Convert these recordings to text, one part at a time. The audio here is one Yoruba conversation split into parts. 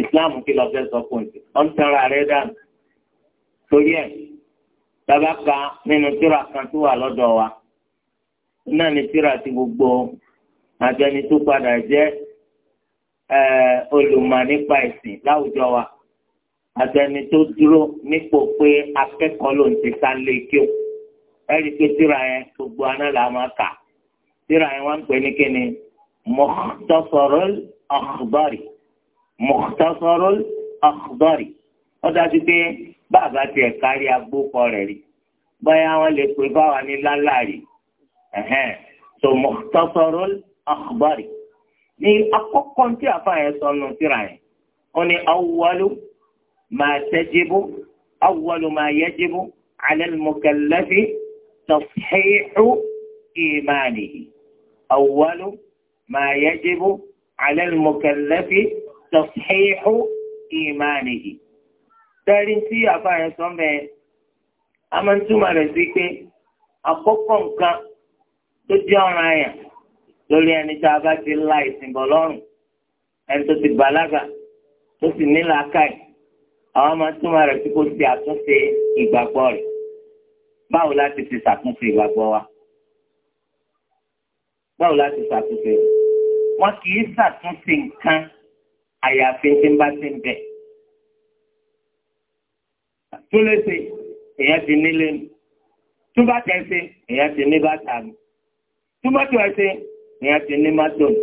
islam kí lọ fẹ́ sọ fún un ọ̀n tẹ́ra rẹ̀ dànù torí ẹ̀ bàbá ka nínú tíra kan tó wà lọ́dọ̀ wa náà ni tíra ti gbogbo àtẹni tó padà jẹ́ olùmọ̀ nípa ẹ̀sìn láwùjọ wa àtẹni tó dúró nípò pé akẹ́kọ̀ọ́ ló ń ti sá lé kí o pé tíra yẹn gbogbo aná là máa kà tíra yẹn wá ń pè ní kíni Mukhtasarul Akhbari. Mukhtasarul Akhdari wọ́n dájú pé bàbá tiẹ̀ kárí agbókọ rẹ̀ rí báyà wọ́n lè pè báwa ní lálàrí so Mukhtasarul Akhdari ní akọ́kọ́ tí àfa yẹn sọ nù síra yẹn wọ́n ní awwalu ma tajibu awwalu ma yajibu ala al-mukallafi tashihu imanihi awwalu ma tọ̀síhù ìmánìyì. Tẹ́rí tí àbáyọ sọ mẹ́ a máa ń túmọ̀ rẹ̀ sí pé àkọ́kọ́ nǹkan tó jẹ́ ọ̀ràn àyàn lórí ẹni tá a bá ti la ìsìnbọ̀ lọ́rùn ẹni tó ti bàlágà tó sì ní làákàyè àwọn máa ń túmọ̀ rẹ̀ sí kó ṣe àtúnṣe ìgbàgbọ́ rẹ̀ báwo láti fi ṣàtúnṣe ìgbàgbọ́ wa báwo láti ṣàtúnṣe wọn kì í ṣàtúnṣe nǹkan àyàfi tí ń bá ti ń bẹ̀. tó lè ṣe èèyàn ti nílé mi tó bá tẹ̀ ṣe èèyàn ti ní bàtà mi tó bá tẹ̀ ṣe èèyàn ti ní mọ́tò mi.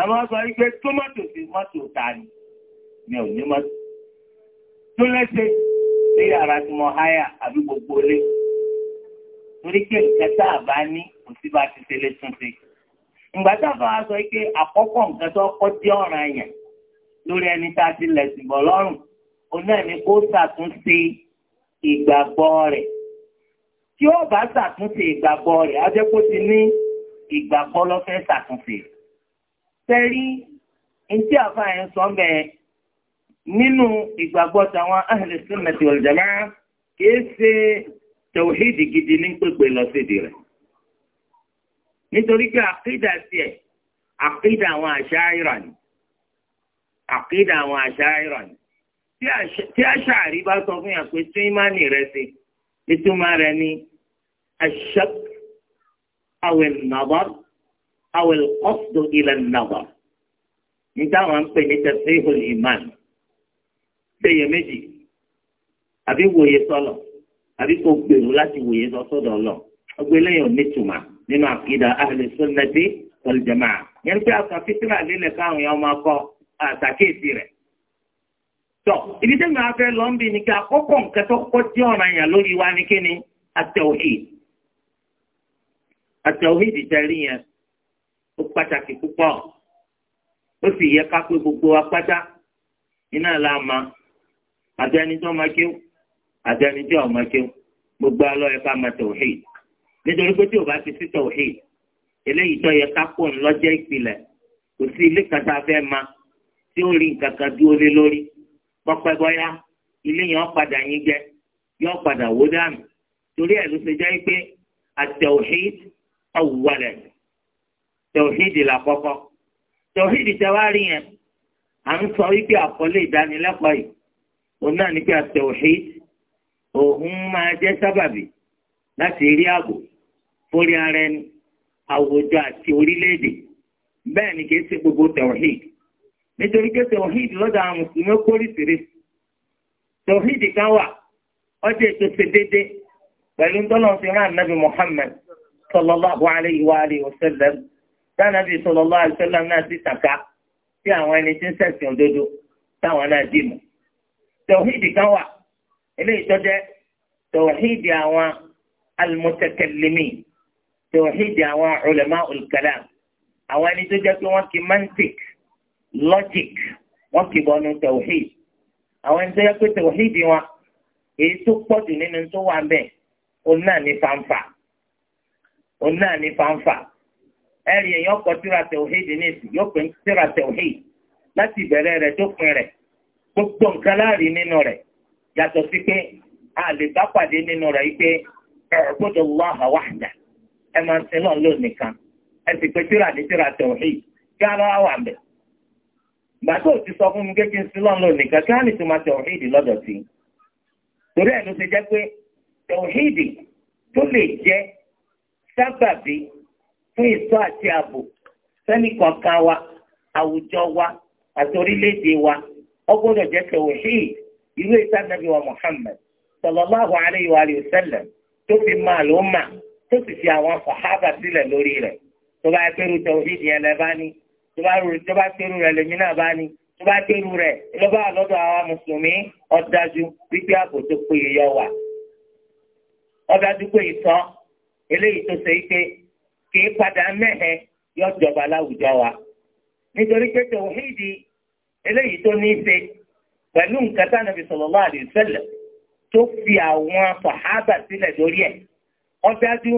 àwọn sọ wípé tómọ́tò sí mọ́tò ta ni mi ò ní mọ́tò. tó lè ṣe ní yàrá tí mo háyà àbí gbogbo ilé torí pé nǹkan tá a bá ní kò sí bá ti ṣe lé túnṣe. ìgbà tá a bá wá sọ pé àkọ́kọ́ nǹkan tó kọ́ jẹ́ ọ̀ràn yẹn lórí ẹni tá a ti lẹ̀sìn bọ̀ lọ́rùn oná ẹni kó ṣàtúnṣe ìgbàgbọ́ rẹ̀ tí ó bá ṣàtúnṣe ìgbàgbọ́ rẹ̀ á jẹ́ kó ti ní ìgbàgbọ́ lọ́fẹ́ ṣàtúnṣe. sẹ́rí etí àfààyàn sọ bẹ́ẹ̀ nínú ìgbàgbọ́ tàwọn ahli sunnati wal jamaa kìí ṣe tẹ̀wéèdì gidi ní pèpè lọ́sídìí rẹ̀ nítorí pé àkídà tiẹ̀ àkídà àwọn àṣà ìrànì àkídà àwọn àṣà ìrọ̀lì tí aṣáàrí bá sọ fún yàn pé tún ìmánì rẹ sí ìtumá rẹ ní aṣak awẹ nàbọ awẹ ọsùn ilẹ̀ nàbọ níta wọn ń pè ní tẹsíhùn ìmán ṣèyẹ méjì àbí wòye sọlọ àbí kò gbèrú láti wòye sọ sọ́dọ̀ ọlọ ọgbẹlẹyìn ò ní tùmà nínú àkídà ahlẹ sunnati wal jamaa yẹn pé àkàfíìsì rà lílẹ káwọn yẹn ọmọ akọ. àtàkéèsì rẹ̀. tọ́ ibi tẹ́gbà ibi lọ ń bi ni kí àkọ́kọ́ nǹkan tó kọ́ tí ọ̀ràn yàn lórí wa ni kí ni at-tauhid at yẹn ó pàtàkì púpọ̀ ó sì gbogbo wa pátá la ma àti ẹni tó ma kéw àti ẹni tí gbogbo alọ́ yẹ ká ma nítorí pé tí o bá ti sí tauhid eléyìí tó yẹ ká pọ̀ ńlọ́jẹ́ ìpìlẹ̀ kò sí ilé ma. tí ó rí nǹkan kan dúró lé lórí pọpẹ bọyá ilé yẹn padà yín jẹ yóò padà wó dànù torí ẹ̀ ló ṣe jẹ́ pé àtẹ̀wòhíd ọ̀wùwalẹ̀ tẹ̀wòhíd làkọ́kọ́ tẹ̀wòhíd tẹ̀wárí yẹn à ń sọ wípé àkọlé ìdánilẹ́kọ̀ọ́ yìí òun náà ní pé àtẹ̀wòhíd òun máa jẹ́ sábàbí láti rí ààbò fórí ara ẹni àwùjọ àti orílẹ̀-èdè ni kì í ṣe gbogbo tẹ̀wòhíd nítorí pé tọ̀hídì lọ́dọ̀ àwọn mùsùlùmí kórì sírí tọ̀hídì kan wà ọjọ́ ètò ṣe déédé pẹ̀lú tọ́lọ́ fi hàn nàbì Muhammad sallallahu alayhi wa alihi wa sallam tánàbì sallallahu alayhi wa sallam náà ti tàka sí àwọn ẹni tí ń ṣẹ̀sìn òdodo táwọn náà dì mú tọ̀hídì kan wà eléyìí tó jẹ́ àwọn almutakallimin tọ̀hídì àwọn ulama al àwọn ẹni tó jẹ́ pé wọ́n kì í mọ́ntìkì. logic wọ́n kì bọ́nu tẹ̀wọ̀hìd àwọn ẹni tó yẹ pé wọn èyí tó pọ̀jù nínú tó wà òun náà ní fanfa òun náà ní fanfa ẹ̀rì kọ tíra tẹ̀wọ̀hìd ní ìsìn yóò pè ń tíra gbogbo nǹkan láàrin nínú rẹ̀ yàtọ̀ sí pé a lè bá pàdé nínú rẹ̀ pé ẹ̀rọ gbọ́dọ̀ wá àwa àjà máa ń sin náà lónìí kan gbàtó ti sọ fún mi kékeré sí lọ́nà nìkan kí wọ́n lè tún máa tẹ̀wọ̀hídì lọ́dọ̀ sí i torí ẹ̀ ló ṣe jẹ́ pé tẹ̀wọ̀hídì tó lè jẹ́ sábàbí fún ìṣọ́ àti ààbò sẹ́nìkọ̀ọ̀kan wa àwùjọ wa àti orílẹ̀-èdè wa alayhi wa tó fi máa mà tó sì fi àwọn tó bá rú tó bá tẹ́rù rẹ̀ lèmi náà bá ní tó bá tẹ́rù rẹ̀ lọ́ba àlọ́dọ̀ àwa mùsùlùmí ọ̀dájú wípé ààbò tó péye yọ wà. ọ̀dájú pé ìtàn eléyìí tó ṣe ike kì í padà mẹ́hẹ̀ yọ jọba láwùjọ wa. nítorí pé tòhídì eléyìí tó ní ṣe pẹ̀lú nǹkan tí Ànábì sallallahu alaihi wasallam tó fi àwọn sàhábà sílẹ̀ lórí ẹ̀ ọ̀dájú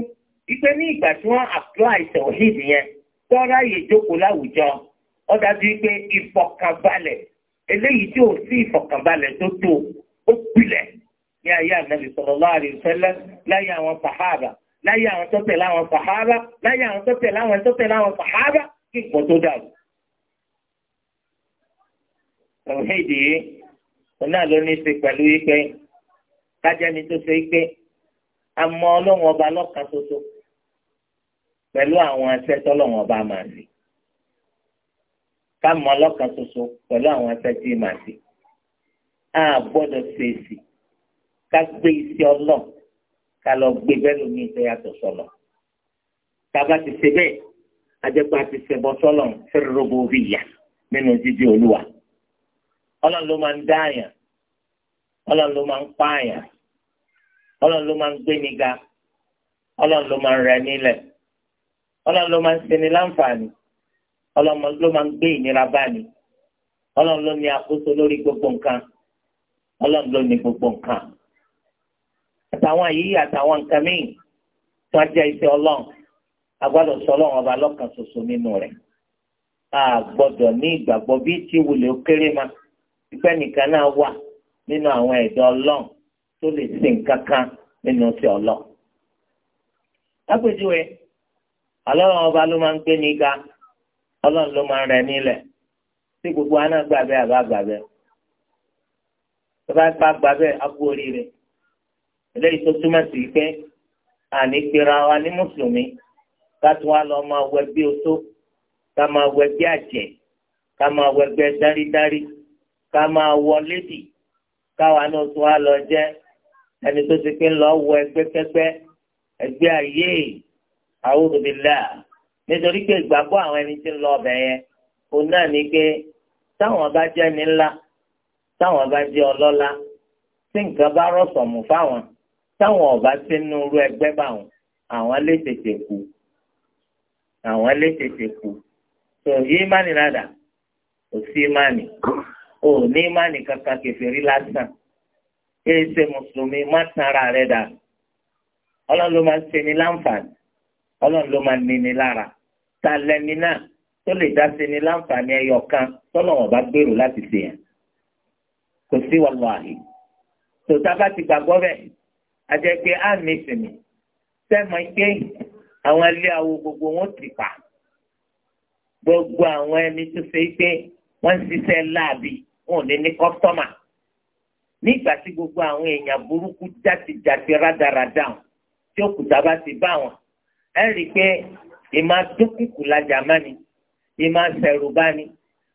ìpè ní ìgbà tí wọ́n apply tòhídì yẹn tọ́ra yìí jókòó láwùjọ ó dàbí pé ìfọ̀kànbalẹ̀ eléyìí tí ò sí ìfọ̀kànbalẹ̀ tó tó ó pilẹ̀ ní ayé ànábì sallallahu alaihi wasallam láyé àwọn sàhábà láyé àwọn tó tẹ̀lé àwọn láyé àwọn tó tẹ̀lé àwọn tó tẹ̀lé kí nǹkan tó dàrú. tọ̀hídì yìí òun náà ló ọba lọ́kàn pẹ̀lú àwọn ẹsẹ̀ tọ́lọ́wọ́n bá máa ṣe ká mọ ọlọ́kan ṣoṣo pẹ̀lú àwọn ẹsẹ̀ tí máa ṣe á gbọ́dọ̀ ṣèṣì ká gbé iṣẹ́ ọlọ́ ká lọ gbé bẹ́ẹ̀ lómi ìṣe yàtọ̀ sọ̀lọ̀ ká bá ti ṣe bẹ́ẹ̀ ajẹ́pá ti ṣẹbọ sọ́lọ̀ fẹ́rẹ́rọ́bù bí ìyá nínú jíjí olúwa ọlọ́run ló máa ń dá àyàn ọlọ́run ló máa ń pa àyàn ọlọ́run ló máa ń gbé níga ọlọ́run ló máa ń rẹ nílẹ̀ ọlọ́run ló máa ń ṣeni láǹfààní ọlọ́run ló máa ń gbé ìnira báni ọlọ́run ló ní àkóso lórí gbogbo nǹkan ọlọ́run ló ní gbogbo nǹkan àtàwọn yìí àtàwọn nǹkan míì tó á jẹ́ iṣẹ́ ọlọ́run a gbọ́dọ̀ sọ ọlọ́run ọba lọ́kàn ṣoṣo nínú rẹ̀ a gbọ́dọ̀ ní ìgbàgbọ́ bí tí wulẹ̀ ó kéré ma ìpẹ́ nìkan náà wà nínú àwọn ẹ̀dọ́ ọlọ́run tó lè ṣe nǹkan nínú ti ọlọ́run. lápèjúwe ọlọ́run ọba ló máa ń gbé ní ga ọlọ́run ló máa ń rẹ nílẹ̀ tí gbogbo aná gbà bẹ́ẹ̀ àbá gbà bẹ́ẹ̀ tó bá gbà gbà bẹ́ẹ̀ á kú oríire eléyìí tó túmọ̀ sí pé àní pera wa ní mùsùlùmí ká tún wá lọ máa wẹ bí oṣó ká máa wẹ bí àjẹ́ ká máa wẹ gbẹ dáridári ká máa wọ lédì káwa náà tún wá lọ jẹ ẹni tó ti pé ń lọ wọ ẹgbẹ́ kẹgbẹ́ ẹgbẹ́ ayé yìí. a'udhu billah nítorí pé ìgbàgbọ́ àwọn ẹni tí ń lọ ọbẹ̀ yẹn òun náà ni pé táwọn bá jẹ́ ní ńlá táwọn bá jẹ́ ọlọ́lá tí nǹkan bá rọ̀sọ̀mù fáwọn táwọn ọba ti ń nurú ẹgbẹ́ bá àwọn lè tètè kú àwọn lè tètè kú tó yí mánì imani kò sí mánì ò ní mánì kankan lásán kí ẹ ṣe mùsùlùmí má ọlọ́run ló máa níni lára ta lẹni náà tó lè dá sí ni láǹfààní ẹyọ kan tọ́lọ́wọ̀n bá gbèrò láti ṣe yẹn kò sí wàlúwàhì tòótá bá ti gbàgbọ́ bẹ́ẹ̀ àjẹ́ pé á mi sinmi sẹ́mọ̀ pé àwọn ilé awo gbogbo wọn ti pa gbogbo àwọn ẹni tó ṣe pé wọ́n ń ṣiṣẹ́ láàbì wọn ò ní ní kọ́sítọ́mà nígbà tí gbogbo àwọn èèyàn burúkú jáde jáde rádaràdà tí òkúta bá ti bá wọn ẹ rí i pé ìmọ̀ adókùkù lajà má ni ìmọ̀ sẹ̀rù bá ni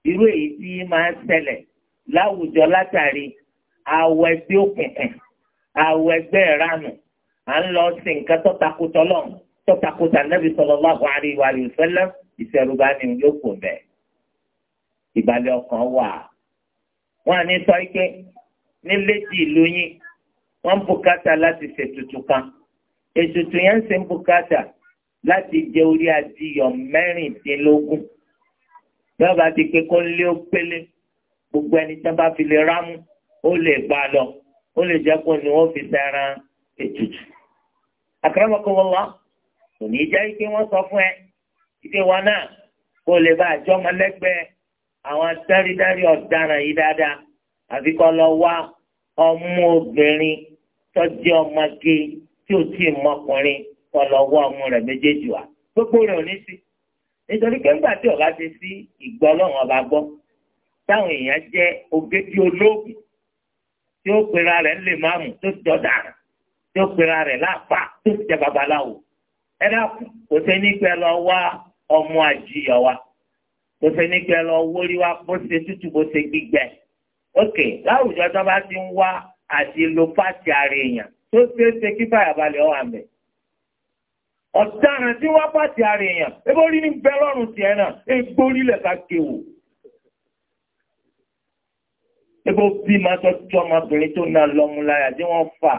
irú èyí tí máa ń ṣẹlẹ̀ láwùjọ látàrí àwọ̀ ẹgbẹ́ òkùnkùn àwọ̀ ẹgbẹ́ ìranù à ń lọ sí nǹkan tó takùtà lọ́n tó takùtà nẹ́bí sallallahu alaihi wa sallam ìṣẹ̀rù bá ni yóò kò bẹ̀. ìbàlẹ̀ ọkàn wà wọ́n á ní sọ pé nílé di ìlú yín wọ́n bùkátà láti ṣètùtù kan ètùtù yẹn ń ṣe bùkátà láti jẹ orí adìyọ mẹ́rìndínlógún bí wọ́n bá ti pé kó lé ó pélé gbogbo ẹni tí wọ́n bá fi lè rámú ó lè gbà lọ ó lè jẹ́ kó ni wọ́n fi sẹ́ran ètùtù. àkàràmọ́kọ́wọ́wá kò ní jẹ́ pé wọ́n sọ fún ẹ ike wọn náà kó lè bá àjọ ọmọlẹ́gbẹ̀ẹ́ àwọn dáridári ọ̀daràn yìí dáadáa àfi kọ́ lọ wá ọmọ obìnrin tọ́jú ọmọge tí ò tí ì mọkùnrin kọlọ ọwọ́ ọmọ rẹ̀ méjèèjì wá gbogbo rẹ̀ ò ní sí nítorí pé ńgbà tí ọ̀gá ti sí ìgbọ́ ọlọ́run ọba gbọ́ táwọn èèyàn jẹ́ ògèdè olóògùn tí ó pera rẹ̀ ńlè máàmù tó dọ̀dà tí ó pera rẹ̀ láàpá tó jẹ́ babaláwo ẹ dákun kò sẹ́ ní pẹ́ lọ wá ọmọ àjìyọ wa kò sẹ́ ní pẹ́ lọ wórí wa bó ṣe tútù bó ṣe gbígbẹ ok láwùjọ tó bá ti ń wá àti lo pàṣẹ ara èèyàn tó ṣeé ṣe kí fàyàbalẹ̀ ọ̀ àmì ọ̀daràn tí wọ́n pàtì àrẹ èèyàn ebó rí ní bẹ́lọ́rùn ti ẹ̀nà egbó rílẹ̀ ká kéwò ebó bí máa tọ́ tí ọmọbìnrin tó náà lọ́mú láyà tí wọ́n fà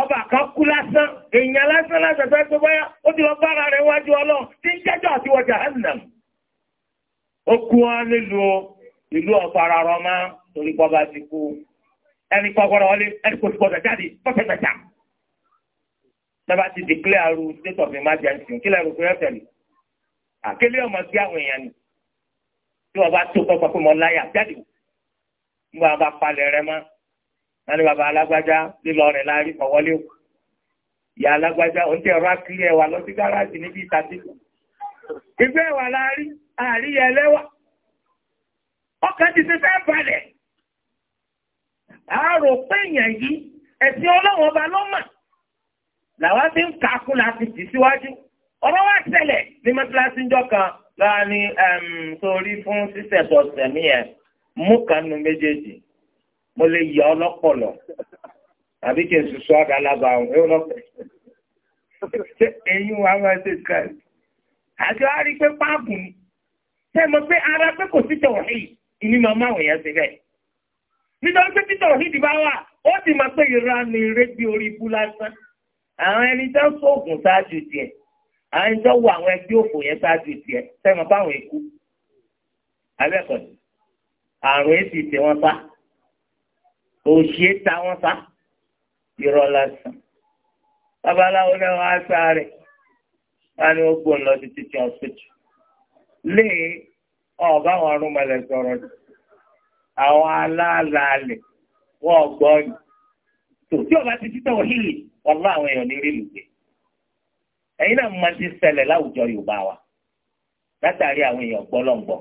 ọba kan kú lásán èèyàn lásán lásán tó ẹgbẹ́ báyá ó ti lọ bára rẹ̀ wájú ọlọ́run tí ń jẹ́jọ́ àti wọ jahannam ó kú wọn nílùú ìlú ọ̀fara rọ máa torí pọ́ bá ti kú ẹni pọ́ wọlé ẹni kò sí gbọ́dọ̀ jáde pọ́sẹ̀gbẹ̀ta tábà ti declare aru state of emergency kí lè rò pé ẹ tẹ̀lé àkélé ọmọ sí àwọn èèyàn ni tí wọn bá tó kọ́kọ́ pé mo láyà jáde ń bá bá palẹ̀ rẹ mọ́ wọn ni bàbá alágbájá lílọ rẹ̀ láàrí kọ̀wọ́lé o ìyá alágbájá òun ti ẹ̀rọ akílẹ̀ wa lọ sí gáràjì níbi ìtàdé ìgbẹ́ wa láàrí àríyá ẹlẹ́wà ọkàn ti ti fẹ́ balẹ̀ àrò pé èèyàn yìí ẹ̀sìn ọlọ́wọ́n ọba lọ́mọ̀ làwọn ti ń kà á kún láti jì síwájú ọ̀rọ̀ wá ṣẹlẹ̀ ní mọ́tíláṣí ńjọ́ kan lọ́wọ́ ni torí fún sísẹ̀tọ̀ sẹ̀mí yẹn mú kanu méjèèjì mo lè yà ọ lọ́pọ̀lọ́ àbí kí n sùsù ọ̀dà alábà ọ̀hún ẹ̀ lọ́pẹ̀. ẹ̀yin wa máa ṣe ká ẹ̀. àti wàá rí i pé páàpù ni ṣé mo pé ara pé kò sí tọ̀hìn ìní màmá àwọn èèyàn ṣe bẹ́ẹ̀. nítorí pé títọ̀hìn ti bá wà ó sì máa pé ìranu ìrégbé orí ibú lásán àwọn ẹni tó ń sóògùn ṣáájú tiẹ̀ àwọn ẹni tó wọ àwọn ẹgbẹ́ òfò yẹn ṣáájú tiẹ̀ sẹ́wọ̀n báwọn ikú abẹ́kọ̀dé àrùn èsì tẹ wọn fa òṣìṣẹ́ ta wọn fa irọ́ lásán babaláwo náà wá sáré wọn ni ó gbọ́n lọ sí títí ọ̀sọ́jù lé ọ̀bá àwọn arúmọlẹ̀ sọ̀rọ̀ ni àwọn aláàlálẹ̀ wọ́n gbọ́ ni tòtí ọba ti títọ̀ wọ́n hìlì wọn lọ àwọn èèyàn ní rí lùgbé ẹ̀yin náà máa ti ṣẹlẹ̀ láwùjọ Yorùbá wa látàrí àwọn èèyàn gbọlọǹgbọ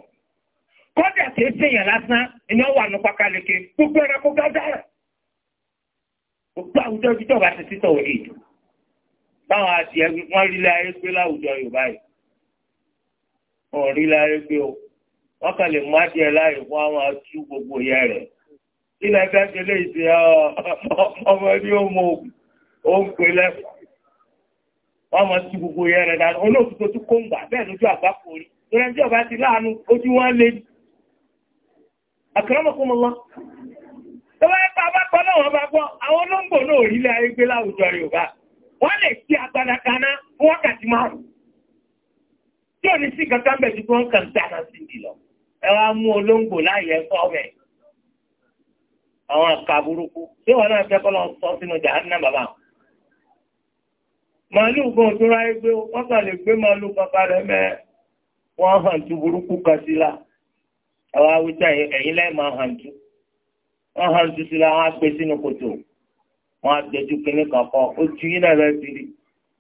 kódà kìí ṣèyàn lásán ìyẹn wà ní pákáleke gbogbo ẹranko gádára gbogbo àwùjọ ìjọba ti títọ òye ìdù báwọn adìẹ wọn rí láyé gbé láwùjọ Yorùbá yìí wọn rí láyé gbé o wọn kàn lè mú adìẹ láyé fún àwọn atú gbogbo yẹn rẹ ilẹ̀ ẹgbẹ́ ṣe lè ṣe ọmọ ẹni ó mọ ògùn. o ń pè lẹ́fọ̀ wọ́n mọ̀ sí gbogbo yẹn rẹ̀ dáadáa olóòtú tó tún kóńgbà bẹ́ẹ̀ lójú àgbá rí torí ẹni tí ti láàánú ojú wọn lé ní. àkàràmọ̀ kó tó bá yẹpa náà agbada kaná fún wákàtí márùn tí ò ní sí kankan bẹ̀ wọ́n kàn dáná sí i lọ. ẹ wá mú olóńgbò láàyè ẹ̀kọ́ àwọn tí wọn náà fẹ́ kọ́ màálù gan tó ráyé gbé wọ́n kà lè gbé màálù bàbá rẹ̀ mẹ́ wọ́n hàn tú burúkú kan sí la àwọn awùjá ẹ̀yìn lẹ́yìn máa hàn tú wọ́n hàn tú sí la wọ́n á gbé sínú kòtò wọ́n á gbẹ́jú kínní kankan ó ju yín náà lẹ́sìn rí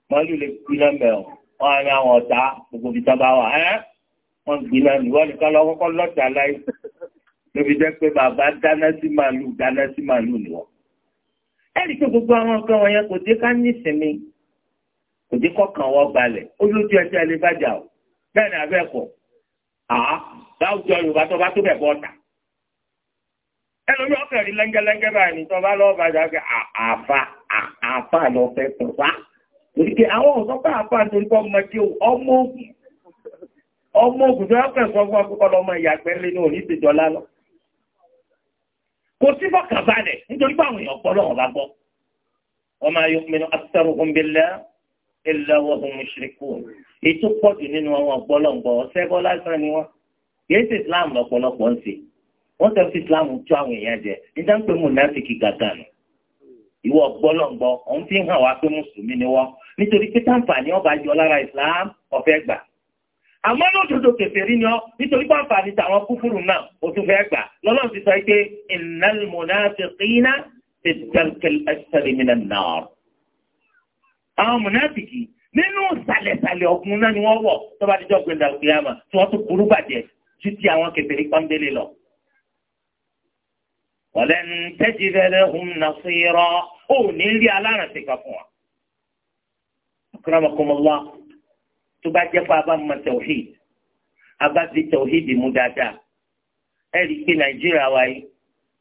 màálù lè gbiná mẹ́ ọ wọ́n á ní àwọn ọ̀tá gbogbo ibi tá a bá wà ẹ́ wọ́n gbiná mi wọ́n nìkan lọ kọ́kọ́ lọ́tà láì lóbi jẹ́ pé bàbá dáná sí màálù dáná sí màálù nìwọ̀n. ẹ̀rí òjì kọkàn wọ gbalẹ̀ olójú ẹsẹ̀ ẹlẹ bàjá o bẹ́ẹ̀ ni abẹ kọ àá láwùjọ yorùbá tó bá tó bẹ bọ ọta ẹlòmíì ọkàn rí lẹńgẹlẹńgẹ báyìí ní tọba lọ bàjá kẹ àfa àfa lọ fẹ tọba òdìkẹ àwọn ọ̀sán bá àfa nítorí kọ́ ọmọ tí ọmọ ògùn ọmọ ògùn tó yàtọ̀ ẹ̀sọ́ fún akókò lọmọ ìyàgbẹ́ lé ní òní ìṣèjọ lálọ́ kò sí fọkànbalẹ̀ nítorí báwọn èèyàn gbọ́ lọ́wọ́ bá gbọ́ wa ma yu'minu aktharuhum billah illa wa hum mushrikun ètò pọ̀jù nínú àwọn ọ̀pọ̀lọpọ̀ ṣẹbọ lásán ni wọ́n yéé ti islam lọ́pọ̀lọpọ̀ ń ṣe wọ́n tẹ́ fi islam tú àwọn èèyàn jẹ níta ń pè mùnáfíkì gàgà nù ìwọ ọ̀pọ̀lọpọ̀ ọ̀hún ti hàn wá pé mùsùlùmí ni wọ́n nítorí pé táǹfààní ọba yọ lára islam ọ̀fẹ́ gbà àmọ́ lódodo kèfèrí ni ọ́ nítorí pé àǹfààní tàwọn kúfùrù náà ó tún fẹ́ gbà lọ́lọ́run ti sọ pé innal munafiqina fi darkil asfali minan nar àwọn mùnáfìkì nínú ìsàlẹ̀sàlẹ̀ ọ̀gbun náà ni wọ́n wọ̀ tó bá dijọ́ gbẹ̀dà òkèèyàmà tí wọ́n tún burú bàjẹ́ ju ti àwọn kẹfẹ́rí pọ́ńdélé lọ. wọ́lẹ̀ ń tẹ́jì rẹ̀ hùn nàṣírọ́ ò ní rí alárànṣe kan fún wa. akramakumullah tó bá jẹ́ pé a bá tẹ̀wíìd a bá tẹ̀wíìd mú dáadáa ẹ rí pé nàìjíríà wa yìí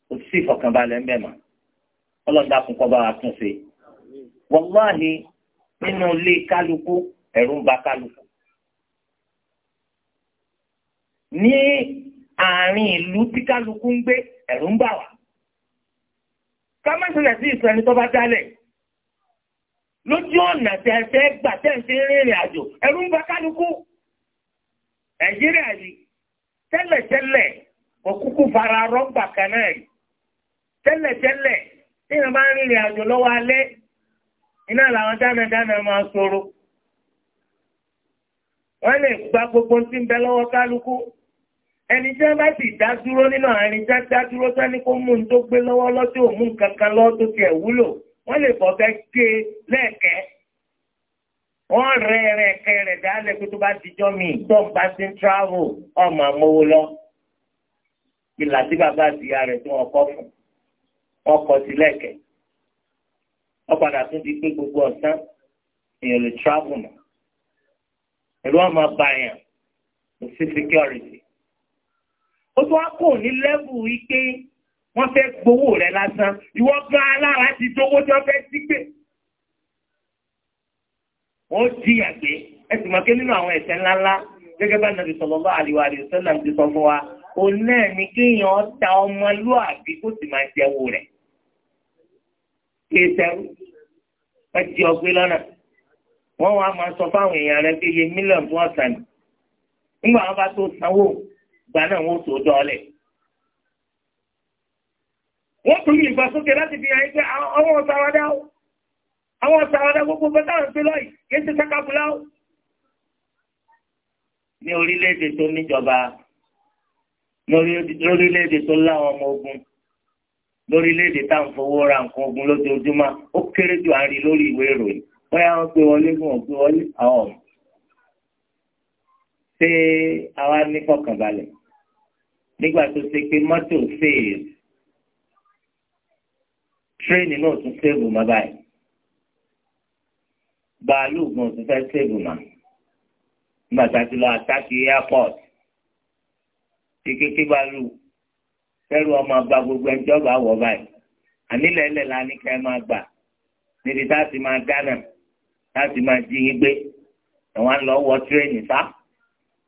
kò sí ìfọ̀kànbalẹ̀ nínú ilé kálukú ẹ̀rù ń ba kálukú. ní àárín ìlú tí kálukú ń gbé ẹ̀rù ń bà wá. ká má sílẹ̀ sí ìsọ ẹni tó bá dálẹ̀ lójú ọ̀nà tẹ̀ fẹ́ gbà tẹ̀ fi rìnrìn àjò ẹ̀rù ń ba kálukú. nàìjíríà yìí tẹ́lẹ̀tẹ́lẹ̀ kò fara rọ́gbà kan náà yìí tẹ́lẹ̀tẹ́lẹ̀ tí wọ́n bá ń rìnrìn àjò lọ́wọ́ alẹ́ iná làwọn dánadáná máa sọ̀rọ̀ wọ́n lè gba gbogbo tí ń bẹ lọ́wọ́ kálukú ẹni tí wọ́n bá sì dá dúró nínú àwọn ẹni tí wọ́n dá dúró sani kó mú un tó gbé lọ́wọ́ lọtí òmù kankan lọ tó tiẹ̀ wúlò wọ́n lè fọ̀bẹ gé e lẹ́ẹ̀kẹ́ wọ́n rẹ ẹrẹ ẹkẹ rẹ dálẹ pé tó bá dijọ́ mi tó ń bá ti ń travel ọmọ àmọwò lọ ìlà tí bàbá àtìyá rẹ̀ tó wọ́n kọ fún wọ́n kọ sí lẹ́ẹ̀kẹ́ ọ̀padà tún di pé gbogbo ọ̀sán èèyàn lè travel mọ́ ẹ̀rọ ọmọ abàyàn kò sí security. ó tún wá kò ní lẹ́bù wípé wọ́n fẹ́ gbowó rẹ̀ lásán ìwọ gan alára ti dówó tí wọ́n fẹ́ sí gbé. wọ́n di àgbẹ̀ ẹ̀sìn mọ́ pé nínú àwọn ẹ̀ṣẹ̀ ńláńlá gẹ́gẹ́ bá nàbì sallallahu alaihi wasallam ti sọ fún wa òun náà ni kéèyàn ta ọmọlúàbí kó sì máa jẹ́wó rẹ̀ kéétẹ́rú ẹtì ọgbẹ lọ́nà wọ́n wá máa sọ fáwọn èèyàn rẹ pé iye mílíọ̀nù fún ọ̀sán ni nígbà wọn bá tó sanwó gba náà wọn ò tó dọ́ọ̀lẹ̀. wọ́n tún yìnbọn sókè láti fi hàn pé àwọn ọ̀sàwádà ó àwọn ọ̀sàwádà gbogbo bẹ́ẹ̀ táwọn ń pè lọ́yìí kì í ṣe sákàbùlà ó. ní orílẹ̀-èdè tó níjọba ní orílẹ̀-èdè tó láwọn ọmọ ogun lórílẹ̀‐èdè tá à ń fowó ra nǹkan ogun lójoojúmọ́ ó kéré jù à ń rí lórí ìwé ìròyìn bóyá wọ́n gbé wọlé fún wọn gbé wọlé àwọn ọ̀hún. ṣé àwa ní fọkànbalẹ̀ nígbà tó ṣe pé mọ́tò fèèrè tírẹ́ẹ̀nì náà tún ṣéèbù mọ́ báyìí bàálù gan tún fẹ́ ṣéèbù mọ́ nígbà tá a ti lọ àtàkì airport ti kékeré bàálù kẹrù ọmọ ọba gbogbo ẹjọ́ bá wọ̀ báyìí ànílẹ̀ẹ́lẹ̀ la ní kẹ́ máa gbà níbi tá a ti máa gánà tá a ti máa jí yín gbé àwọn lọ wọ tírẹ́nì sá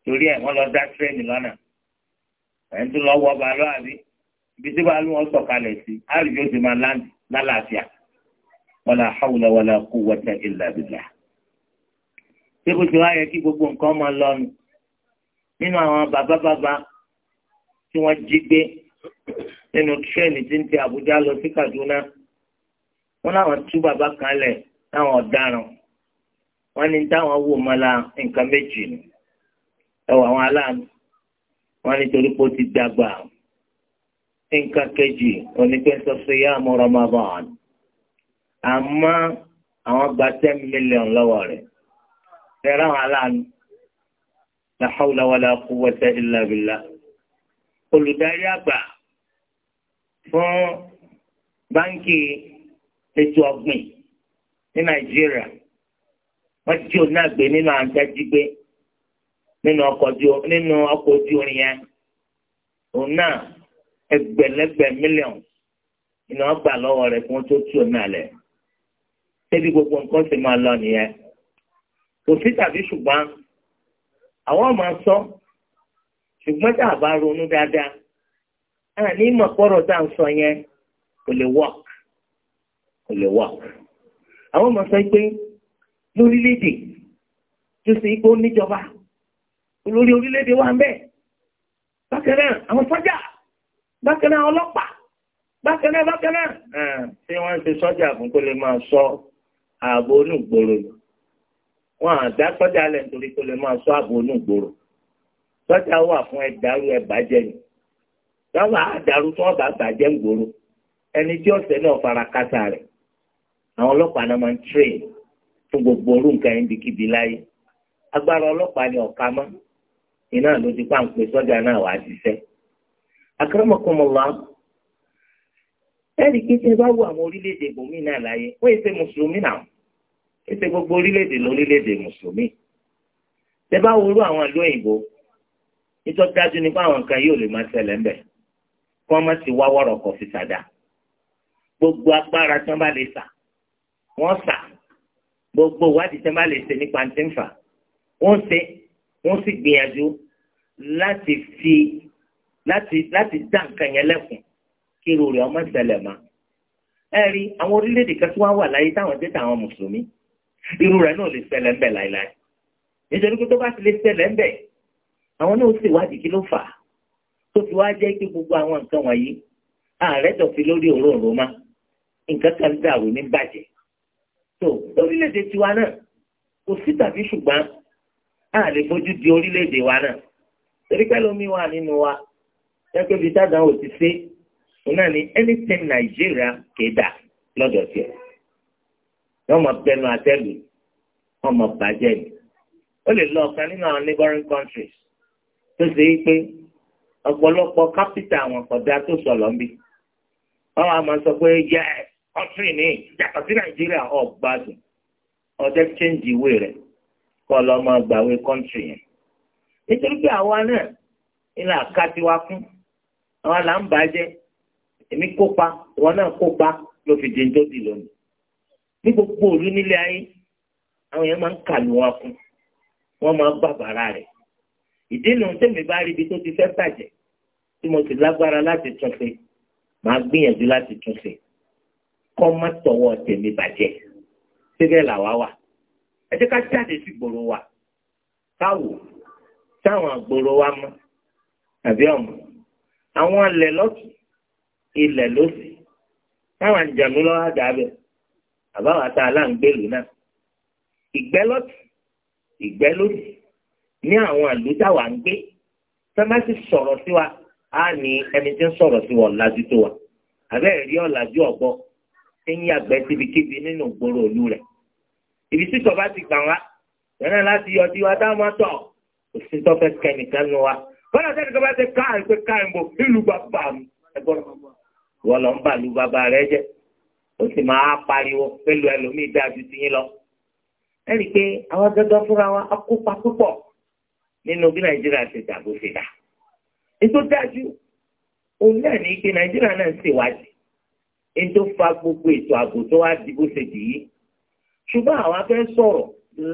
torí ẹ̀ wọ́n lọ dá tírẹ́nì lọ́nà ẹ̀ń tún lọ wọ balọ̀ àbí ibi tí bàálù wọn sọ̀kalẹ̀ sí àrùjọ ti máa láǹdì lálàáfíà wàlà hàwùlà wàlà quwwata illa billah. ṣé kò tí wá yẹ kí gbogbo nǹkan máa lọ nínú àwọn bàbá bàbá tí wọ́n jí gbé nínú tírẹ́ẹ̀nì tí ń ti Àbújá lọ sí Kaduna wọ́n láwọn tú bàbá kan lẹ̀ táwọn ọ̀daràn wọ́n ní táwọn wò mọ́lá nǹkan méjì ni ẹ̀wọ̀ àwọn aláàánú wọ́n ní torí pé ó ti dàgbà nǹkan kejì onípẹ́sọ̀sọ̀ yá àmọ́ Ramadan àmọ́ àwọn gba ten million lọ́wọ́ rẹ̀ fẹ́ràn àwọn aláàánú la hawla wala quwwata illa billah olùdarí àgbà fún báńkì ètò ọ̀gbìn ní nàìjíríà wọ́n jí òun náà gbé nínú àǹtẹ́jígbé nínú ọkọ̀ ojú orin yẹn òun náà ẹgbẹ̀lẹ́gbẹ̀ mílíọ̀nù iná gbà lọ́wọ́ rẹ̀ fún tó tú ọ̀nà rẹ̀. Ṣébi gbogbo nǹkan ti máa lọ nìyẹn. Kò sí tàbí ṣùgbọ́n àwọn máa sọ ṣùgbọ́n tá a bá ronú dáadáa àní ah, mọ̀ pọ́rọ̀ tá à ń sọ yẹn kò lè work kò lè work. àwọn ọmọ sọ pé lórílẹ̀‐èdè tó ṣe ipò níjọba olórí orílẹ̀‐èdè wà ń bẹ̀ bákan náà àwọn sọ́jà bákan náà ọlọ́pàá bákan náà bákan náà ah, ṣé wọ́n ń ṣe sọ́jà fún kó lè máa sọ ààbò onúgbòrò yìí wọn à dá sọ́jà lẹ̀ kó lè máa sọ ààbò onúgbòrò sọ́jà wà fún ẹ̀dá ẹ̀bàjẹ́ táwọn àdàrú tí wọ́n bá bàjẹ́ ń ẹni tí ọ̀sẹ̀ náà fara kásá rẹ̀ àwọn ọlọ́pàá náà máa ń tré fún gbogbo orú nǹkan yẹn bíkíbi láyé agbára ọlọ́pàá ni ọ̀ka mọ́ iná ló ti pa sọ́jà náà wàá ṣiṣẹ́ akérèmọkùnmọ́lá kí tí ẹ bá wo àwọn orílẹ̀-èdè bòmí láyé wọ́n mùsùlùmí náà gbogbo orílẹ̀-èdè lórílẹ̀-èdè mùsùlùmí bá wo irú àwọn òyìnbó wọ́n má sì wá wọ̀rọ̀ kọ̀ fi sàdá gbogbo agbára tí wọ́n bá lè sà wọ́n sà gbogbo ìwádìí tí wọ́n bá lè ṣe nípa ní tẹ́ǹfà wọ́n ṣe wọ́n sì gbìyànjú láti fi láti láti dá nǹkan yẹn lẹ́kùn kí irú rẹ̀ ọmọ ìṣẹ̀lẹ̀ mọ́ ẹ rí àwọn orílẹ̀-èdè kan tí wọ́n wà láyé táwọn dé táwọn mùsùlùmí irú rẹ̀ náà lè ṣẹlẹ̀ ńbẹ̀ láéláé nítorí pé tó bá ti lè ṣẹlẹ̀ ńbẹ̀ àwọn náà ṣèwádìí kí ló fà á tó fi wá jẹ́ pé gbogbo àwọn nǹkan wọ̀nyí ààrẹ tó fi lórí òróǹro má nǹkan kan dàrú ní bàjẹ́ tó orílẹ̀-èdè tiwa náà kò sí tàbí ṣùgbọ́n a lè fojú di orílẹ̀-èdè wa náà torí pẹ́ lómi wà nínú wa gẹ́gẹ́ bí sádàn ò ti ṣe òun náà ni anything Nàìjíríà kéda lọ́dọ̀ tiẹ̀ yọ́n mọ̀ bẹnu àtẹ́lù wọ́n mọ̀ bàjẹ́ ni ó lè lọ ọ̀kan nínú àwọn neighboring countries tó ṣe é pé ọ̀pọ̀lọpọ̀ kápítà àwọn kọ̀dá tó sọ̀lọ́ ń bí wọ́n á máa sọ pé yẹ ọ̀sìn ní yàtọ̀ sí nàìjíríà ọ̀gbádùn ọ̀dẹ́ chẹ́ǹjì ìwé rẹ̀ kọ́ lọ́ máa gbàwé kọ́ńtì yẹn nítorí pé àwa náà ilà katiwa fún àwa là ń bàjẹ́ èmi kópa ìwọ náà kópa ló fi dèjọ́ di lónìí ní gbogbo òru nílé ayé àwọn yẹn máa ń kàlù wọn fún wọn máa bàbàrà rẹ̀ ìdí nu tèmi bá rí ibi tó ti fẹ́ bàjẹ́ tí mo sì lágbára láti tún ṣe màá gbìyànjú láti tún ṣe kọ́ má tọwọ́ tèmi bàjẹ́ síbẹ̀ làwa wà ẹ jẹ́ ká jáde sí gbòòrò wa káwò táwọn àgbòòrò wa mọ́ àbí ọ̀mọ́ àwọn ilẹ̀ lọ́tù ilẹ̀ lọ́sì táwọn àjàmú lọ́wọ́ àdàbẹ̀ àbáwá tá a láǹgbèlú náà ìgbẹ́ lọ́tù ìgbẹ́ lọ́sì ní àwọn àlùdá wa ń gbé sẹ́mẹ́sì sọ̀rọ̀ sí wa á ní ẹni tí ń sọ̀rọ̀ sí wa ọ̀làjú tó wa àbẹ́ẹ̀ rí ọ̀làjú ọ̀gbọ́ tí ń yàgbẹ́ síbikíbi nínú ìgboro òlu rẹ̀ ibi tí sọ̀bá ti gbà wá yẹn láti yọ sí wa dáhùn máa tọ̀ òsì tó fẹ́ kẹ́nìkan nu wa bọ́lá sẹ́ni kan bá ti ká àìpé ká ìbò ìlú bàbá mi ẹgbọ́n wọ́n lọ ń bà lu bàbá rẹ jẹ́ ó sì máa pariwo pẹ̀lú ẹlòmíì dáa ju tiyín lọ. ẹnì pé àwọn gẹ́gẹ́ fúnra wa akópa púpọ̀ nínú bí nàìjíríà ṣe dàgbò ṣe dà ètò dájú òun náà ní pé nàìjíríà náà ń ṣèwádìí ètò fa gbogbo ètò ààbò tó wá di bó ṣe dì í ṣùgbọ́n àwọn afẹ́ sọ̀rọ̀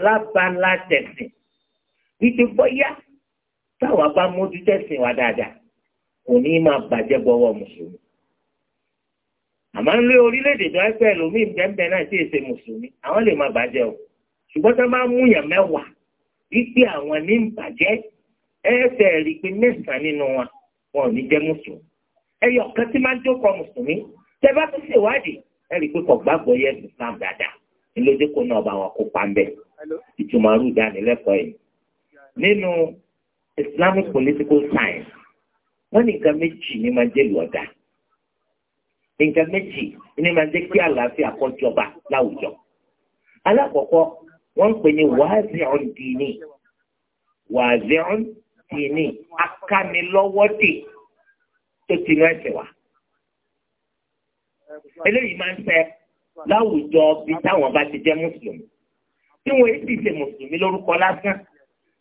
lábala tẹ̀sìn wípé bọ́yá táwa bá mójú tẹ̀sìn wa dáadáa òní máa bàjẹ́ bọ́wọ́ mùsùlùmí àmọ́ ń lé orílẹ̀-èdè tó ẹgbẹ́ ẹlòmíì bẹ́ẹ̀ náà sì ṣe mùsùlùmí àwọn lè máa bàjẹ́ o ṣùgbọ́n tá a máa mú yàn mẹ́wàá wípé àwọn ní ń bàjẹ́ ẹ̀ẹ́sẹ̀ rí i pé mẹ́sàn-án nínú wọn wọn ò ní jẹ́ mùsùlùmí ẹyọ kan tí máa ń jókòó mùsùlùmí tẹ́ bá tún ṣèwádìí ẹ rí i pé kò gbàgbọ́ yẹ Islam dáadáa ìlójú kò náà bá wọn kópa ń bẹ̀ ìtumọ̀ arú ìdánilẹ́kọ̀ọ́ yìí nínú Islamic political science wọ́n ní nǹkan méjì ní máa jẹ́ lọ́dà nǹkan méjì ní máa jẹ́ kí àlàáfíà kó jọba láwùjọ alákọ̀ọ́kọ́ wọ́n ń pè ní wàázìún dìní wàázìún dìní akánilọ́wọ́dì tó ti rán ẹsẹ̀ wá. eléyìí máa ń fẹ́ láwùjọ bí táwọn bá ti jẹ́ mùsùlùmí tí wọ́n ti ṣe mùsùlùmí lórúkọ lásán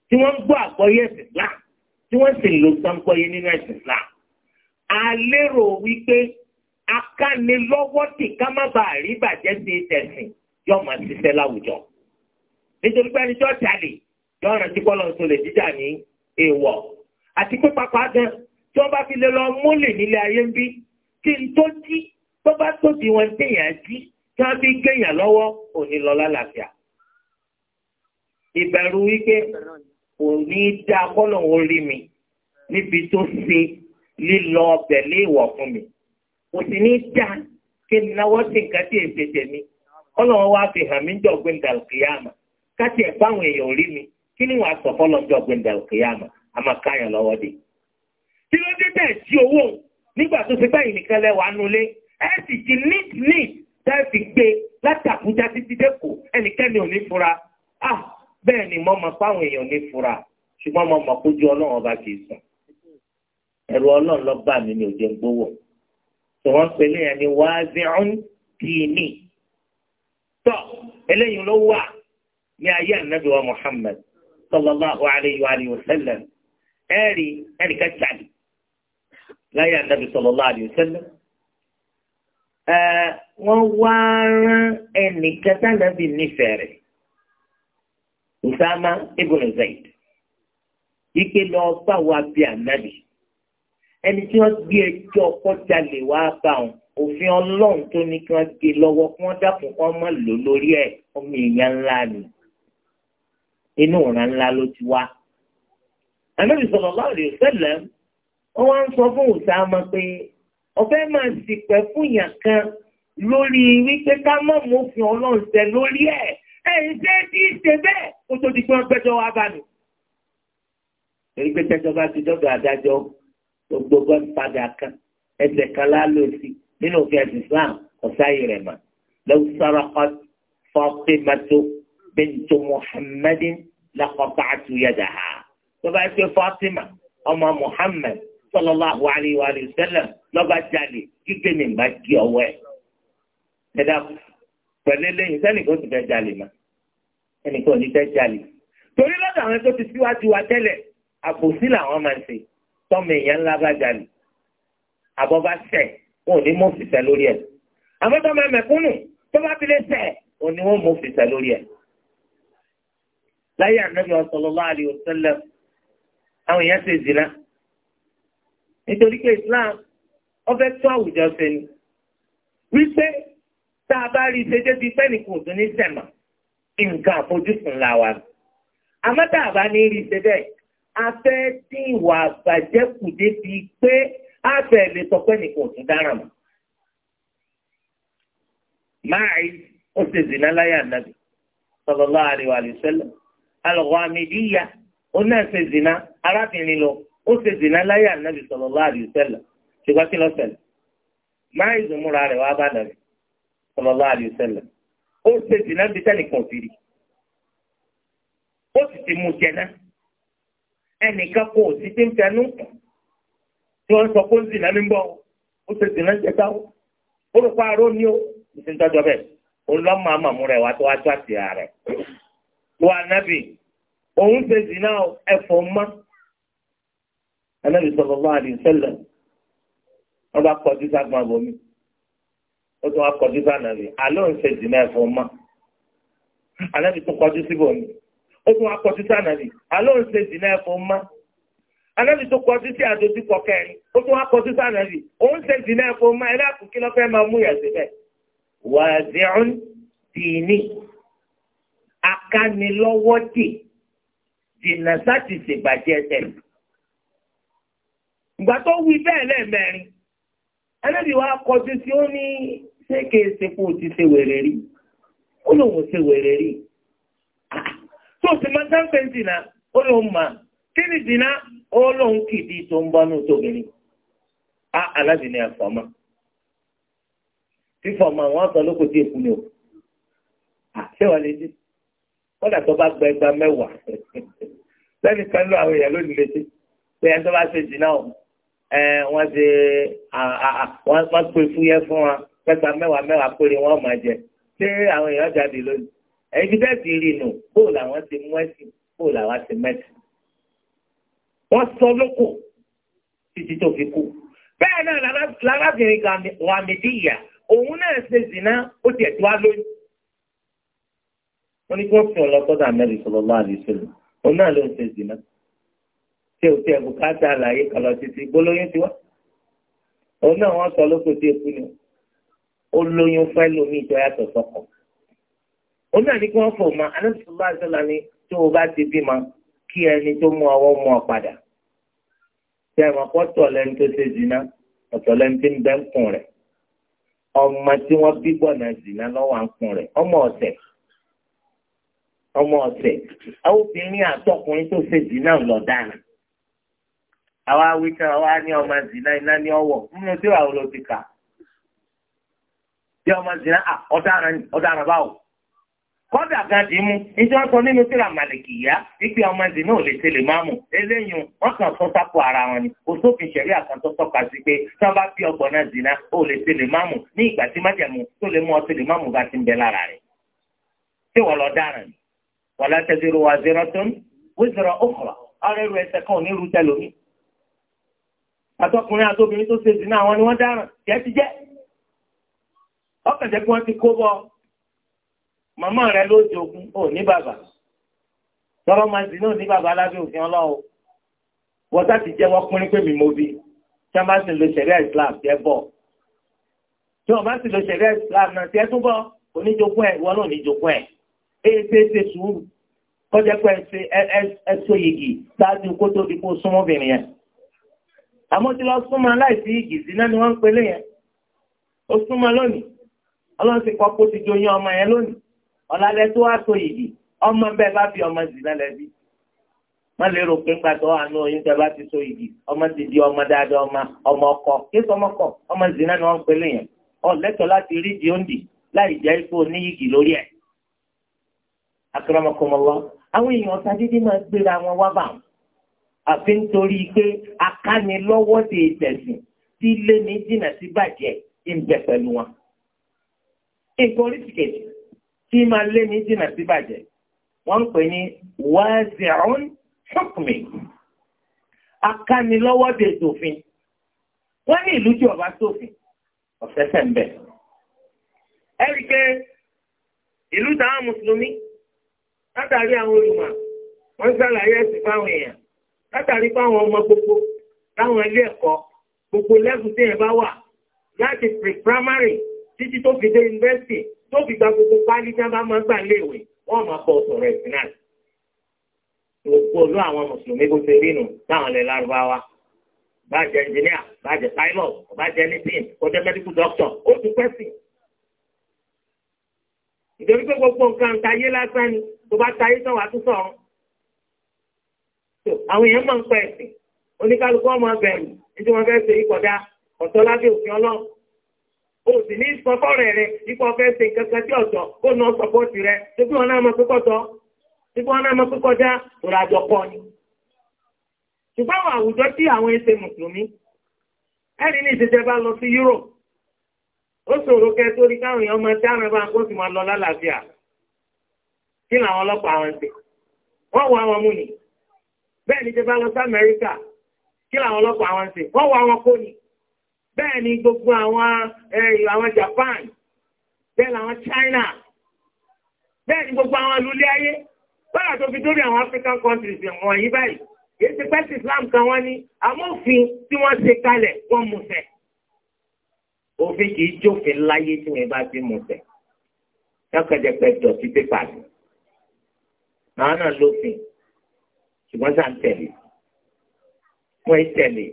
tí wọ́n ń gbọ́ àgbọ́yé ẹ̀sìn Islam tí wọ́n sì lò gbọ́ngbọ́yé nínú ẹ̀sìn Islam. a lérò wípé akánilọ́wọ́dì ká má bàa rí bàjẹ́ sí tẹ̀sìn yóò máa ṣiṣẹ́ láwùjọ nítorí pé ẹni tí ó jalè yọ ọ̀ràn tí kọ́lọ́ tó lè jíjà ní èèwọ̀ àti pé pàpà gan tí wọ́n bá fi lè lọ múlẹ̀ nílé ayé ń bí kí n tó jí tó bá tó di wọn téèyàn jí tí wọ́n fi gẹ̀yàn lọ́wọ́ òní lọ lálàáfíà. ìbẹ̀rù wípé òní dá kọ́lọ̀ ń mi níbi tó ṣe lílọ ọbẹ̀ léèwọ̀ fún mi kò sì ní dá kí n náwó sí nǹkan tí èsì tèmi kọ́lọ̀ wọn wá fi hàn mí jọ̀gbìn dàlùkìyàmà káti ẹ̀ báwọn èèyàn rí mi kí ni wàá sọ fọlọ́jọ́ gbẹ̀ndà òkè àmà àmà káyàn lọ́wọ́ dé. kí ló dé bẹ́ẹ̀ sí owó nígbà tó ti báyìí nìkan lẹ́wà nulẹ̀ ẹ̀ sì ti neat neat tẹ́ẹ̀fì gbé látàkújá títí dẹ́kọ̀ ẹnikẹ́ni ò ní fura ah bẹ́ẹ̀ ni mo mọ̀ fáwọn èèyàn ní fura ṣùgbọ́n mo mọ̀ kójú ọlọ́run ọba kì í sùn ẹ̀rù ọlọ́run lọ bá mi ní òjò gbówó tí wọ́n ń pè ẹni wáá zẹ́ọ́n tì ní tọ́ eléyìí ló wà ní ayé ànábì wa Muhammad sallallahu alayhi wa alihi wa sallam ẹ̀rí ẹ̀ríkà jáde láyé ànábì sallallahu alayhi wa sallam. wọ́n wá rán ẹnìkan sànábì nífẹ̀ẹ́ rẹ̀ Usama ibn Zayd ike lọ bá wa bí ànábì ẹni tí wọ́n gbé ẹjọ́ kọjá lè wá bá wọn òfin ọlọ́run tó ní kí wọ́n gbé lọ́wọ́ kí wọ́n dákun kí wọ́n lò lórí ẹ̀ ọmọ èèyàn ńlá ni inú ọ̀ràn ńlá ló ti wá. Ànábì sallallahu alaihi wasallam wọ́n wá ń sọ fún Usama pé ọ̀fẹ́ máa ṣìpẹ̀ fún yàn kan lórí wípé ká má mọ̀fin ọlọ́run tẹ lórí ẹ̀ ẹ̀yìn ṣé kí í ṣe bẹ́ẹ̀ kó tó di pé wọ́n gbẹ́jọ́ wá bá nù. èyí pé tẹ́jọ́ bá ti dọ́dọ̀ adájọ́ gbogbo godfather kan ẹsẹ̀ kan lálọ́ sí nínú òfin ẹ̀sìn Islam ọ̀sáyé rẹ̀ mà law saraqat Fatimatu bintu Muhammadin laqata'tu yadaha tó bá ṣe Fatima ọmọ Muhammad sallallahu alayhi wa sallam lọ́ba jalè kíkẹ́ ní ìgbà kí ọwọ́ ẹ̀. ẹ dákun pẹ̀lú lẹ́yìn sẹ́nìkan ti fẹ́ jalè mọ́ ẹnìkan ò ní fẹ́ jalè. torí lọ́dọ̀ àwọn tó ti síwájú wa tẹ́lẹ̀ àbòsí làwọn máa ń ṣe tọ́mọ èèyàn ńlá bá jalè àbọ̀ bá ṣẹ̀ wọn ò ní mú òfìsẹ́ lórí ẹ̀. àmọ́ tọ́mọ mẹ̀kúnnù fi lé ṣẹ̀ òun ni wọ́n mú lórí ẹ̀ láyé ànábì sallallahu alaihi wasallam àwọn èèyàn ṣe zìlá nítorí pé islam ó fẹ́ tó àwùjọ ṣe ni wípé tá a bá rí i ṣe débi fẹ́nìkù tó ní sẹ̀mà nǹkan àfojúsùn la wà ní àmọ́ tá a bá ní rí i ṣe bẹ́ẹ̀ a fẹ́ dín ìwà àgbàjẹ́ kù débi pé a fẹ́ lè sọ pé nìkan ò dára mọ́ máa rí ṣe zìlá láyé ànábì sallallahu alaihi alwamidiya ó náà ṣe zina arábìnrin lọ ó ṣe zina láyé ànábì sallallahu alaihi wasallam ṣùgbọ́n kí ló ṣẹlẹ̀ máa ń zùmúra rẹ̀ wá bá nàbì sallallahu alaihi wasallam ó ṣe zina bí sẹ́nìkan ti rí ó sì ti mú jẹ náà ẹnìkan kò sí tí ń fẹnu tí wọ́n sọ pé ó ń zina ní bọ́ ó ṣe zina jẹta ó ó rò pa aró ní ó ìsìntọ́jọ́ bẹ́ẹ̀ ó lọ́ máa màmú rẹ̀ wá tó wá tó àti ààrẹ wa nabi òun ṣe zina ẹ̀fọ́ mọ́ anábì sallallahu alaihi wasallam wọ́n bá kọjú sáàgbọ́n abomi ó tún wá kọjú sànàbì àlọ́ ń ṣe zina ẹ̀fọ́ mọ́ anábì tún kọjú síbòmí ó tún wá kọjú sànàbì àlọ́ ń ṣe zina ẹ̀fọ́ mọ́ anábì tó kọjú sí àdójúkọ kẹrin ó tún wá kọjú sànàbì òun ṣe zina ẹ̀fọ́ mọ́ ẹlẹ́kùn kí ló fẹ́ máa mú yàtọ̀ bẹ́ẹ̀ wàá akánilọ́wọ́dì dènà sáti ṣèbàjẹ́ ẹ̀sẹ̀. ìgbà tó wí bẹ́ẹ̀ lẹ́ẹ̀mẹrin ẹlẹ́bi wa kọjú tí ó ní ṣéke ṣepo ti ṣe wèrè rí ó lóun ṣe wèrè rí tó sì máa sáńpẹ́ dìnnà ó lóun mà kí ni dìnnà ó lóun kìdí tó ń bọ́nú tóbìnrin á alábìnrin àfọ́mọ́ fífọ́ ọmọ àwọn àtọ́ lóko tí èkú ni o àṣẹwàlẹ́dẹ́ kódà tó bá gba ẹgbàá mẹ́wàá lẹ́nu kan ló àwọn èèyàn lónìí létí pé ẹni tó bá ṣe jìnnà o wọ́n ṣe wọ́n pè fúyẹ́ fún wa pẹ́ta mẹ́wàá mẹ́wàá péré wọ́n máa jẹ ṣé àwọn èèyàn jáde lónìí ẹ̀yin bíbẹ́ ti rí nù bóòlù àwọn ti mú ẹ̀sìn bóòlù àwọn ti mẹ́sìn. wọ́n sọ lóko títí tó fi kú. bẹ́ẹ̀ náà lárábìnrin kan wà mí díyà òun náà ṣe zìnnà ó tiẹ̀ tó wá lóyún wọ́n ní kí wọ́n fi ọlọ́kọ́dà Ànábì sallallahu alaihi wasallam òun náà ló ń ṣe zìnà tí o ti ẹ̀bùn káàtà àlàyé kọlọ títí gbólóyún tiwa òun náà wọ́n sọ lóko tí eku ni ó lóyún fẹ́ lómi ìjọ yàtọ̀ sọ́kọ òun náà ní kí wọ́n fò ma Ànábì sallallahu alaihi wasallam ni tó o bá ti bímọ kí ẹni tó mú ọwọ́ mú ọ padà tí ẹ̀ mọ̀ pọ́tọ̀ lẹ́ni tó ṣe zìnà ọ̀tọ̀ ọmọ ọ̀sẹ̀ obìnrin àtọkùnrin tó ṣe zina lọ dára àwa wíkẹ́ awa ní ọmọ zina iná ní ọwọ́ nínú tí wàá lọ ti kà tí ọmọ ọ̀daràn báwò kọ́dà mú sọ nínú màlìkì yá ọmọ ò lè ṣe lè máàmù wọn kàn sápò ara wọn ni kò náà zina ò lè ṣe lè máàmù ní ìgbà tí tó lè mú ọ ṣe lè máàmù bá ti ń bẹ lára rẹ̀ ṣé wọ́n lọ dáràn wàlá tẹ̀síru wà zero tó ń wíṣọ̀rọ̀ òkùnrà ọ̀rẹ́ rẹ̀ ẹsẹ̀ kan ní àtọkùnrin àtobìnrin tó ṣe ìdìnnà àwọn ni wọ́n dáràn jẹ́ ti jẹ́. ọkàn jẹ́ pé wọ́n ti kó bọ́ màmá rẹ̀ ló jogún ò ní bàbá tọrọ máa dì náà ní bàbá alábẹ́ òfin ọlọ́wọ́ wọ́tá ti jẹ́ pínrín pé mi mo bí tí wọ́n bá sì lo ṣẹ̀ríà Islam tẹ́ bọ̀ tí wọ́n bá sì lo ṣẹ̀ríà Islam náà tẹ́ túbọ̀ oníjogún ẹ̀ wọ́n náà oníjogún ẹ̀. èsèsè sùúrù kọjá pé ẹsọ yìgì ṣáájú kó tó kó súnmọ́ obìnrin yẹn àmọ́ tí lọ súnmọ́ aláìsí yìgì sí náà ni wọ́n ń pelé yẹn ó súnmọ́ lónìí ọlọ́run ti kọ́ kó ti yín ọmọ yẹn lónìí ọ̀làlẹ́ tó wá sọ ọmọ bẹ́ẹ̀ bá fi ọmọ zì lálẹ́ bí má lè rò pé pàtó àánú ọkọ kí sọmọ kọ ọmọ zì náà ni wọ́n ń yẹn akramakumullah àwọn èèyàn sadidi máa gbéra wọn wá bá wọn àfi nítorí pé akánilọ́wọ́ de ìtẹ̀sìn tí lé ní jìnnà sí bàjẹ́ ń bẹ pẹ̀lú wọn. nǹkan oríṣìkejì tí máa lé ní jìnnà sí bàjẹ́ wọ́n ń pè ní wáṣẹ̀ọ́n ṣọ́kùnmí akánilọ́wọ́ de ìtòfin wọ́n ní ìlú tí ọba sófin ọ̀sẹ̀sẹ̀ ń bẹ. ẹ̀rí pé ìlú táwọn mùsùlùmí látàrí àwọn olùmọ̀ wọ́n ṣàlàyé ẹ̀sìn fáwọn èèyàn látàrí fáwọn ọmọ gbogbo láwọn ilé ẹ̀kọ́ gbogbo lẹ́kùn tí ẹ bá wà láti pre-primary títí tó fi dé yunifásitì tó fi gba gbogbo pálí tí wọ́n bá máa gbà léèwé wọ́n máa bọ̀ ọ̀sùn rẹ̀ sí náà. gbogbo olú àwọn mùsùlùmí bó ṣe rí nù láwọn ilẹ̀ lárúbáwá bá jẹ́ engineer bá jẹ́ pilot bá jẹ́ anything kó jẹ́ medical doctor ó tún pẹ́sìn. ìdòrí pé gbogbo nǹkan tayé lásán ni tó bá tayé tán wàá tún sọ̀rọ̀. àwọn èèyàn máa ń pẹ́ ẹ̀sìn oníkálukú ọmọ bẹ̀rù nítorí wọn fẹ́ ṣe ìkọ̀dá ọ̀tọ́ lábẹ́ òfin o sì ní sọfọ́rọ̀ rẹ ipò ọ̀fẹ́ ṣe nǹkan kan tí ọ̀tọ̀ kó nà sọpọ́ọ̀tì rẹ tóbi wọn náà mọ pé kọ́tọ́ tóbi ni. ṣùgbọ́n àwùjọ tí àwọn ẹsẹ̀ mùsùlùmí ẹ̀rí ní lọ sí Europe ó ṣòro kẹ́ torí káwọn èèyàn máa dáná bá kó sì máa lọ lálàáfíà kí làwọn ọlọ́pàá wọn ṣe wọ́n wọ àwọn mú ni bẹ́ẹ̀ ni jẹba lọ sí Amẹ́ríkà kí làwọn ọlọ́pàá wọn ṣe wọ́n wọ àwọn kó ni bẹ́ẹ̀ ni gbogbo àwọn àwọn Japan bẹ́ẹ̀ làwọn China bẹ́ẹ̀ ni gbogbo àwọn alúlé ayé bọ́lá tó fi dórí àwọn African countries wọ̀nyí báyìí èyí ti pẹ́sì Islam kan wọ́n ní amófin tí wọ́n ṣe kalẹ̀ wọ́n mú fẹ́ẹ́ òfin kì í jófin láyé tí wọn bá ti mú ṣẹ lọkọjẹpẹ dọ̀tí pépà ni àwọn náà lófin ṣùgbọ́n sá ń tẹ̀lé wọn ẹ tẹ̀lé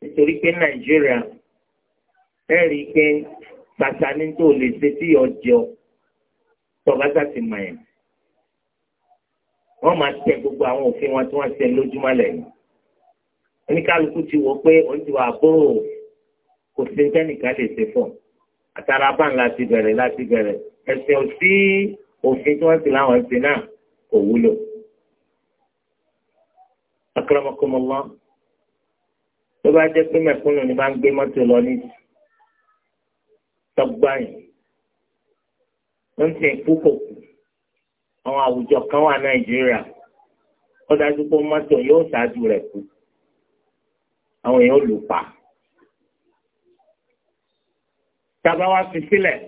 nítorí pé nàìjíríà ẹ rí i pé bàtà ní tó lè ṣe tí ọjọ tọba sá ti mọ yẹn wọn máa tẹ gbogbo àwọn òfin wọn tí wọn ṣe lójúmọ́ lẹ́yìn oníkálukú ti wọ pé òun ti wà bóòrò kò sí tẹ́nìkan lè ṣe fún un àtàrà bá ńlá ti bẹ̀rẹ̀ láti bẹ̀rẹ̀ ẹ̀sìn òsì òfin tí wọ́n ti láwọn ẹ̀sìn náà kò wúlò. akramakumullah tó bá jẹ́ pé mẹ̀kúnnù ni bá ń gbé mọ́tò lọ ní tọ́gbàyìn wọ́n ti ń kúkò àwọn àwùjọ kan wà nàìjíríà ó dájú pé mọ́tò yóò ṣáájú rẹ̀ kú àwọn èèyàn lù pa. tábà wá fi sílẹ̀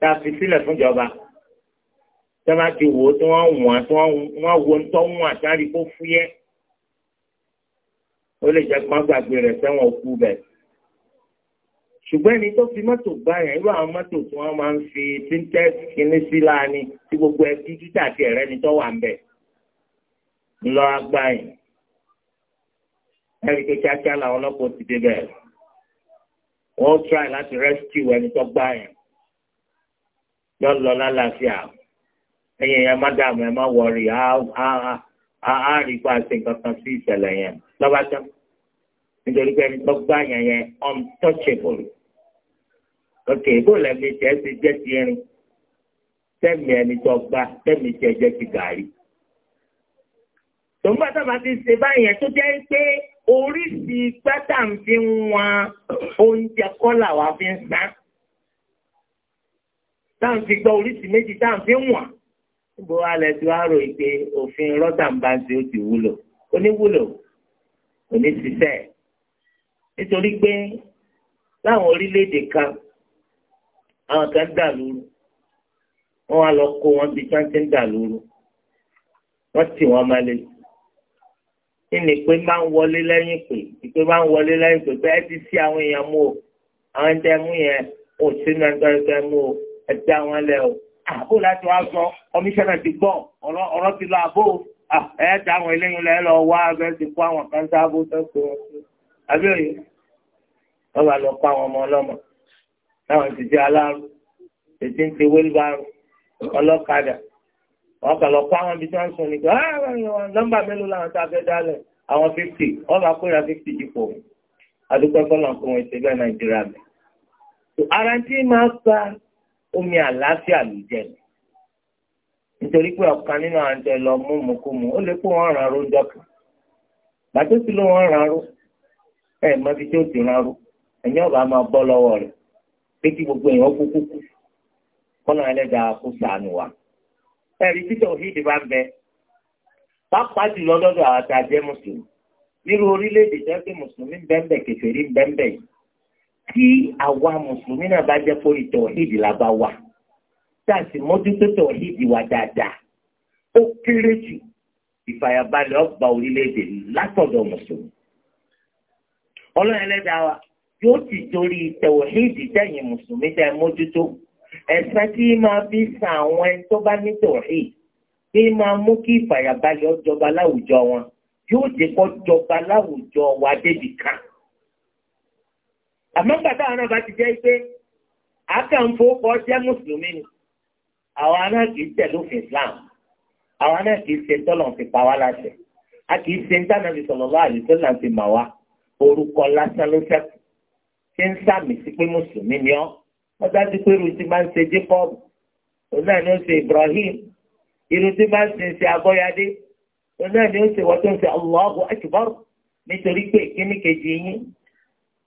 tá a fi sílẹ̀ fúnjọba tábà ti wò ó tí wọ́n wọ̀n tí wọ́n wo ń tọ́ wọn àtàrí kó fúyẹ́ ó lè jẹ́ pọ́n gbàgbé rẹ̀ sẹ́wọ̀n kú bẹ̀. ṣùgbọ́n ẹni tó fi mọ́tò gbá yẹn irú àwọn mọ́tò tí wọ́n máa ń fi tíńtẹ́ẹ̀sì kínní sí láàánú tí gbogbo ẹbí títà àti ẹ̀rẹ́ ni tó wà ń bẹ̀. ńlọ agbá yẹn ẹ̀rí kékeré làwọn ọlọ́pàá ti dé bẹ̀rẹ̀ wọ́n try láti rescue ẹni tó gbá yẹn yọ lọ lálàáfíà ẹ̀yin yẹn mádàmù ẹ má wọrí á rí pa ṣe nǹkan kan sí ìṣẹ̀lẹ̀ yẹn lọ́ba tán nítorí pé ẹni tó gbá yẹn yẹn untouchable ok bó lẹ́mi tẹ́ ẹ ti jẹ́ ti irin tẹ́mi ẹni tó gbá tẹ́mi tẹ́ jẹ́ ti gàrí tòǹbà sábà ti ṣe báyẹn tó jẹ́ pé oríṣi gbátà ń fi wọn oúnjẹ kọ́là wá fi ń sán táà ń fi gbọ́ oríṣi méjì táà ń fi wọ̀n níbo alẹ́ tí wàá rò pé òfin rọ́tà ń bá ń ṣe ó ti wúlò oníwúlò òní ṣiṣẹ́ nítorí pé láwọn orílẹ̀-èdè kan àwọn kan dà lóru wọ́n wá lọ kó wọn bí tí wọ́n ti ń dà lóru wọ́n tì wọ́n mọ́lẹ̀ yìí kí ni pé máa ń wọlé lẹ́yìn pé ìpè máa ń wọlé lẹ́yìn pé pé ẹ ti sí àwọn èèyàn mú o àwọn ẹni tẹ́ mú yẹn ò sínú ẹni tẹ́ mú o ẹ ti àwọn ẹlẹ́ o. àbò láti wá sọ kọmíṣánná ti gbọ́ ọ̀rọ̀ ti lọ àbò ẹ ti àwọn eléyìn lẹ́ lọ wá abẹ́ ti kó àwọn kan sábò sẹ́kù wọn sí. àbí òye bá lọ kó àwọn ọmọ ọlọ́mọ táwọn ti jẹ́ aláàrú ètí ń ti wíl wọ́n kàn lọ pa àwọn ibi tí wọ́n ń sọ ah, ní pé nọ́mbà mélòó làwọn tá a fẹ́ dálẹ̀ àwọn fifty wọ́n bá kóra fifty dípò adúpẹ́ fọlọ́ nǹkan wọn ìṣèlú nàìjíríà mi. ara tí máa gba omi àlàáfíà ló jẹ nítorí pé ọ̀kan nínú àwọn àjọ lọ mú mu kú mu ó lè kó wọn ràn ró ń dọ́kà bàtó sí ló wọn ràn ró ẹ mọ ibi tí ó ti ràn ró ẹ̀mí ọ̀bà máa bọ́ lọ́wọ́ rẹ̀ pé kí gbogbo èèyàn kú kú kú kọ́nà ẹlẹ́dàá kó sànù wa ẹ̀rí títọ̀ òhìdì bá ń bẹ pàápàá jùlọ lọ́dọ̀ àwọn tá a jẹ́ mùsùlùmí nírú orílẹ̀-èdè tó ń pè mùsùlùmí bẹ́ẹ̀nbẹ̀ kèfèrí bẹ́ẹ̀nbẹ̀ yìí tí àwa mùsùlùmí náà bá jẹ́ pé tọ̀hídì la bá wà tá a sì mójútó tọ̀hídì wa dáadáa ó kéré jù ìfàyàbalẹ̀ ọgbà orílẹ̀-èdè látọ̀dọ̀ mùsùlùmí. ọlọ́run ẹlẹ́dàá wa yóò ti torí tọ̀hídì tẹ̀yìn mùsùlùmí tẹ̀ mójútó ẹ̀san tí máa fi san àwọn ẹni tó bá ní tòrí kí máa mú kí ìfàyàbalẹ̀ ọjọba láwùjọ wọn yóò jẹ́ kó jọba láwùjọ wa débi kan. àmọ́ bàtà àwọn ọba ti jẹ́ pé àkànfowópọ̀ jẹ́ mùsùlùmí ni àwọn náà kì í Islam àwọn náà kì í ṣe tọ́lọ̀ fi pa wá láṣẹ a kì í ṣe ń dáná fi sọ̀rọ̀ lọ́wọ́ àdìsọ́ náà fi mà wá orúkọ lásán ló fẹ́ ṣe ń sàmì sí pé mùsùlùmí ni ọ́ ọjà ti pé irun tí máa ń ṣe Jacob òun náà ni ó ṣe Ibrahim irun tí máa ń ṣe ṣe Abọ́yadé òun náà ni ó ṣe wọ́n tó ń ṣe Allahu Akbar nítorí pé kíní kejì yín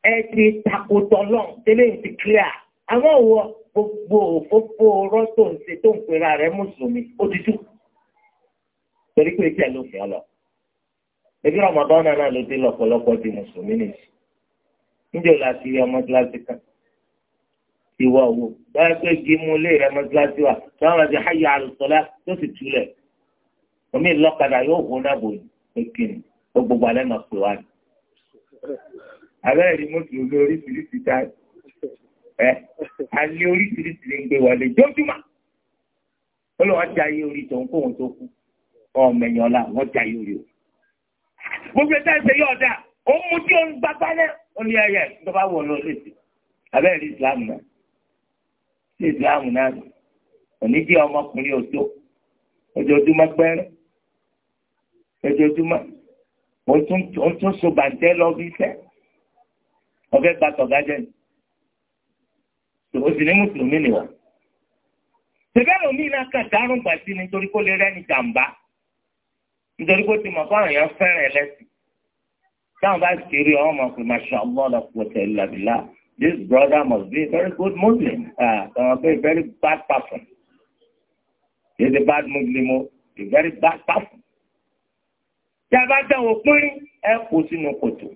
ẹ ti takòtò lọ́n tẹ́lẹ̀ ti clear àmọ́ wọ gbogbo òfófó ọ̀rọ̀ tó ń ṣe tó ń pera rẹ̀ mùsùlùmí ó ti tú torí pé tí ẹ ló fi ọ lọ ebi Ramadan náà ló dé lọ́pọ̀lọpọ̀ di mùsùlùmí nìyí níjẹ́ òun láti rí ọmọ kíláàsì kan ìwọ wo báyìí pé gímú lé rẹ mọ́sálásí wa táwọn àti hayya ala salat tó sì túlẹ̀ omi ìlọ́kadà yóò hó náà bò ní kíni ó gbogbo alẹ́ máa pè wá ní. abẹ́rẹ́ ni mo tún lórí oríṣiríṣi tá ẹ alẹ́ oríṣiríṣi lè gbé wọlé jójúmọ́ ó lọ́ wọ́n ti ayé orí tòun kóhun tó kú ọmọnìyàn ọ̀la wọ́n ti ayé orí o. gbogbo ẹ̀ta ẹ̀sẹ̀ yóò dà ó mú tí ó ń gbàgbá náà ó ní ẹ̀yẹ tó bá wọ̀ lọ lẹ́sìn Islam náà sí ìsìláàmù náà òní jẹ́ ọmọkùnrin òjò ojoojúmọ́ gbẹ́rẹ́ ojoojúmọ́ ó tún so bàjẹ́ lọ bí iṣẹ́ ọ̀fẹ́ gba tọ̀gájẹ́ ni ó sì ní mùsùlùmí nìwọ̀. ṣùgbọ́n lómi náà kàn dárùn gbà sí nítorí kó lè rẹ́ni jàǹbá nítorí kó ti mọ̀ fáwọn èèyàn fẹ́ràn ẹlẹ́sìn táwọn bá sì rí ọmọ pé masha Allah la quwwata this brother must be a very good Muslim, ah, uh, uh, a very bad person. He's a bad Muslim, oh. a very bad person. Tí a bá dán wò pín ẹ kó sínú kòtò.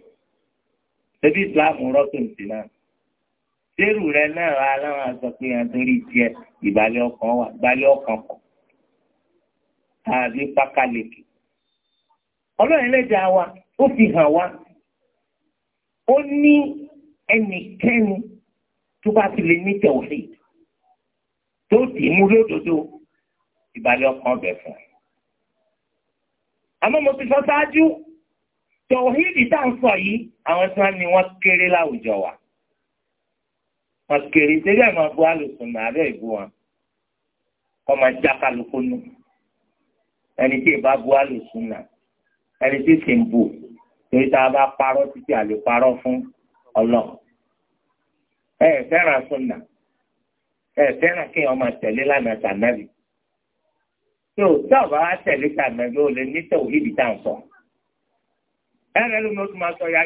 Ṣébí Ìsìláàmù rọ́tùn sí náà. Ṣérù rẹ náà aláwọ̀ sọ pé a ń torí tiẹ̀ ìbàlẹ̀ ọkàn wà ìbàlẹ̀ ọkàn kọ̀. Tàbí pákáleke. Ọlọ́run lè dá wa, ó fi hàn wa. Ó ní ẹnikẹ́ni tó bá ti lè ní tẹ̀wọ̀sí tó dì í mú lódodo ìbàlẹ̀ ọkàn ọbẹ̀ fún un. àmọ́ mo ti sọ ṣáájú tọ̀hídì tá à ń sọ yìí àwọn tí wọ́n ní wọ́n kéré láwùjọ wa. wọ́n kéré délé máa bu alùpùpù àárẹ̀ ìbú wọn kọ́ máa já kálukú nù ẹni tí ìbá bu alùpùpù náà ẹni tí sì ń bù torí tá a bá parọ́ títí àlè parọ́ fún ọlọ́run. ẹ fẹ́ràn sunna ẹ fẹ́ràn kí ọmọ tẹ̀lé lánàá sànàbì tó tá a bá wá tẹ̀lé sànàbì ó lè ní tẹ̀wé ibi tá à ń sọ ẹ rẹ lómi tún máa sọ ya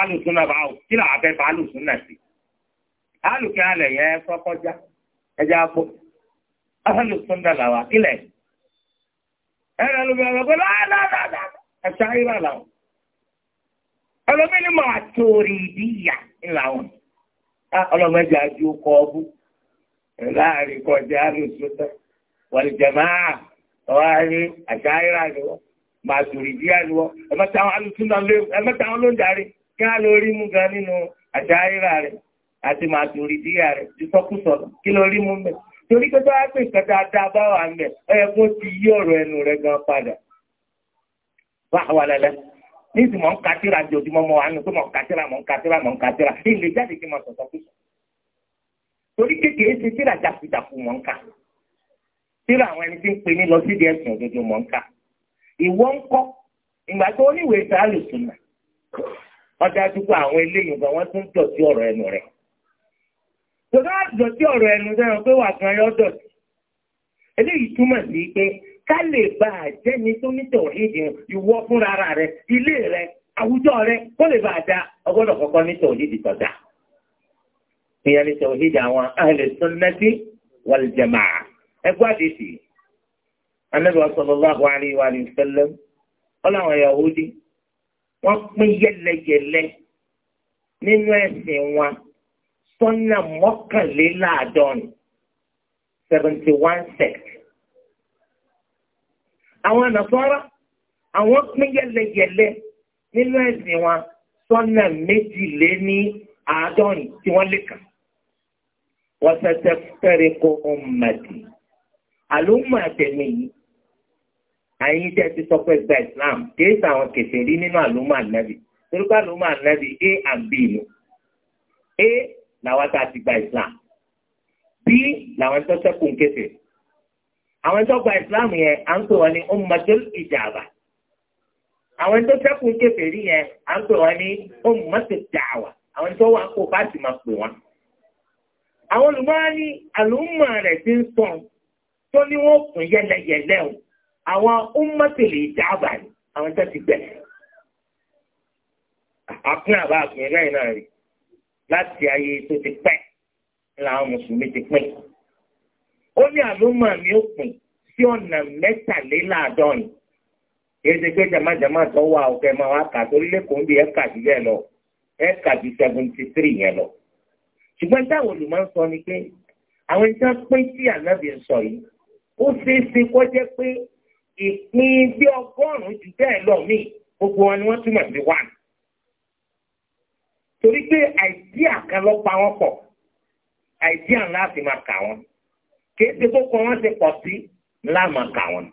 alùsùnà bá kí làwọn bá alùsùnà sí alùkẹ́ alẹ̀ yẹn alùsùnà ẹ rẹ lómi ọ̀rọ̀ pé ńlá wọn. Ah, ọlọ́mọdé àjò kọ ọbú láàrin kọjá àlùsùnà wàlìjàmáà ọ̀hárí àṣàyíra ni wọ́n máa sòrì díà ni wọ́n ẹ̀mẹ́ta àwọn àlùsùnà ẹ̀mẹ́ta àwọn ló ń darí kí á lórí mú nínú àti máa ti kí lórí mú mẹ́ torí pé pè ń bẹ̀ ọ yẹ kó ti yí ọ̀rọ̀ ẹnu rẹ gan padà. ní ìsìn mọ̀ ń katira di ojúmọ́ mọ́ wa ní pé mọ̀ ń katira mọ̀ ń katira mọ̀ ń katira ilé jáde kí n mọ̀ sọ̀tọ̀ kù. torí kékeré ṣe tíra jàkújàkú mọ̀ ń kà tíra àwọn ẹni tí ń pè ní lọ sídìí ẹ̀sìn òdodo mọ̀ ń kà ìwọ ń kọ́ ìgbà tó oníwèé sàálù sùnà ọjà dúpọ àwọn eléyìí gan wọn tún dọ̀tí ọ̀rọ̀ ẹnu rẹ̀ tòdá dọ̀tí ọ̀rọ̀ ẹnu rẹ̀ pé wà gan yọ dọ̀tí eléyìí túmọ̀ sí pé ká lè bá àjẹni tó ní tọ̀hídì ìwọ fúnra rẹ ilé rẹ àwùjọ rẹ kó lè bá a da ọgbọ́dọ̀ kọ́kọ́ ní tọ̀hídì tọ̀dá. ìyẹn ní tọ̀hídì àwọn ahli sunnati wal jamaa ẹgbẹ́ àdìsí anabi sallallahu alayhi wa sallam ọlọ́wọ́n yahudi wọ́n pín yẹlẹyẹlẹ nínú ẹ̀sìn wọn sọ́nà mọ́kànléláàádọ́rin seventy one sect àwọn nàfọ́rọ́ àwọn pín yẹlẹyẹlẹ nínú ẹ̀sìn wọn sọ́nà méjìléní àádọ́rin tí wọ́n lè kà wọ́n ṣẹ̀ṣẹ̀ fẹ́rẹ̀ kó ọmọdé àlùmọ̀ àtẹ̀mí yìí àyìn tẹ́ ti sọ pé gba Islam kì í sàwọn kẹsẹ̀ rí nínú àlùmọ̀ ànábì torí àlùmọ̀ ànábì A and B ni A làwọn tá a ti gba Islam B làwọn tó sẹ́kùn kẹsẹ̀ rí àwọn tó gba islam yẹn à ń pè wọn ní ummatul ijaba àwọn tó sẹ́kù kèfèrí yẹn à ń pè wọn ní ummatul da'wa àwọn tó wà kó fásitì máa pè wọn. àwọn olùmọ̀ọ́ni àlùmọ̀ rẹ̀ ti ń sọ tó ní wọ́n kún yẹlẹyẹlẹ o àwọn ummatul ijaba ni àwọn tó ti bẹ̀rẹ̀. àpín àbá àpín lẹ́yìn náà rí láti ayé tó ti pẹ́ ńlá àwọn mùsùlùmí ti pín ó ní àlùmọ̀ mi ó pín sí ọ̀nà mẹ́tàléláàádọ́rin èdè pé jamajama tó wà òkè máa wá kà torí lẹ́kọ̀ọ́ bí ẹ̀ka jù bẹ́ẹ̀ lọ ẹ̀ka jù seventy three yẹn lọ. ṣùgbọ́n táwọn olùmọ̀ ń sọ ni pé àwọn ìṣe pín tí ànábì sọ yìí ó ṣeé ṣe kó jẹ́ pé ìpín bí ọgọ́rùn-ún jù bẹ́ẹ̀ lọ míì gbogbo wọn ni wọ́n túmọ̀ sí one. torí pé àìdíà kan ló pa wọ́n pọ̀ àìdíà ńlá sì máa kà wọ́n kéde kókó wọn ti pọ̀ sí lámàkà wọn.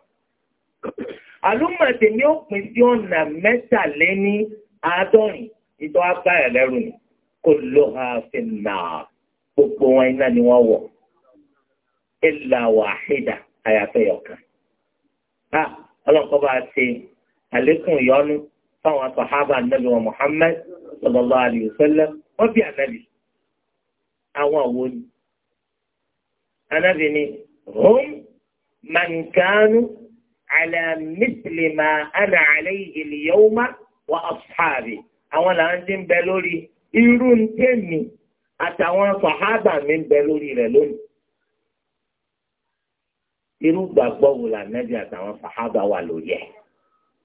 àlùmọ̀tẹ̀ ni ó pín sí ọ̀nà mẹ́tàléní àádọ́rin ìtọ́ agbára lẹ́rù ni kò ló ha fi nà gbogbo wọn iná ni wọ́n wọ̀ ìlà wàhídà àyàfẹ́ yọ̀kan. a ọlọ́nkọ́ bá ṣe àlékún ìyọnu fáwọn sàhábà nàbì wa Muhammad sallallahu alaihi wasallam wọ́n bí ànábì àwọn àwọn ni anábì ni hum mankanu ala misli ma ana alayhi al-yawma wa ashabi àwọn làwọn ti ń bẹ lórí irú tèmi àtàwọn sàhábà mi ń bẹ lórí rẹ̀ lónìí irú gbàgbọ́ wo la nẹ́bí àtàwọn sàhábà wà lóye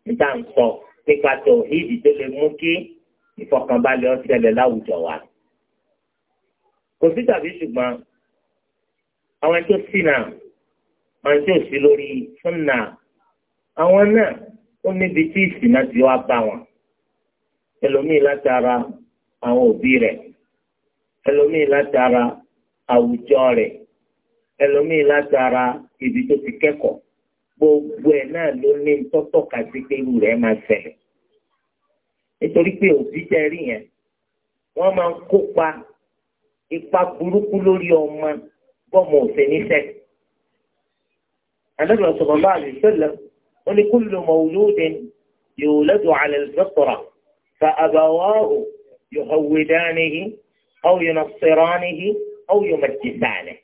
níta ń sọ nípa tó ìdí tó lè mú kí ìfọkànbalẹ̀ ó ṣẹlẹ̀ láwùjọ wa kò sí tàbí ṣùgbọ́n àwọn tó na àwọn tó sí lórí súnà àwọn náà ó níbi tí ìṣìnà ti wá bá wọn ẹlòmíì látara àwọn òbí ẹlòmíì látara àwùjọ ẹlòmíì látara ibi tó ti kẹ́kọ̀ọ́ gbogbo náà ló ní tọ́tọ́ka sí pé irú rẹ̀ máa ṣẹlẹ̀ nítorí pé òbí tẹ rí yẹn wọ́n máa ń kópa ipa burúkú lórí ọmọ bọ́ọ̀mù òsè ní sẹ́ẹ̀. النبي صلى الله عليه وسلم ولكل مولود يولد على الفطرة فأبواه يهودانه أو ينصرانه أو يمجسانه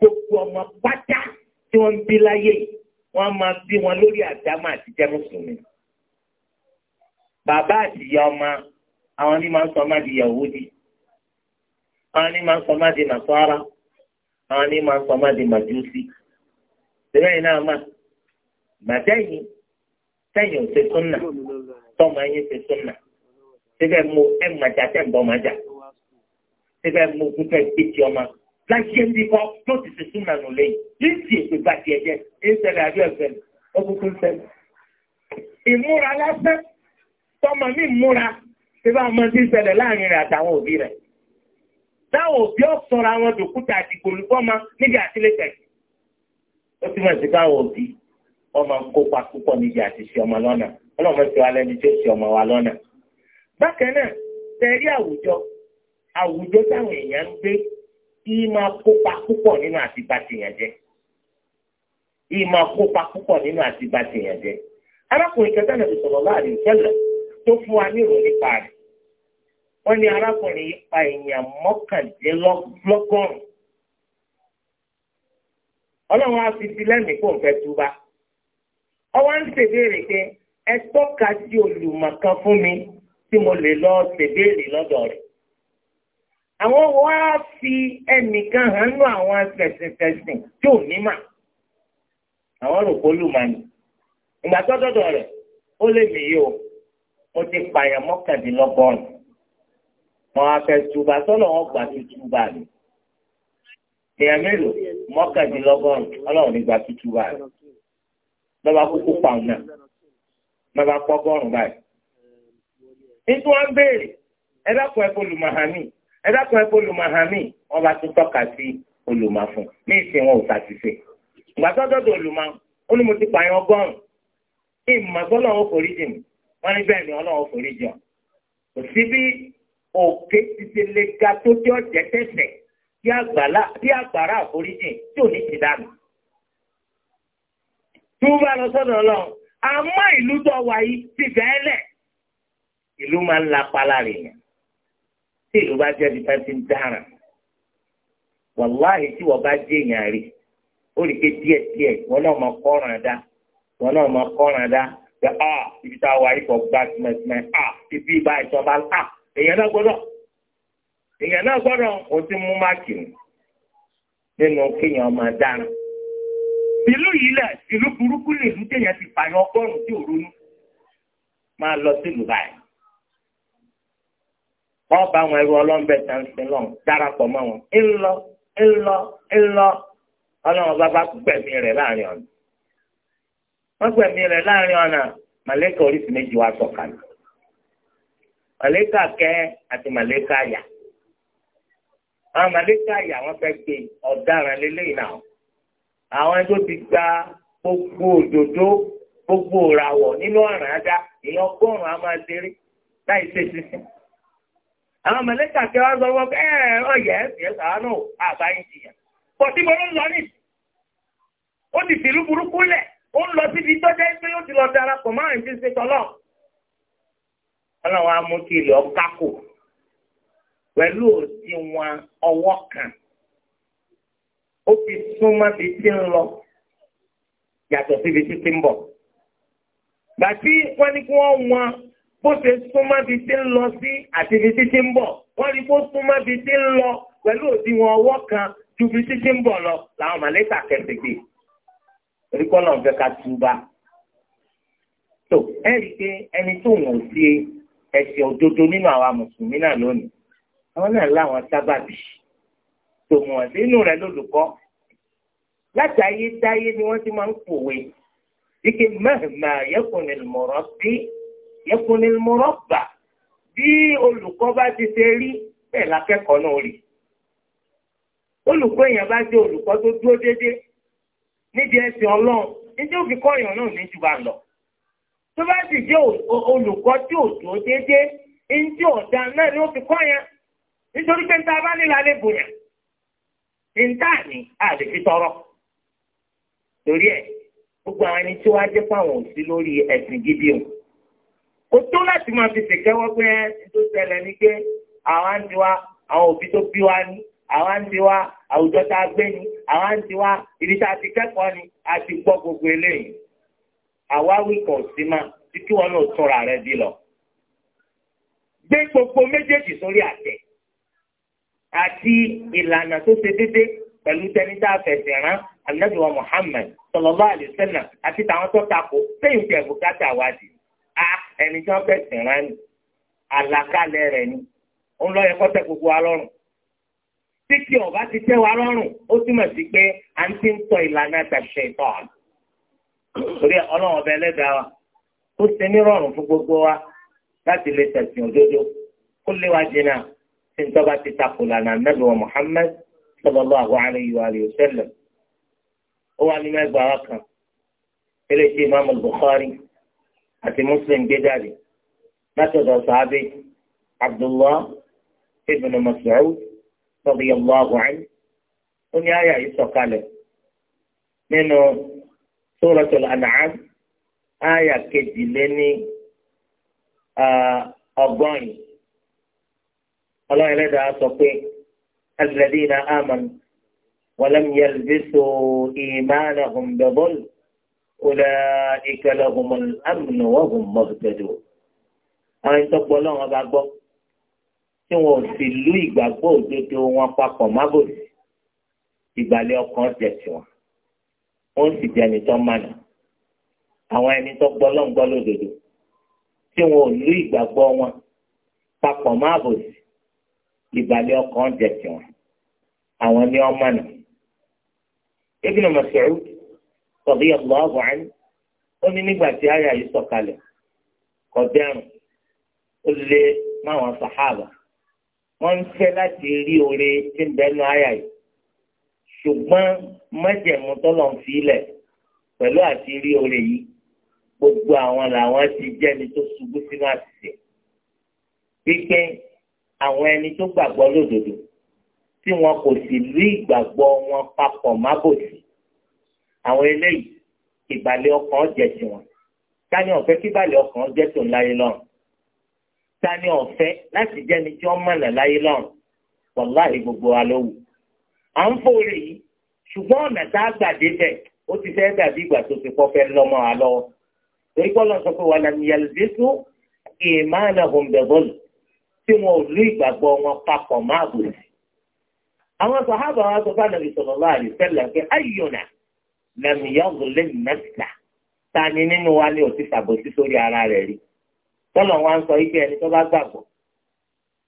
gbogbo ọmọ pátá tí wọn ń bí láyé wọn máa bí wọn lórí àdámà àti jẹ mùsùlùmí bàbá àtìyá ọmọ àwọn ni máa ń sọ ọmọ di Yahudi àwọn ni máa ń sọ ọmọ di Nasara àwọn ní máa ń sọ máa di màjúsí síbẹ̀ yìí náà mà màjá yìí sẹ́yìn ò ṣe súnà tọ́mọ ẹ̀yìn ṣe súnà síbẹ̀ mo ẹ̀ màjá tẹ̀ ń bọ́ màjá síbẹ̀ mo kú fẹ́ gbé ti ọmọ láti ẹni kọ́ tó ti ṣe súnà nù lẹ́yìn yìí ti èpè bá tiẹ̀ jẹ́ èyí ṣẹlẹ̀ àbí ẹ̀fẹ̀ ọkùnkùn ṣẹlẹ̀ ìmúra lásán tọ́mọ mi múra síbẹ̀ ọmọ ti ṣẹlẹ̀ láàrin rẹ̀ àtàwọn òbí rẹ̀ táwọn òbí ọ̀sọ̀rọ̀ àwọn dòkúta àti olùkọ́mọ níbi ó ti mọ̀ sí káwọn òbí kópa púpọ̀ níbi àti ọmọ lọ́nà ọlọ́mọ ti lẹ́ni tó ọmọ wa lọ́nà. bákan náà tẹ̀rí àwùjọ àwùjọ táwọn èèyàn ń gbé kí kópa púpọ̀ nínú kí máa kópa púpọ̀ nínú arákùnrin wọ́n ní arákùnrin yìí pa èèyàn mọ́kàndínlọ́gọ́rùn-ún. ọlọ́run á fi sí lẹ́mìí kó n fẹ́ túbà. ọwọ́ ń ṣèbéèrè pé ẹ tọ́ka sí olùmọ̀kan fún mi tí mo lè lọ ṣèbéèrè lọ́dọ̀ rẹ̀. àwọn wá fi ẹnìkan hàn nú àwọn fẹ̀sìnfẹ̀sìn tí ò ní mà. àwọn rò pé olùmọ̀ni. ìgbà tó dọ́dọ̀ rẹ̀ ó lè mí yìí o mo ti pààyàn ún wọn á fẹ́ túbà sọ́nà wọn gbà tó túbà ni èèyàn mélòó mọ́kàndínlọ́gọ́rùn ọlọ́run ní gbà tó túbà rẹ̀ lọ́ba kúkú pàun náà lọ́ba pọ́gọ́rùn báyìí. nítorí wọn béèrè ẹ dákun ẹ fọlùmọ̀hánì ẹ dákun ẹ fọlùmọ̀hánì wọn bá tún tọ́ka sí olùmọ̀ fún ní ìsìn wọn ò ṣàṣìṣe ìgbà tó dọ́dọ̀ olùmọ̀ ó ní mo ti pààyàn ọgọ́rùn ìmọ̀ sọ́nà wọn forí jìn wọn ní bẹ́ẹ̀ ni ọlọ́run forí jìn kò sí bí òkè títí lè ga tó tí ó jẹ́ tẹ̀sẹ̀ tí àgbàrá àforíjìn tí ò ní ti dànù. Tí wọ́n bá lọ sọ́dọ̀ Ọlọ́run, àmọ́ ìlú tó wà yìí ti bẹ́ẹ̀ lẹ̀. Ìlú máa ń lapa lára èèyàn. Tí ìlú bá jẹ́ bíi ti ń dára. Wàláhì tí wọ́n bá jẹ́ èèyàn rí, ó rí pé díẹ̀díẹ̀ wọn náà máa kọ́ràn dá. Wọn náà máa kọ́ràn dá. ah ibi tá a wà yìí kò gbá tìmọ̀tìmọ̀ ah, ibi ìbá ìjọba ah èèyàn náà gbọ́dọ̀ èèyàn náà gbọ́dọ̀ o ti mú máàkì nínú kéèyàn máa dára ìlú yìí lẹ̀ ìlú burúkú lè lú téèyàn ti pààyàn tí ò ronú máa lọ sílùú báyìí ọba àwọn ẹrú ọlọ́mbẹ tàǹsìn lọ́n darapọ̀ mọ́ wọn ńlọ ńlọ ńlọ ọlọ́run bá bá gbẹ̀mí rẹ̀ láàrin ọ̀nà wọ́n gbẹ̀mí màlẹ́kà kẹ́ àti màlẹ́kà yà àwọn màlẹ́kà yà wọ́n fẹ́ gbé ọ̀daràn lélẹ́yìn náà àwọn tó ti gba gbogbo òdòdó gbogbo ràwọ̀ nínú ọ̀ràn ajá èèyàn ọgọ́rùn-ún a máa ṣeré láì ṣe sọ wọ́n ẹ̀ ọ̀yẹ́ náà àbá pọ̀ tí mo ń lọ ní ó ti fìlú burúkú lẹ̀ ó ń lọ síbi pé ó ọlọ́run á mú kí ilẹ̀ ọ̀kákò pẹ̀lú òdiwọ̀n ọwọ́ kan ó fi súnmọ́ bí tí ń lọ yàtọ̀ síbi tí ti ń bọ̀. gbàtí wọ́n ní kí wọ́n wọn bó ṣe súnmọ́ bí tí ń lọ sí àti bí tí ti ń bọ̀ wọ́n rí bó súnmọ́ bí tí ń lọ pẹ̀lú òdiwọ̀n ọwọ́ kan ju bí tí ti ń bọ̀ lọ làwọn màlẹ́kà kẹsìgbè torí kọ́ náà fẹ́ ká túbà. tó ẹ̀rí pé ẹni tó wọ̀n sí ẹ̀sìn òdodo nínú àwa mùsùlùmí náà lónìí àwọn náà láwọn sábàbí tòmù ọ̀sẹ̀ inú rẹ̀ lólùkọ́ láti ayé dáyé ni wọ́n ti máa ń pòwe ike mẹ́hìnmá yẹ́kùnrin mọ̀rọ́ bí yẹ́kùnrin mọ̀rọ́ bà bí olùkọ́ bá ti ṣe rí bẹ́ẹ̀ lákẹ́kọ̀ọ́ náà rí olùkọ́ èèyàn bá jẹ́ olùkọ́ tó dúró déédéé nídìí ẹ̀sìn ọlọ́run níjẹ́ òfin kọ́yàn náà ní lọ. tó bá sì jẹ́ olùkọ́ tí ò tó déédé ń tí ọ̀dà náà ni ó fi kọ́ yẹn nítorí pé ta bá nílò alẹ́ ni a lè fi tọrọ torí ẹ gbogbo àwọn ẹni tí wàá fáwọn lórí ẹ̀sìn gidi o kò tó láti máa fi ṣèkẹ́wọ́ pé tó ṣẹlẹ̀ ni pé àwa ń tiwa àwọn òbí tó bí wa ní àwa ń tiwa àwùjọ tá a gbé ní àwa ń tiwa ni a ti gbogbo àwáwí kan sí mà tí kí wọn náà túnra rẹ bí lọ. gbé gbogbo méjèèjì sórí àtẹ àti ìlànà tó ṣe déédéé pẹ̀lú tẹni tá a fẹ̀sẹ̀ rán anabi wa muhammed sallallahu alaihi àti tàwọn tó takò sẹ́yìn tẹ̀ bùkátà wádìí a ẹni tí wọ́n fẹ̀sẹ̀ rán ni àlàkalẹ̀ rẹ̀ ni ó ń lọ yẹ kọ́tẹ́ gbogbo wa lọ́rùn títí ọba ti tẹ́ wa lọ́rùn ó túmọ̀ sí pé à ń ti ń tọ ìlànà tàṣẹ ìtọ́ àná torí ọlọ́run ọba ẹlẹ́dàá wa ó ṣe nírọ̀rùn fún gbogbo wa láti lè tẹ̀sìn òdodo kó lè wá jìnnà tí n tọ́ba ti takò lànà ànábì wa Muhammad sallallahu alayhi wa sallam ó wà nínú ẹgbàá wa kan eléyìí imaamu Bukhari àti Muslim gbé jáde láti ọ̀dọ̀ sàábé Abdullah ibn Mas'ud radiyallahu anhu ó ní àyà yìí sọ̀kalẹ̀ nínú. Suratul An'am àyà kejìléní ọgọ́rin ọlọ́run ẹlẹ́dàá sọ pé alladhina amanu walam yalbisu imanahum bidhulm ulaika lahumul amnu wa hum muhtadun. àwọn ìtọ́gbọ́ ọlọ́run ọba gbọ́ tí wọn ò sì lú ìgbàgbọ́ òdodo wọn papọ̀ mábòsí ìgbàlẹ̀ ọkàn tẹ̀sí wọ́n sì jẹ́ ẹni tó mànà àwọn ẹni tó gbọ́ lọ́ngbọ́ lódodo tí wọn ò lú ìgbàgbọ́ wọn papọ̀ máa bò sí ìbàlẹ̀ ọkàn jẹ tiwọn àwọn ni wọ́n mànà. Ibn Mas'ud radiyallahu anhu ó ní nígbà tí àyà yìí sọ̀kalẹ̀ kọ̀dẹ́rùn ó lé máwọn sàhábà wọ́n ń fẹ́ láti rí oore tí ń bẹ́nu àyà yìí ṣùgbọ́n májẹ̀mú tọ́lọ̀ ń filẹ̀ pẹ̀lú àti rí oore yìí gbogbo àwọn làwọn ti jẹ́ ẹni tó ṣubú sínú àṣìṣe pípẹ́ àwọn ẹni tó gbàgbọ́ lódodo tí wọn kò sì rí ìgbàgbọ́ wọn papọ̀ mábòsí àwọn eléyìí ìbàlẹ̀ ọkàn jẹ́ tiwọn tani ọ̀fẹ́ kí ìbàlẹ̀ ọkàn jẹ́ tòun láyé lọ́rùn tani ọ̀fẹ́ láti jẹ́ni tí wọ́n mọ̀nà láyé lọ́rùn wàláhì gbogbo wa ló wù à ń forí ṣùgbọ́n ọ̀nà tá a gbà débẹ̀ ó ti fẹ́ dàbí ìgbà tó ti kọ́ fẹ́ lọ́mọ wa wà lámì yalbisu imanahum bi zulm tí wọn ò lú ìgbàgbọ́ wọn papọ̀ máa bò sí. àwọn sọ fún pé ni ni sórí ara rẹ̀ rí sọ ike ẹni tó bá gbàgbọ́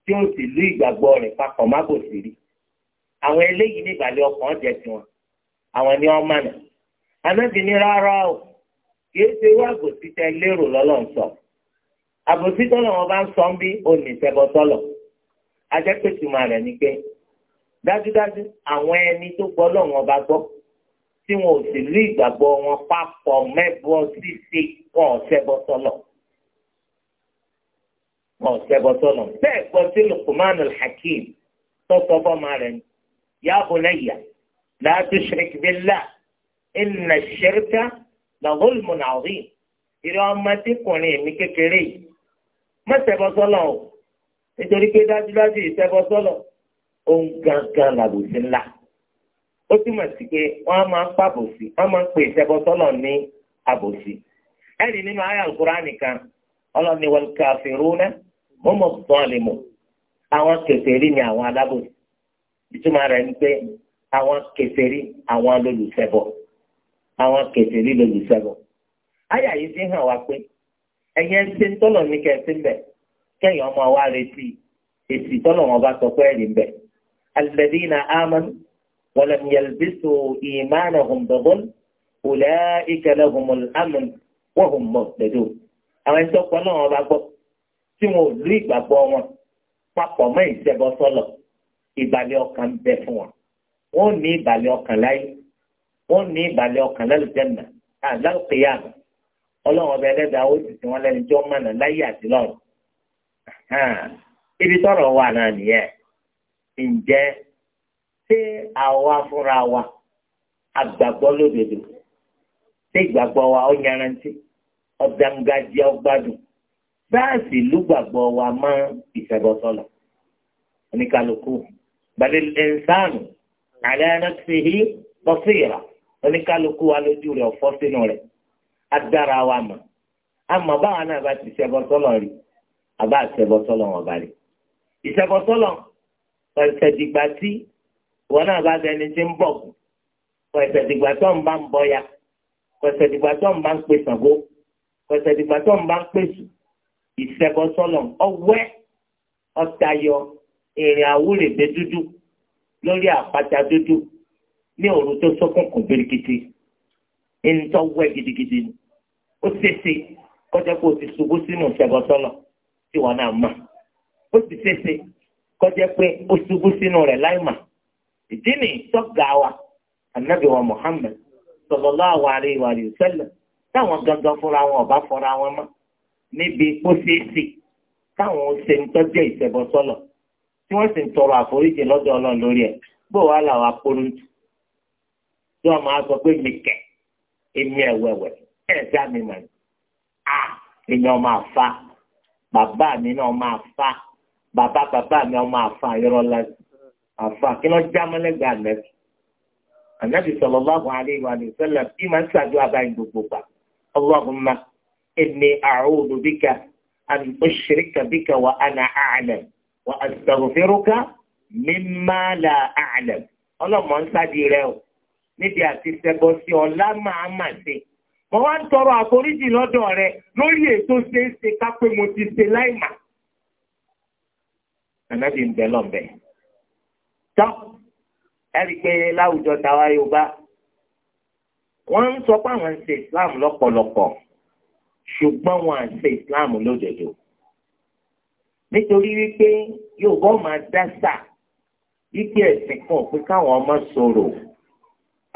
tí ó sì lú ìgbàgbọ́ àwọn eléyìí ní ìbàlẹ̀ ọkàn jẹ tiwọn àwọn ni wọn mànà anábì ní rárá o kìí ṣe irú àbòsí tẹ lérò lọ́lọ́ ń sọ àbòsí tọ́lọ̀ wọn bá ń sọ ń bí onìtẹ́bọ̀tọ́lọ̀ ajẹ́pẹ̀tùmọ̀ rẹ̀ ni pé dájúdájú àwọn ẹni tó gbọ́ lọ́wọ́n bá gbọ́ tí wọn ò sì lú ìgbàgbọ́ wọn papọ̀ mẹ́bọ ṣíṣe wọn ò ṣẹbọ wọn ò ṣẹbọ bẹ́ẹ̀ gbọ́ sí Luqmanul Hakim tó sọ fọ́mà rẹ̀ ni يا بني لا تشرك بالله إن الشرك لظلم عظيم ìrẹ ọmọ tí kùnrin mi kékeré yìí má ṣẹbọ sọ́lọ̀ o nítorí pé dájúdájú ìṣẹbọ sọ́lọ̀ òun gangan làbòsí ńlá ó túmọ̀ sí pé wọ́n máa ń pàbòsí wọ́n máa ń pè ìṣẹbọ sọ́lọ̀ ní àbòsí ẹ̀rí nínú àyà Al-Kùránì kan ọlọ́ni wal kāfirūna humu ẓ-ẓālimūn àwọn kèfèrí ni àwọn alábòsí ìtumọ̀ rẹ̀ ń pé àwọn kèfèrí àwọn lolùṣẹbọ àwọn kèfèrí lolùṣẹbọ. àyà yìí fi hàn wá pé ẹ̀yẹ ń ṣe tọ́lọ̀ ní kẹsí ń bẹ̀ kẹ́yìn ọmọ wa retí èsì tọ́lọ̀ wọn bá sọ pé ẹ̀rí ń bẹ̀. alladhina amanu walam yalbisu imanahum bidhulm ulaika lahumul amn wa hum muhtadun. àwọn ẹ̀ṣọ́ pọ̀ náà wọn bá gbọ́ tí wọn ò lú ìgbàgbọ́ wọn papọ̀ mọ́ ìṣẹ́bọ ìbàlẹ̀ ọkàn bẹ fún wọn wọ́n ní ìbàlẹ̀ ọkàn láyé wọ́n ní ìbàlẹ̀ ọkàn lálùjẹ́nà àlálùkìyàmù ọlọ́run ọba ẹlẹ́dàá ó sì sí wọn lẹ́ni tí wọ́n mọ̀nà láyé àti lọ́run ibi tọ́rọ̀ wà náà nìyẹn ǹjẹ́ ṣé àwa fúnra wa àgbàgbọ́ lódodo ṣé ìgbàgbọ́ wa ó yanrantí ọ̀dàǹgàjì ọgbàdùn báàsì lùgbàgbọ́ wa mọ́ ìṣẹ̀bọ̀sọ̀lọ̀ oníkálukú bal al-insanu ala nafsihi basira oníkálukú wa lójú rẹ̀ ọ̀fọ́ sínú rẹ̀ adára wa mọ̀ àmọ́ báwa náà bá ti ṣẹbọ sọ́lọ̀ rí àbá ṣẹbọ sọ́lọ̀ wọn bá rí ìṣẹbọ sọ́lọ̀ pẹ̀sẹ̀dìgbà tí wọn náà bá dẹni tí ń bọ̀ kù pẹ̀sẹ̀dìgbà tó ń bá ń bọ̀ ya pẹ̀sẹ̀dìgbà tó ń bá ń pè Ṣàngó pẹ̀sẹ̀dìgbà tó ń bá ń pè sù ìṣẹbọ sọ́lọ̀ ọwẹ́ ọ̀tayọ ìrìn àwúrègbè dúdú lórí àpáta dúdú ní òru tó ṣókùnkùn birikiti ìntọ́ wẹ́ gidigidi ni ó ṣeéṣe kọjá pé o ti ṣubú sínú ìṣẹ̀bọ̀sọ́lọ̀ tí wọn náà mọ̀ ó ti ṣeéṣe kọjá pé o ṣubú sínú rẹ̀ láì mà ìdí ni sọ́gà wa anabi wa Muhammad sallallahu alaihi wa sallam táwọn gangan fúnra wọn ọba fúnra wọn mọ́ níbi kó ṣeéṣe táwọn ó ṣe ń tọ́jú ìṣẹ̀bọ̀sọ́lọ̀ tí wọ́n sì ń tọrọ àforíjì lọ́dọ̀ ọlọ́run lórí ẹ̀ bó wàá làwọn akóróntù tí wọ́n máa sọ pé mi kẹ̀ èmi ẹ̀wẹ̀wẹ̀ ẹ̀ dá mi mọ̀ ní. à èmi ọmọ àfa bàbá mi náà ọmọ àfa bàbá bàbá mi ọmọ àfa yọrọ àfa kí wọ́n já mọ́lẹ́gbẹ̀ẹ́ bí màá ṣàdúrà báyìí gbogbo gbà ana wa astaghfiruka mimma la a'lam ọlọ́mọ ń sádi rẹ o níbi àti sẹ́bọ̀ sí ọ̀la máa mà ṣe. mo wá ń tọrọ àforíjì lọ́dọ̀ rẹ lórí ètò ṣeéṣe ká pé mo ti ṣe láìmà. ànábì ń bẹ lọ́nbẹ̀. tọ́ ẹ rí i pé láwùjọ tàwa yorùbá wọ́n ń sọ pé àwọn ń ṣe islam lọ́pọ̀lọpọ̀ ṣùgbọ́n wọn à ṣe islam lódodo nítorí wípé Yorùbá máa dá sà wípé ẹ̀sìn kan pé káwọn ọmọ sọ̀rọ̀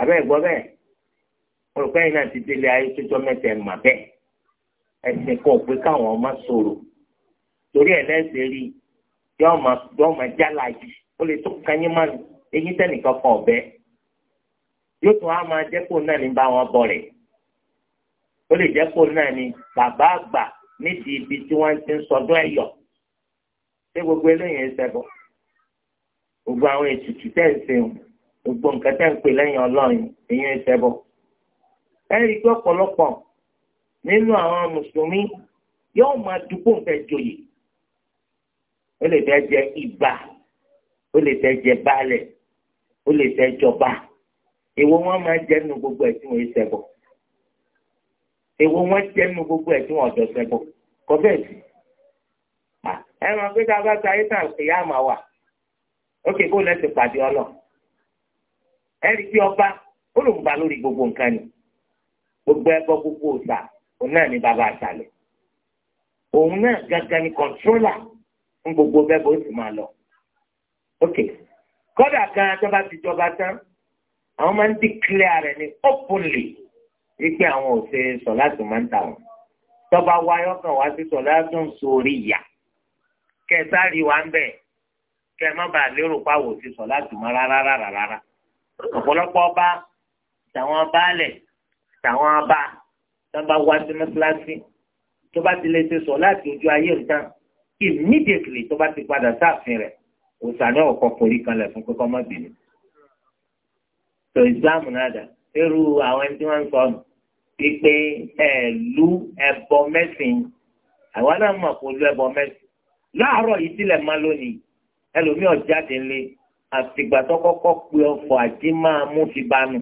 abẹ́ ẹ̀gbọ́ bẹ́ẹ̀ olùkọ́ yìí náà ti délé ayé tójọ́ mẹ́ta ẹ̀ mà bẹ́ẹ̀ ẹ̀sìn kan pé káwọn ọmọ sọ̀rọ̀ torí ẹ̀ lẹ́sẹ̀ rí yọ́ọ́ máa jálá yìí ó lè tó kanyín mánu eyín tẹ́nìkan kan ọ̀bẹ yóò tún á máa jẹ́ náà ní bá wọn bọ̀ rẹ̀ ó lè jẹ́ náà ní bàbá àgbà nídìí ibi tí wọ́n ti ń sọdún ẹ̀yọ̀ ṣé gbogbo eléyìí ẹsẹ̀ bọ̀ gbogbo àwọn ètùtù tẹ̀ ń ṣe wọn gbogbo nǹkan tẹ̀ ń pè lẹ́yìn ọlọ́run èyí ẹsẹ̀ bọ̀ ẹ rí i pé ọ̀pọ̀lọpọ̀ nínú àwọn mùsùlùmí yóò máa dúpọ̀ nǹkan ìjòyè ó lè fẹ́ jẹ ìgbà ó lè fẹ́ jẹ baálẹ̀ ó lè fẹ́ jọba èwo wọn máa jẹ nínú gbogbo ẹ̀ tí wọ́n ẹsẹ̀ bọ̀ èwo wọn jẹ nínú gbogbo ẹ̀ tí wọ́n ọ̀dọ̀ ṣẹbọ kọ́ bẹ́ẹ̀ ẹ mọ̀ pé tá a bá ta ayétàn ìyá àmà wà ókè kó lẹ́sì pàdé ọlọ ẹ rí i pé ọba ó lòun bá lórí gbogbo nǹkan ni gbogbo ẹgbọ́ gbogbo ọ̀sà òun náà ní bàbá àtàlẹ̀ òun náà gangan ni kọ̀ńtrólà ń gbogbo bẹ́ẹ̀ bó sì máa lọ ókè kọ́dà kan tó ti jọba tán àwọn máa ń dìklẹ́ rẹ̀ ní openly wípé àwọn ò ṣe sọ láti máa ń tà wọn tọ́ba wáyọ́ kan wá sí sọ láti ń sọ orí ìyá kẹsàárì wa ń bẹ kẹ má bàa lérò pàwọ ti sọ láti mọ rárá rárá rárá ọ̀pọ̀lọpọ̀ ọba tàwọn baálẹ̀ tàwọn ọba tàbá wá sí mọ́sálásí tó bá ti lè ṣe sọ láti ojú ayé nǹkan immediately tó bá ti padà sáàfin rẹ̀ òsàlẹ ọkọ forí kalẹ̀ fún kókó má bínú tó islam náà dà irú àwọn ẹni tí wọn ń sọ nù wípé ẹlú ẹbọ mẹsìn àwọn náà mọ̀ kó lu ẹbọ mẹsìn láàárọ̀ yìí sílẹ̀ máa lónìí ẹlòmíì ọ̀jáde ńlé àtìgbà tó kọ́kọ́ pe ọkọ̀ àti máa mú fi bánu.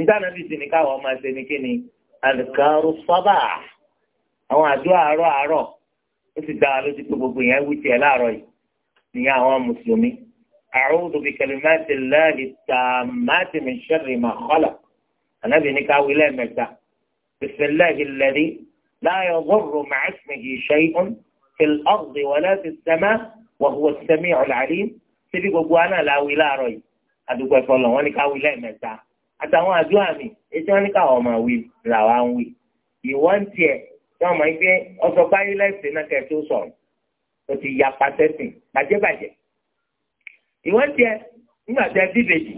ìdáná bìsì ní káwọn ọmọ ẹsẹ̀ ní kíni àlùkàrú sábà àwọn àdó àárọ̀ àárọ̀ ó sì dá wa lójú pé gbogbo yẹn wí tiẹ̀ láàárọ̀ yìí nìyẹn àwọn mùsùlùmí. a'udhu bi kalimati llahi tammati min sharri ma khalaq ànábì ní káwí lẹ́ẹ̀mẹ́ta bismillahi alladhi la yadurru ma'a ismihi في الأرض ولا في السماء وهو السميع العليم síbi gbogbo wa náà láwí láàárọ̀ yìí àdúgbò ẹ̀fọ́ lọ wọ́n ní ká wí lẹ́ẹ̀mẹ́ta àtàwọn àdúrà mi ètò wọn ní káwọn ọmọ wí là wá ń wí ìwọ ń tiẹ̀ tí wọn máa ń gbé ọsọ báyìí lẹ́sìn náà kẹ́ẹ̀ tó sọ̀rọ̀ tó ti ya pàtẹ́sìn bàjẹ́bàjẹ́ ìwọ ń tiẹ̀ nígbà tí a bí bèjì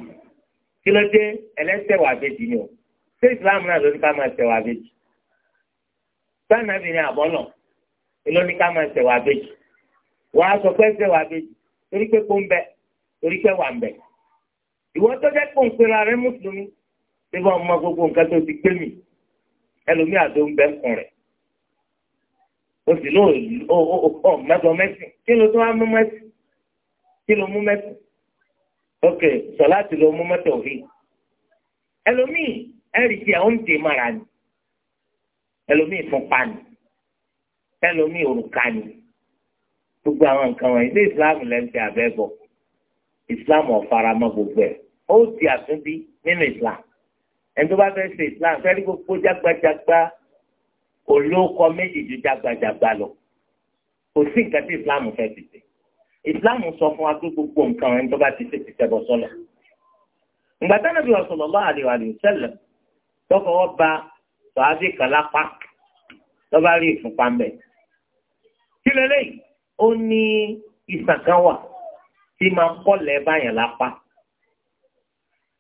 kí ló dé ẹlẹ́sẹ̀ wà bèjì ni o ṣé ìsìlámù náà ló ní ká máa ṣẹ̀ wà bèjì sáà nàbìnrin àbọ̀lọ̀ ìlóní ká máa ṣẹ̀wà àbèjì wọ́n á sọ pé ṣẹ̀wà àbèjì torí pé kó ń bẹ torí pé wà ń bẹ. ìwọ́n tó jẹ́ kó ń pera rẹ mùsùlùmí ṣé bá ọmọ gbogbo nǹkan tó ti gbé mi ẹlòmí àdó ń bẹ ń kun rẹ̀. o sì ló ọ mẹ́tọ̀ mẹ́sìn kí ló tó wá mú mẹ́sìn kí ló mú mẹ́sìn. ok sọ láti lo mú mẹ́tọ̀ rí ẹlòmí ẹ̀rì tí ẹ̀ ń dè mara ni ẹlòmí ìfúnpa ni ẹlòmíì òrùka ni gbogbo àwọn nǹkan wọ̀nyí ní ìsìláàmù lẹ́nu ti àbẹ́ bọ̀ ìsìláàmù ọ̀faramọ́ gbogbo ẹ̀ ó ti àtúndí nínú ìsìláàmù ẹni tó bá fẹ́ ṣe ìsìláàmù fẹ́ẹ́ rí gbogbo jágbajàgba kò lóko méjì ju jágbajàgba lọ kò sí nǹkan tí ìsìláàmù fẹ́ ti ṣe ìsìláàmù sọ fún wa pé gbogbo nǹkan ẹni tó bá ti ṣe ti ṣẹbọ sọlọ ìgbà táwọn bí wọn sọlọ lọ àdìwà àdìwà sẹlẹ tọkọ wọn ba sọ kí lélẹ́yìí ó ní ìsàn kan wà tí máa kọ́lẹ̀ báyàn lápá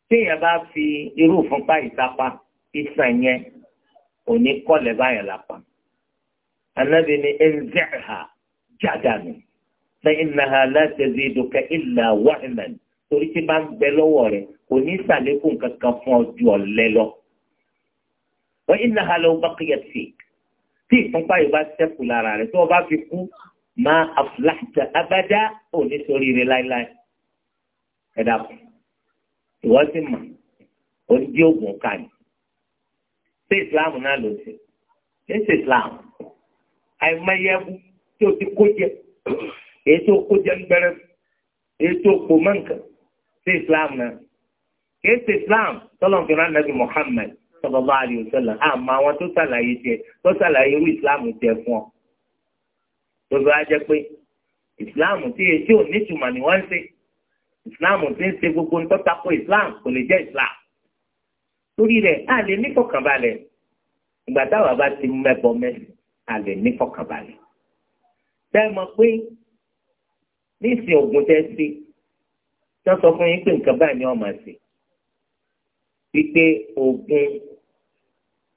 téèyàn bá fi irú ìfúnpá ìsapá ìsàn yẹn ò ní kọ́lẹ̀ báyàn lápá anabi ni ẹnzẹ́ha jádàánù lẹ́yìn náà láti rí ìdókè ìlà wàhìnàn torí tí bá ń bẹ lọ́wọ́ rẹ̀ kò ní sàlékún kankan fún ọjọ́ ọ̀lẹ́ lọ. wọ́n iná ha lọ́wọ́ bá kéèyàn sí tí ìfúnpá yìí bá sẹ́kù lára rẹ̀ tó o bá fi kú máa àfúlájà abájá ò ní sórí rẹ̀ láéláé ẹ dàpọ̀ ìwọ sì mà ó ń dí oògùn ká ní ṣé ìsìláàmù náà ló ṣe ṣé ṣe ìsìláàmù àìmọyewu tí o ti kó jẹ èyí tó kó jẹ ń gbẹrẹ èyí tó ṣé ìsìláàmù náà kì ṣe ìsìláàmù tọ́lọ̀ nǹkan náà nàbì Muhammad sọlọ́lá àlùsọ̀lá àmọ́ àwọn tó ṣàlàyé jẹ tó ṣàlàyé irú ìsìláàmù jẹ fún ọ. gbogbo ajẹ́ pé ìsìláàmù tí etí ò nítumọ̀ ni wọ́n ń ṣe ìsìláàmù tí ń ṣe gbogbo ń tọ́ta kó ìsìláàmù kò lè jẹ́ ìsìláàmù. torí rẹ̀ a lè ní fọkànbalẹ̀ ìgbà táwa bá ti mẹ́bọ mẹ́sì a lè ní fọkànbalẹ̀. bẹ́ẹ̀ mọ̀ pé ní ìsìn ògùn tẹ́ sí tí wọ́n sọ fún yín pé nǹkan báyìí ni wọ́n máa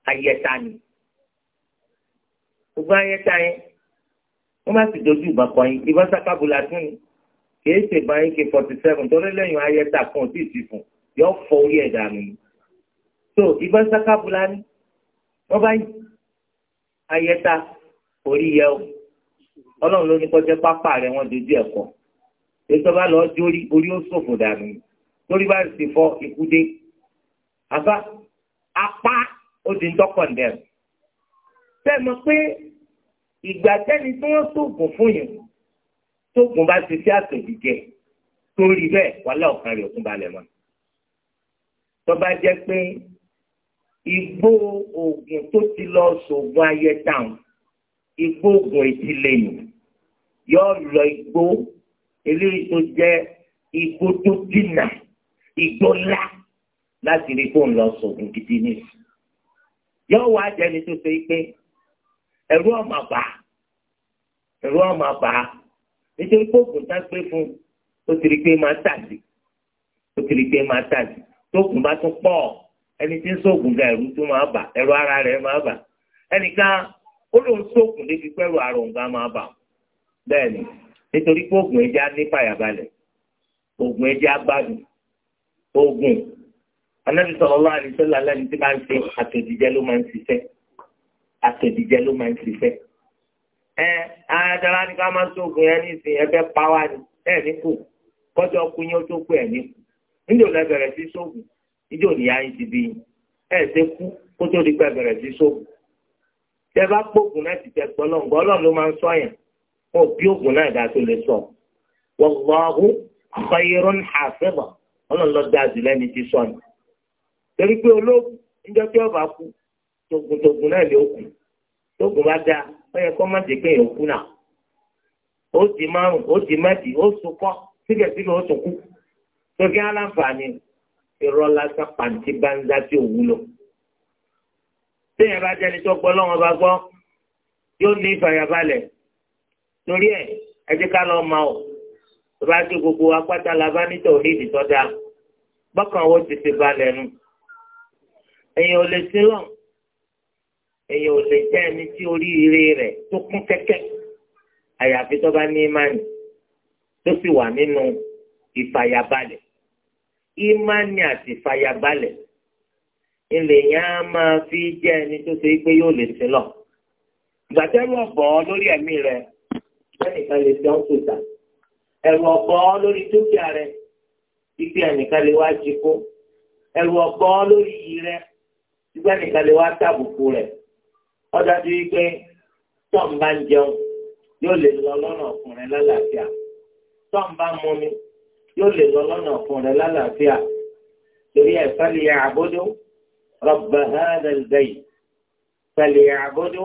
ayẹta ni gbogbo ayẹta yẹn wọ́n bá sì dojú ìbọn kan yín ìbọn sakabula tún ni kìí ṣe ìbọn yín kí forty seven torí lẹ́yìn ayẹta kan tí ì ti fún yọ fọ orí ẹ̀ dànù so ìbọn sakabula ni wọ́n bá yín ayẹta orí yẹ o ọlọ́run ló ní kọjá pápá rẹ̀ wọ́n dojú ẹ̀ kọ́ ètò bá lọ jórí orí ó ṣòfò dànù torí bá sì fọ ikú dé àbá apá ó di ń tọkọ̀ ǹdẹ̀rù. bẹ́ẹ̀ mọ̀ pé ìgbà tẹ́ni tí wọ́n sóògùn fún yẹn sóògùn bá ti sí àtòjì jẹ torí bẹ́ẹ̀ wàhálà ọ̀kan rẹ̀ òkun balẹ̀ mọ́. tó bá jẹ́ pé igbó oògùn tó ti lọ sóògùn ayẹ táwọn igbó oògùn etí lẹ́yìn yóò lọ igbó eléyìí tó jẹ́ igbó tó dínà igbó ńlá láti rí kó ń lọ sóògùn gidi nìyí yóò wá jẹni tó ṣe pé ẹ̀rú ọmọ bá ọmọ bá nítorí pé tá gbé fún ó ti rí pé máa tàdí ó ti rí pé máa tókùn bá tún pọ̀ ẹni tí ń sóògùn ga tó máa bà ara rẹ máa bà ẹnìkan ó lóun sóògùn débi pẹ́rù máa bà bẹ́ẹ̀ ni nítorí ẹja ní fàyàbalẹ̀ oògùn ẹja Ànábì sallallahu alaihi wasallam lẹ́ni tí máa ń ṣe àtẹ̀jíjẹ́ ló máa ń ṣiṣẹ́ àtẹ̀jíjẹ́ ló máa ń ṣiṣẹ́. ẹ ayatollah ni ká máa ń sóògùn yẹn nísìnyí ẹgbẹ́ pàwá ni ẹ ní kù kọjọ kú yín ó tó kú ẹ ní kù níjò lẹ bẹ̀rẹ̀ sí sóògùn níjò níyà yín ti bí yín ẹ ṣe kú kó tó di pẹ́ bẹ̀rẹ̀ sí sóògùn. tẹ bá gbóògùn náà ti tẹ gbọ́ lọ́ngbọ́ ọlọ́run ló máa ń sọ yẹn wọn bí torí pé olóògùn níjọ́ tí ọba kú tògùntògùn náà lè kú tóògùn bá dáa ó yẹ kó má dé pé èèyàn kú náà ó di márùn ó di mẹ́tì ó sunkọ́ síbẹ̀síbẹ̀ ó tún kú tókè aláǹfààní irọ́ lásán pàǹtí bá ń dá tí ò wúlò. téèyàn bá jẹ́ni tó gbọ́ lọ́wọ́ bá gbọ́ yóò ní ìfàyàbalẹ̀ torí ẹ̀ ẹ jẹ́ ká lọ́ọ́ máa ọ̀ tó gbogbo apáta la bá ìdìtọ́ dáa bọ́kàn owó ti ti balẹ̀ nu ẹ̀yin ò lè ṣe wọn ẹ̀yin ò lè jẹ́ ẹni tí oríire rẹ̀ tó kún kẹ́kẹ́ àyàfi tó bá ní ìmánì tó sì wà nínú ìfàyàbalẹ̀ ìmánì àti ìfàyàbalẹ̀ ilẹ̀ yẹn á máa fi jẹ́ ẹni tó ṣe pé yóò lè ṣe lọ. ìgbàdẹ́rù ọ̀bọ̀ lórí ẹ̀mí rẹ̀ lẹ́nìkan lè fi ọ́n sòtà ẹ̀rù ọ̀bọ̀ lórí dúkìá rẹ̀ ibi ẹnìkan lè wá jí kó ẹ̀rù ọ̀bọ̀ lórí iyì rẹ̀ ṣùgbọ́n nìkan lè wá tàbùkù rẹ̀ ọjà tó yí pé tọ́m bá ń jẹun yóò lè lọ lọ́nà ọkùnrin lálàáfíà tọ́m bá ń mumi yóò lè lọ lọ́nà ọkùnrin lálàáfíà torí ẹ̀ fẹ́lẹ̀ yà àbójú rọ̀bà hàdàlbẹ́yì fẹ́lẹ̀ yà àbójú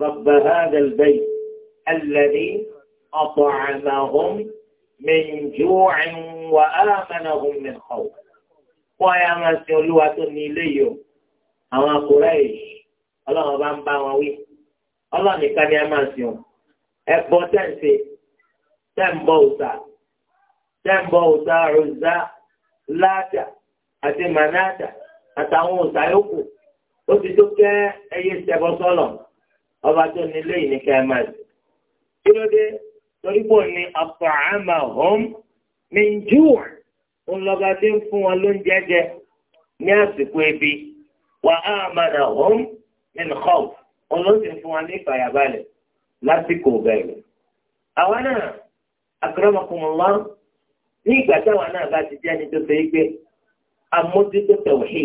rọ̀bà hàdàlbẹ́yì alẹ́rí ọ̀pọ̀ àmàhùn mẹ́njú àìwọ̀ alámanahùn mẹ́kọ̀ọ́ wọ́n yà máa olúwa tó ní ilé yìí o àwọn Kùráìṣì ọlọ́run bá ń bá wọn wí ọlọ́run nìkan ni ẹ máa sìn ọ́ ẹ bọ́ tẹ̀sí tẹ̀ ń bọ òòṣà tẹ̀ ń bọ òòṣà Uzza Láàtà àti Mànáàtà àtàwọn òòṣà yòókù ó ti tó kẹ́ ẹyẹ ìṣẹ̀bọ sọ́lọ̀ ọba tó ní ilé yìí ní kẹ́ ẹ máa sìn kí ló dé torí pò ní at'amahum min ju' òun lọ́ba tí ń fún wọn lóúnjẹ jẹ ní àsìkò ebi wà á àmàdà hóm nínú kọ́ọ̀ olóṣèlú fún wa ní ìfàyàbalẹ̀ lásìkò bẹ̀rẹ̀. àwa náà akọ́rọ́mọkùnmọ́lá ní ìgbà táwa náà bá ti jẹ́ni tó ṣe é gbé amójútó tẹ̀wọ̀hì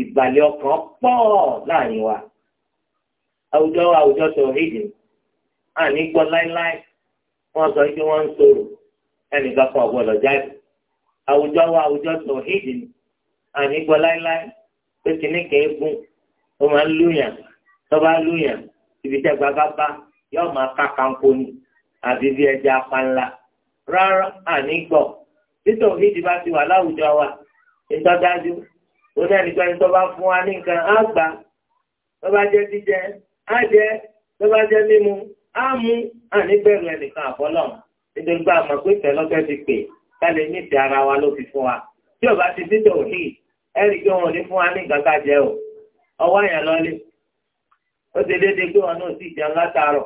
ìbàlẹ̀ ọkàn pọ̀ láàrin wa. àwùjọ àwùjọ tẹ̀wọ̀hì dì àní gbọ́ láíláí wọ́n sọ pé wọ́n ń sọ̀rọ̀ ẹnìkan kan ọ̀gbọ́dọ̀ jáde. àwùjọ àwùjọ tẹ̀wọ̀hì dì àní gbọ́ láíláí pé kìnnì kan eégún ó máa ń lùyàn tó bá lùyàn ibi tẹ́ gbàgbá bá yóò máa ká kanko ni àbí bí ẹja panla rárá àní gbọ́ títọ̀ fídì bá ti wà láwùjọ wa ìtọ́jájú ó ní ẹnikẹ́ni tó bá fún wa ní nǹkan á gbà tó bá jẹ́ jíjẹ á jẹ tó bá jẹ́ mímu á mu àní bẹ̀rù ẹnìkan àbọ́lọ̀ nítorí pé àmọ̀ pé tẹ̀lọ́fẹ́ ti pè ká lè ní ìtẹ̀ ara wa ló fi fún wa tí ò bá ti títọ̀ òhìn ẹnì kí wọn ò ní fún wa ní nǹkan ká jẹ o ọwọ́ yẹn lọ́lé ó ti dédé pé wọn náà sì jẹun látàárọ̀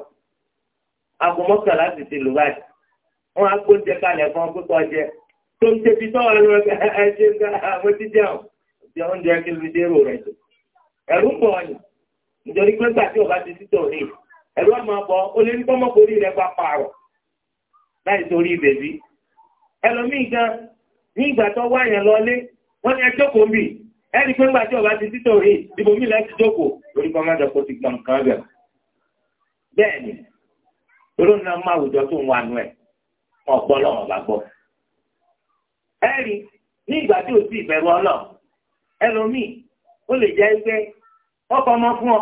aago mọ́kànlá sì ti lù báyìí wọn á kó jẹ kalẹ̀ fún ọ pé kọ́ jẹ tó ń tẹbi sọ́wọ́ ẹ̀rọ ẹ̀jẹ̀ mo ti jẹun jẹ oúnjẹ kí ló dé rò rẹ̀ tó ẹ̀rú ń bọ̀ nítorí pé gbàtí ọba ti títọ̀ rí ẹ̀rú ọmọ ọbọ̀ ó lé ní kọ́mọ́kórì rẹ̀ pa pààrọ̀ láì torí bèbí ẹlòmíì gan ní ìgbà tó wá lọlé wọ́n ní ẹjọ́kòó mi ẹni pé ńgbà tí ọba ti títọ̀ rí ìbò mi láti jókòó lórí kan má dọ̀kọ́ ti gbọ̀n kan bẹ̀. bẹ́ẹ̀ ni lóró náà mú àwùjọ tó ń wanu ẹ̀ wọn gbọ́ lọ́wọ́ bá gbọ́. ẹ̀rí ní ìgbà tí ò sí ìbẹ̀rù ọlọ́ ẹlòmíì ó lè jẹ́ pé ọkọ ọmọ fún ọ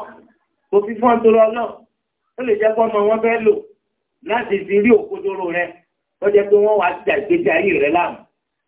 kò fi fún ọ tó lọ lọ ó lè jẹ́ pé ọmọ wọn fẹ́ lò láti fi rí òkodoro rẹ ó pé wọ́n wá ti àgbèjì ayé rẹ láàmú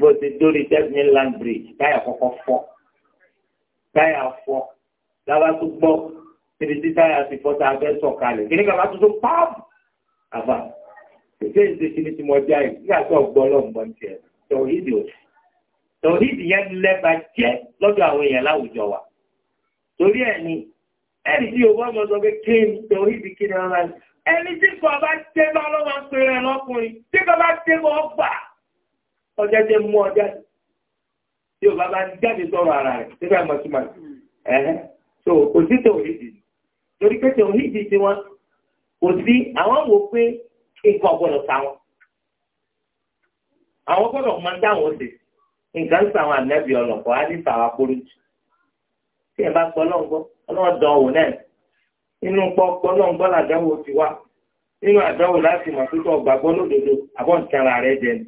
bó ti dórí tẹ́sán land bridge táyà kọ́kọ́ fọ́ táyà fọ́ lábá tó gbọ́ níbi tí táyà ti fọ́ tá a fẹ́ sọ̀ kalẹ̀ kí ni kàbá tó tó páàpù àbá ṣèṣe ìṣe kíni tí mo jẹ́ àyè nígbà tó ọgbọ́n lọ́gbọ́n tiẹ̀ tọ̀hídìí òsì tọ̀hídìí yẹn lẹ́ba jẹ́ lọ́dọ̀ àwọn èèyàn láwùjọ wa torí ẹ̀ ni ẹni tí o bá mọ̀ sọ pé kí ni tọ̀hídìí kí ni ọ̀la ẹni tí kò bá tẹ́ bá lọ́wọ́ pé rẹ̀ lọ́kùnrin tí kò bá tẹ́ bọ́ gbà ọjọ́ tẹ mú ọjọ́ tí o bàbá jáde sọ̀rọ̀ ara rẹ̀ nígbà mọ̀túmọ̀ hmm. ẹ̀hẹ́ so kò sí tòhídì torí pé tòhídì tí wọ́n kò sí àwọn wò pé nǹkan gbọ́dọ̀ sáwọn àwọn gbọ́dọ̀ máa dáwọn sí nǹkan sáwọn ànábì ọlọ́pàá á ní sàwọn akóròjù tí ẹ bá gbọ́ lọ́ngbọ́ ọlọ́wọ́ dán wò náà inú pọ́pọ́ lọ́ngbọ́ làdáwò ti wá nínú àdáwò láti mọ̀ pé kọ́ gbàgbọ́ lódodo àbọ̀ nǹkan ara rẹ̀ jẹ ni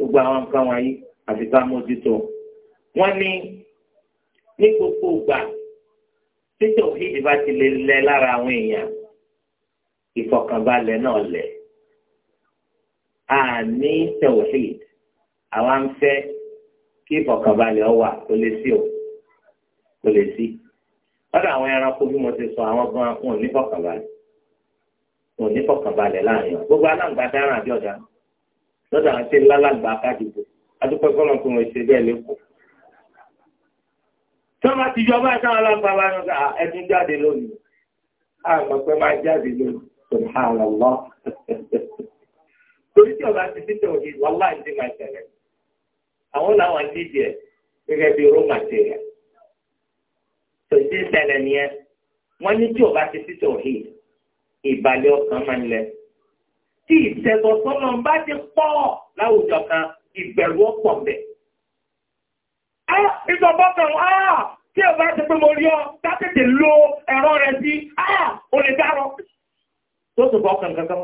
gbogbo àwọn nǹkan wọ̀nyí àfi ká mójútó wọ́n ní ní gbogbo ìgbà títọ̀ òfìdí bá ti lè lẹ lára àwọn èèyàn ìfọ̀kànbalẹ̀ náà lẹ̀ àní tẹ̀wọ̀fìd àwa ń fẹ́ kí ìfọ̀kànbalẹ̀ ọ wà kó lè sí o kó lè sí lọ́dọ̀ àwọn ẹranko bí mo ti sọ àwọn gan wọn ò ní fọ̀kànbalẹ̀ wọn ò ní fọ̀kànbalẹ̀ láàrin wọn gbogbo aláǹgbá dáràn àbí ọ̀daràn lọ́dọ̀ àti lálàgbà kádìbò adúpẹ́ kọ́nà tó wọ́n ṣe bẹ́ẹ̀ lẹ́kọ̀ọ́. sọ́mà ti yọ bá táwọn alágbà bá yọ ẹdún jáde lónìí àmọ́ pé máa jáde lónìí subhanallah. torí tí ọba ti títẹ̀ òní wàhálà ìdí máa ṣẹlẹ̀ àwọn làwọn nídìí ẹ̀ gẹ́gẹ́ bí raw material. tòṣì ṣẹlẹ̀ nìyẹn wọ́n ní tí ọba ti títẹ̀ òní ìbàlẹ̀ ọkàn máa ń lẹ̀ tí ìtẹ̀lọ́sọ́nà bá ti pọ̀ láwùjọ kan ìbẹ̀rù ọ̀pọ̀ mẹ́. Á ìjọba kan á tí ẹ bá ti pé mo rí ọ dátètè lo ẹ̀rọ rẹ sí á o lè dárọ. Tó sì bọ́ kankan kan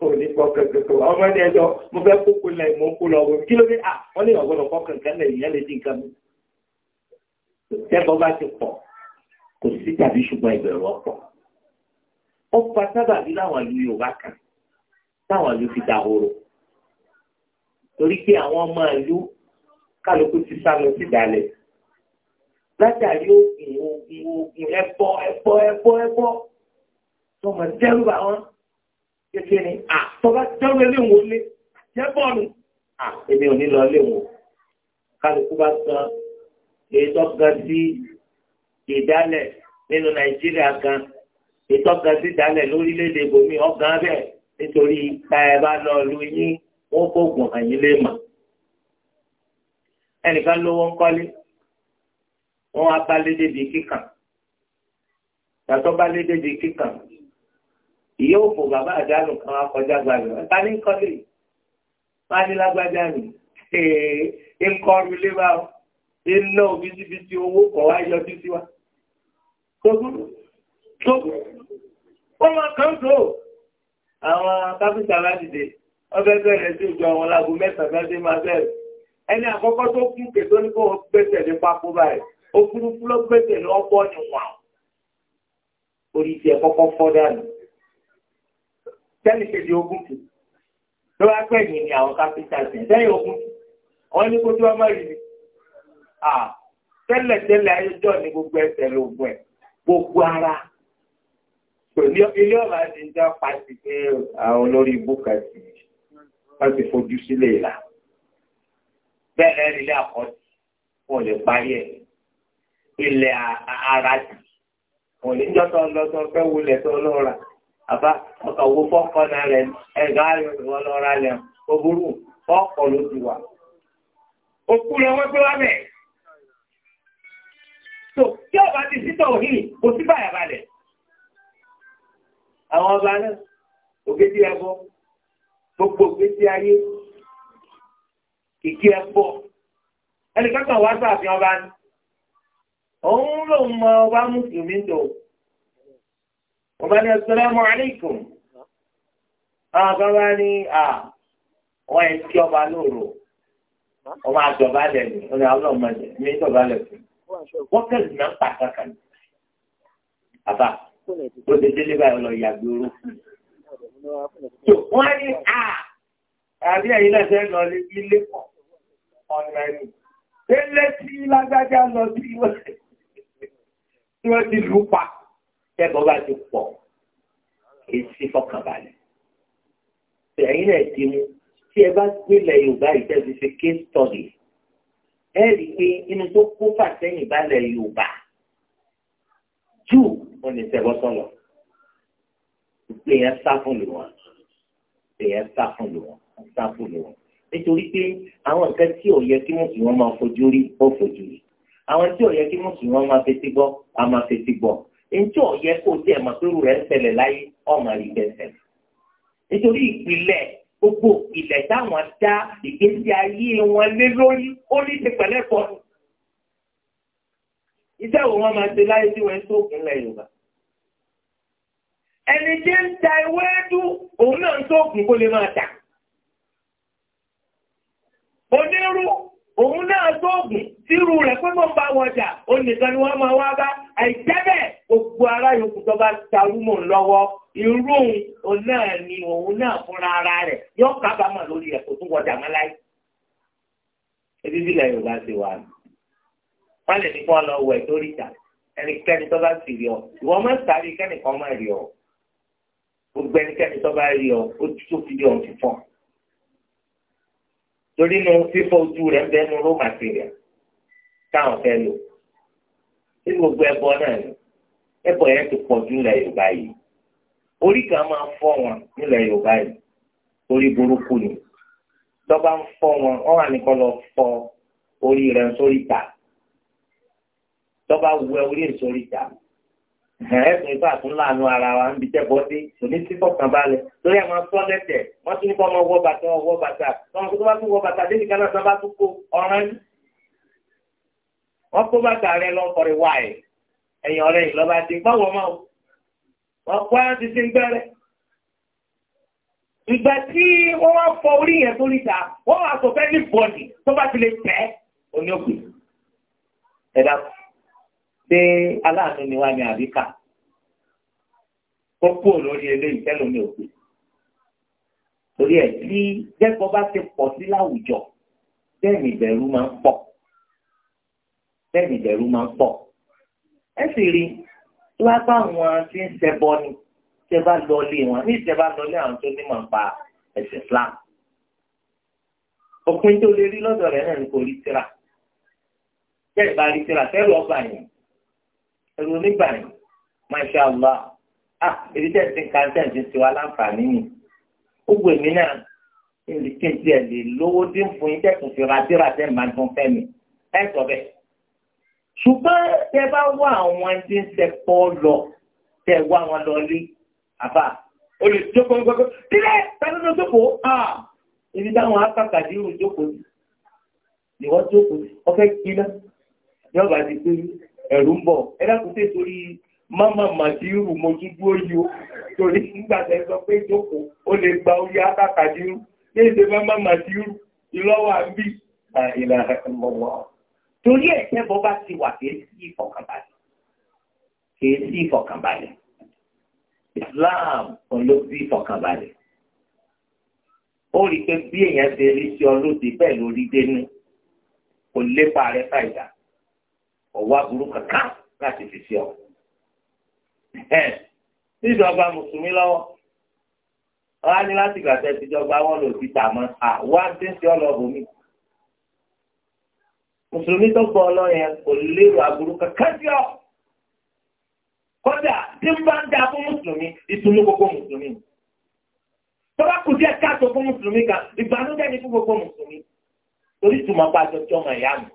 o ní kọ́ kankan kan ọmọ ní ẹjọ́ mo fẹ́ kókó lẹ̀ mo kó lọ wọ kí ló dé à wọ́n ní ọ̀gbọ́dọ̀ kọ́ kankan lẹ̀ ìyá lè dín nǹkan mi. Tẹ́kọ̀ọ́ bá ti pọ̀ kò sí tàbí ṣùgbọ́n ìbẹ̀rù ọ̀pọ̀. Ó pa sábàbí láwọn ìlú Yorùbá kan táwọn ìlú fi dàhoro torí pé àwọn ọmọ ìlú kálukú ti sá lọ sí ìdálẹ̀ látàrí oògùn oògùn oògùn ẹ̀fọ́ ẹ̀fọ́ ẹ̀fọ́ ẹ̀fọ́ tó mọ̀ dẹ́rù bá wọn kékeré ni àtọ́ba dẹ́rù eléwọ̀n lé jẹ́ bọ́ọ̀lù à èmi ò ní lọ léwọ̀n kálukú bá san ìtọ́ka sí ìdálẹ̀ nínú Nàìjíríà kan ìtọ́ka sí ìdálẹ̀ lórílẹ̀‐èdè ibòmí ọ̀gá bẹ́ẹ̀ nítorí ipa ẹ bá lọ lu yín wọ́n kó gùn àyín lè mọ̀. ẹnìkan lówó ń kọ́lé wọ́n wá bá lédè bíi kíkàn yàtọ̀ bá lédè bíi kíkàn ìyá òfò bàbá àdánù kan akọjá gbàgbé ta ní kọ́lé má ní lágbájá nì ẹ ń kọrù ilé wa ẹ ń ná òbítíbitì owó kọ̀ wá yọ títí wa. Tóbú, tóbú, ó máa kàn tó àwọn kápítà aládìde ọbẹ̀ bẹ̀rẹ̀ sí ìjọ àwọn láago mẹ́sàn-án fẹ́ẹ́ dé máa bẹ̀rẹ̀ ẹni àkọ́kọ́ tó kú kètò ní kó o gbèsè ní pápó báyìí òfurufú ló gbèsè ní ọgbọ́ ni wọ́n orí ti ẹ̀ kọ́kọ́ fọ́ dànù tẹ́lẹ̀ kejì ogun kù ló wá pẹ̀yìn ní àwọn kápítà sí sẹ́yìn ogun kù wọ́n ní kó tí wọ́n má rí ni tẹ́lẹ̀ tẹ́lẹ̀ ayéjọ́ ni gbogbo ẹsẹ̀ rẹ̀ ògùn ẹ̀ gbogbo ara pẹ̀lú ilé ọ̀la ti ń já pàtì pé àwọn olórí ibùkà ti láti fojú sílẹ̀ ìlà bẹ́ẹ̀ ilé àkọ́tì wọn lè parí ẹ̀ ilẹ̀ ara jù wọn lè jọ́tọ̀ lọ́tọ̀ fẹ́ wulẹ̀ tó lọ́ra àbá ọkọ̀ wo fọ́kọ́ náà rẹ̀ ẹ̀gá rẹ̀ wọ́n lọ́ra rẹ̀ ó burú fọ́kọ̀ ló ti wà. òkú lọ wọ́n gbé wá bẹ̀. tó tí ọba ti sítọ̀ òhìn kò sí báyà balẹ̀ àwọn ọba náà ògidì ẹbọ gbogbo ògidì ayé kìkì ẹbọ ẹnìkankan wá sàfihàn ọba ni òun lòun mọ ọba mùsùlùmí tó ọba ní assalamu alaikum àwọn ọba bá ní à wọn yẹn kí ọba lóru ọmọ àjọba lẹnu ọmọ àwọn ọmọ mi ìjọba lẹnu wọn kẹsì náà pàtàkì àbá ó ti délé báyìí lọ yàgbé oró. wọ́n ní à àbí ẹ̀yin náà fẹ́ lọ ilé pọ̀ ọ̀nà ẹ̀mí. Délé tí lágbájá lọ sí wọ́n ti lù pa tẹ́bọ̀ bá ti pọ̀ èsì fọkànbalẹ̀. Ẹ̀yin náà ti mú tí ẹ bá gbélé Yorùbá yìí tẹ́ fi ṣe case study ẹ rí i pé inú tó kó fàsẹ́yìn balẹ̀ Yorùbá jù ó ní tẹ́ bọ́sọ̀lọ̀ èèyàn sá fún lò wọn èèyàn sá fún lò wọn sá fún lò wọn nítorí pé àwọn nǹkan tí ò yẹ kí mùsùlùmí máa fojú rí ó fojú rí àwọn tí ò yẹ kí mùsùlùmí máa fetí gbọ́ á máa fetí gbọ́ ntí ò yẹ kó tiẹ̀ mọ̀ pé rẹ̀ ń ṣẹlẹ̀ láyé ọmọ rí bẹ́ẹ̀ ṣẹlẹ̀ nítorí ìpìlẹ̀ gbogbo ìpìlẹ̀ táwọn dá ìgbésí ayé wọn lé lórí ẹni tí ń ta ewédú òun náà ń sóògùn kó lè máa tà onírú òun náà sóògùn sírú rẹ̀ pé mọ́ bá wọjà ó nìkan ni wọ́n máa wá bá àìjẹ́bẹ̀ gbogbo ará yòókù tó bá tarúmọ̀ lọ́wọ́ irú òun náà ni òun náà fúnra ara rẹ̀ yóò kábàámọ̀ lórí rẹ̀ kò tún wọjà mọ́ láì. ebi bílẹ̀ yorùbá ti wà ní. wọ́n lè ní kí wọ́n lọ wẹ̀ lórí ìta ẹnikẹ́ni tó bá sì rí ọ ìwọ máa sáré kẹ́nìkan máa rí ọ gbogbo ẹnikẹ́ni tó bá rí ọ ojú tó fi di ọ̀hún fífọ́ torí nu fífọ́ ojú rẹ̀ ń bẹnu ró màtíríà táwọn fẹ́ lò sí gbogbo ẹbọ náà ni ẹbọ yẹn ti pọ̀ jù nílẹ̀ Yorùbá yìí orí kan máa fọ́ wọn nílẹ̀ Yorùbá yìí orí burúkú ni lọ́ba ń fọ́ wọn wọ́n wà ní kọ́ lọ fọ́ orí rẹ̀ sórí ta lọ́ba wẹ orí rẹ̀ sórí ta ẹ̀ẹ́dùn ìfà tún láàánú ara wa ń bi jẹ́ bọ́dé òní sí fọkàn balẹ̀ lórí àwọn sọ́lẹ̀tẹ̀ wọ́n tún ní kọ́ ọmọ wọ bàtà ọwọ́ bàtà wọn kó tó bá tún wọ bàtà débi kan náà tó bá tún kó ọ̀ràn ní. wọ́n kó bàtà rẹ lọ kọrin wá ẹ̀ ẹ̀yìn ọ̀rẹ́ yìí lọ́ba dé báwọ̀ máa wọ́n kó ara ti ṣe ń gbẹ́rẹ́. ìgbà tí wọ́n wá fọ orí yẹn tó níta wọ́n wá sọ fẹ́ẹ́ ṣé aláàánú ni wá ní àbíkà kó kúrò lórí eléyìí tẹ́lómi òkè torí ẹ̀ tí jẹ́kọ̀ọ́ bá ti pọ̀ sí láwùjọ bẹ́ẹ̀ ni ìbẹ̀rù máa ń pọ̀ bẹ́ẹ̀ ni ìbẹ̀rù máa ń pọ̀ ẹ sì rí lápá wọn tí ń ṣẹbọ ni tẹ bá lọlé wọn ní tẹ bá lọlé àwọn tó ní mọ̀ nípa ẹ̀sìn Islam òpin tó lè rí lọ́dọ̀ rẹ̀ náà ni kò rí tíra bẹ́ẹ̀ bá rí tíra fẹ́ẹ́ lọ́ọ́ bà ẹ̀rù onígbà yìí masha allah ah èyí tẹ̀ sí kàńtẹ̀ ti ti wá láǹfààní ni ó gbè mí náà kí n tiẹ̀ lè lówó dín fún yín tẹ̀kùn fi ra dírà tẹ̀ máa tún fẹ́ mi ẹ sọ bẹ́ẹ̀. ṣùgbọ́n tẹ bá wá àwọn tí ń ṣe lọ tẹ wá wọn lọ lé àbá olùjókòó gbogbo tílẹ̀ tàbí lọ́jọ́kòó ah ibi táwọn akàkàdé olùjókòó ni wọ́n jókòó ọ̀fẹ́ kí náà yọ̀ọ̀bà ti gbé yín ẹ̀rù ń bọ̀ ẹ̀dàkùnfẹ́ torí máma màdírù mo tún dúró yìí ó torí nígbàtẹ́ sọ pé jókòó ó lè gba orí akákàdírù ní èdè máma màdírù ìlọ́wà ń bí àìlà ẹ̀mọ̀wọ́ torí ẹ̀kẹ́ bọ́ bá ti wà kìí sí ìfọ̀kànbalẹ̀ kìí sí ìfọ̀kànbalẹ̀ Islam kò ló sí ìfọ̀kànbalẹ̀ ó rí i pé bí èèyàn ṣe rí sí ọ bẹ́ẹ̀ lórí dénú kò lépa rẹ fàyà ọ̀wá burú kankan láti fi sí ọ. Tíjọba Mùsùlùmí lọ́wọ́, ọ̀rá ní láti gbàtẹ́ tíjọba wọn lò ti tà mọ́, àwa ti ń ṣe ọlọ́ọ̀bù mi. Mùsùlùmí tó gbọ́ ọlọ́yẹn kò lérò aburú kankan sí ọ. Kódà tí ń bá ń da fún Mùsùlùmí, ìtùnú gbogbo Mùsùlùmí. Tọ́lá kù díẹ̀ káàtó fún Mùsùlùmí kan, ìgbàlódé ni fún gbogbo Mùsùlùmí. Torí tùmọ̀ pa àjọjọ́ mọ̀ ìyá mi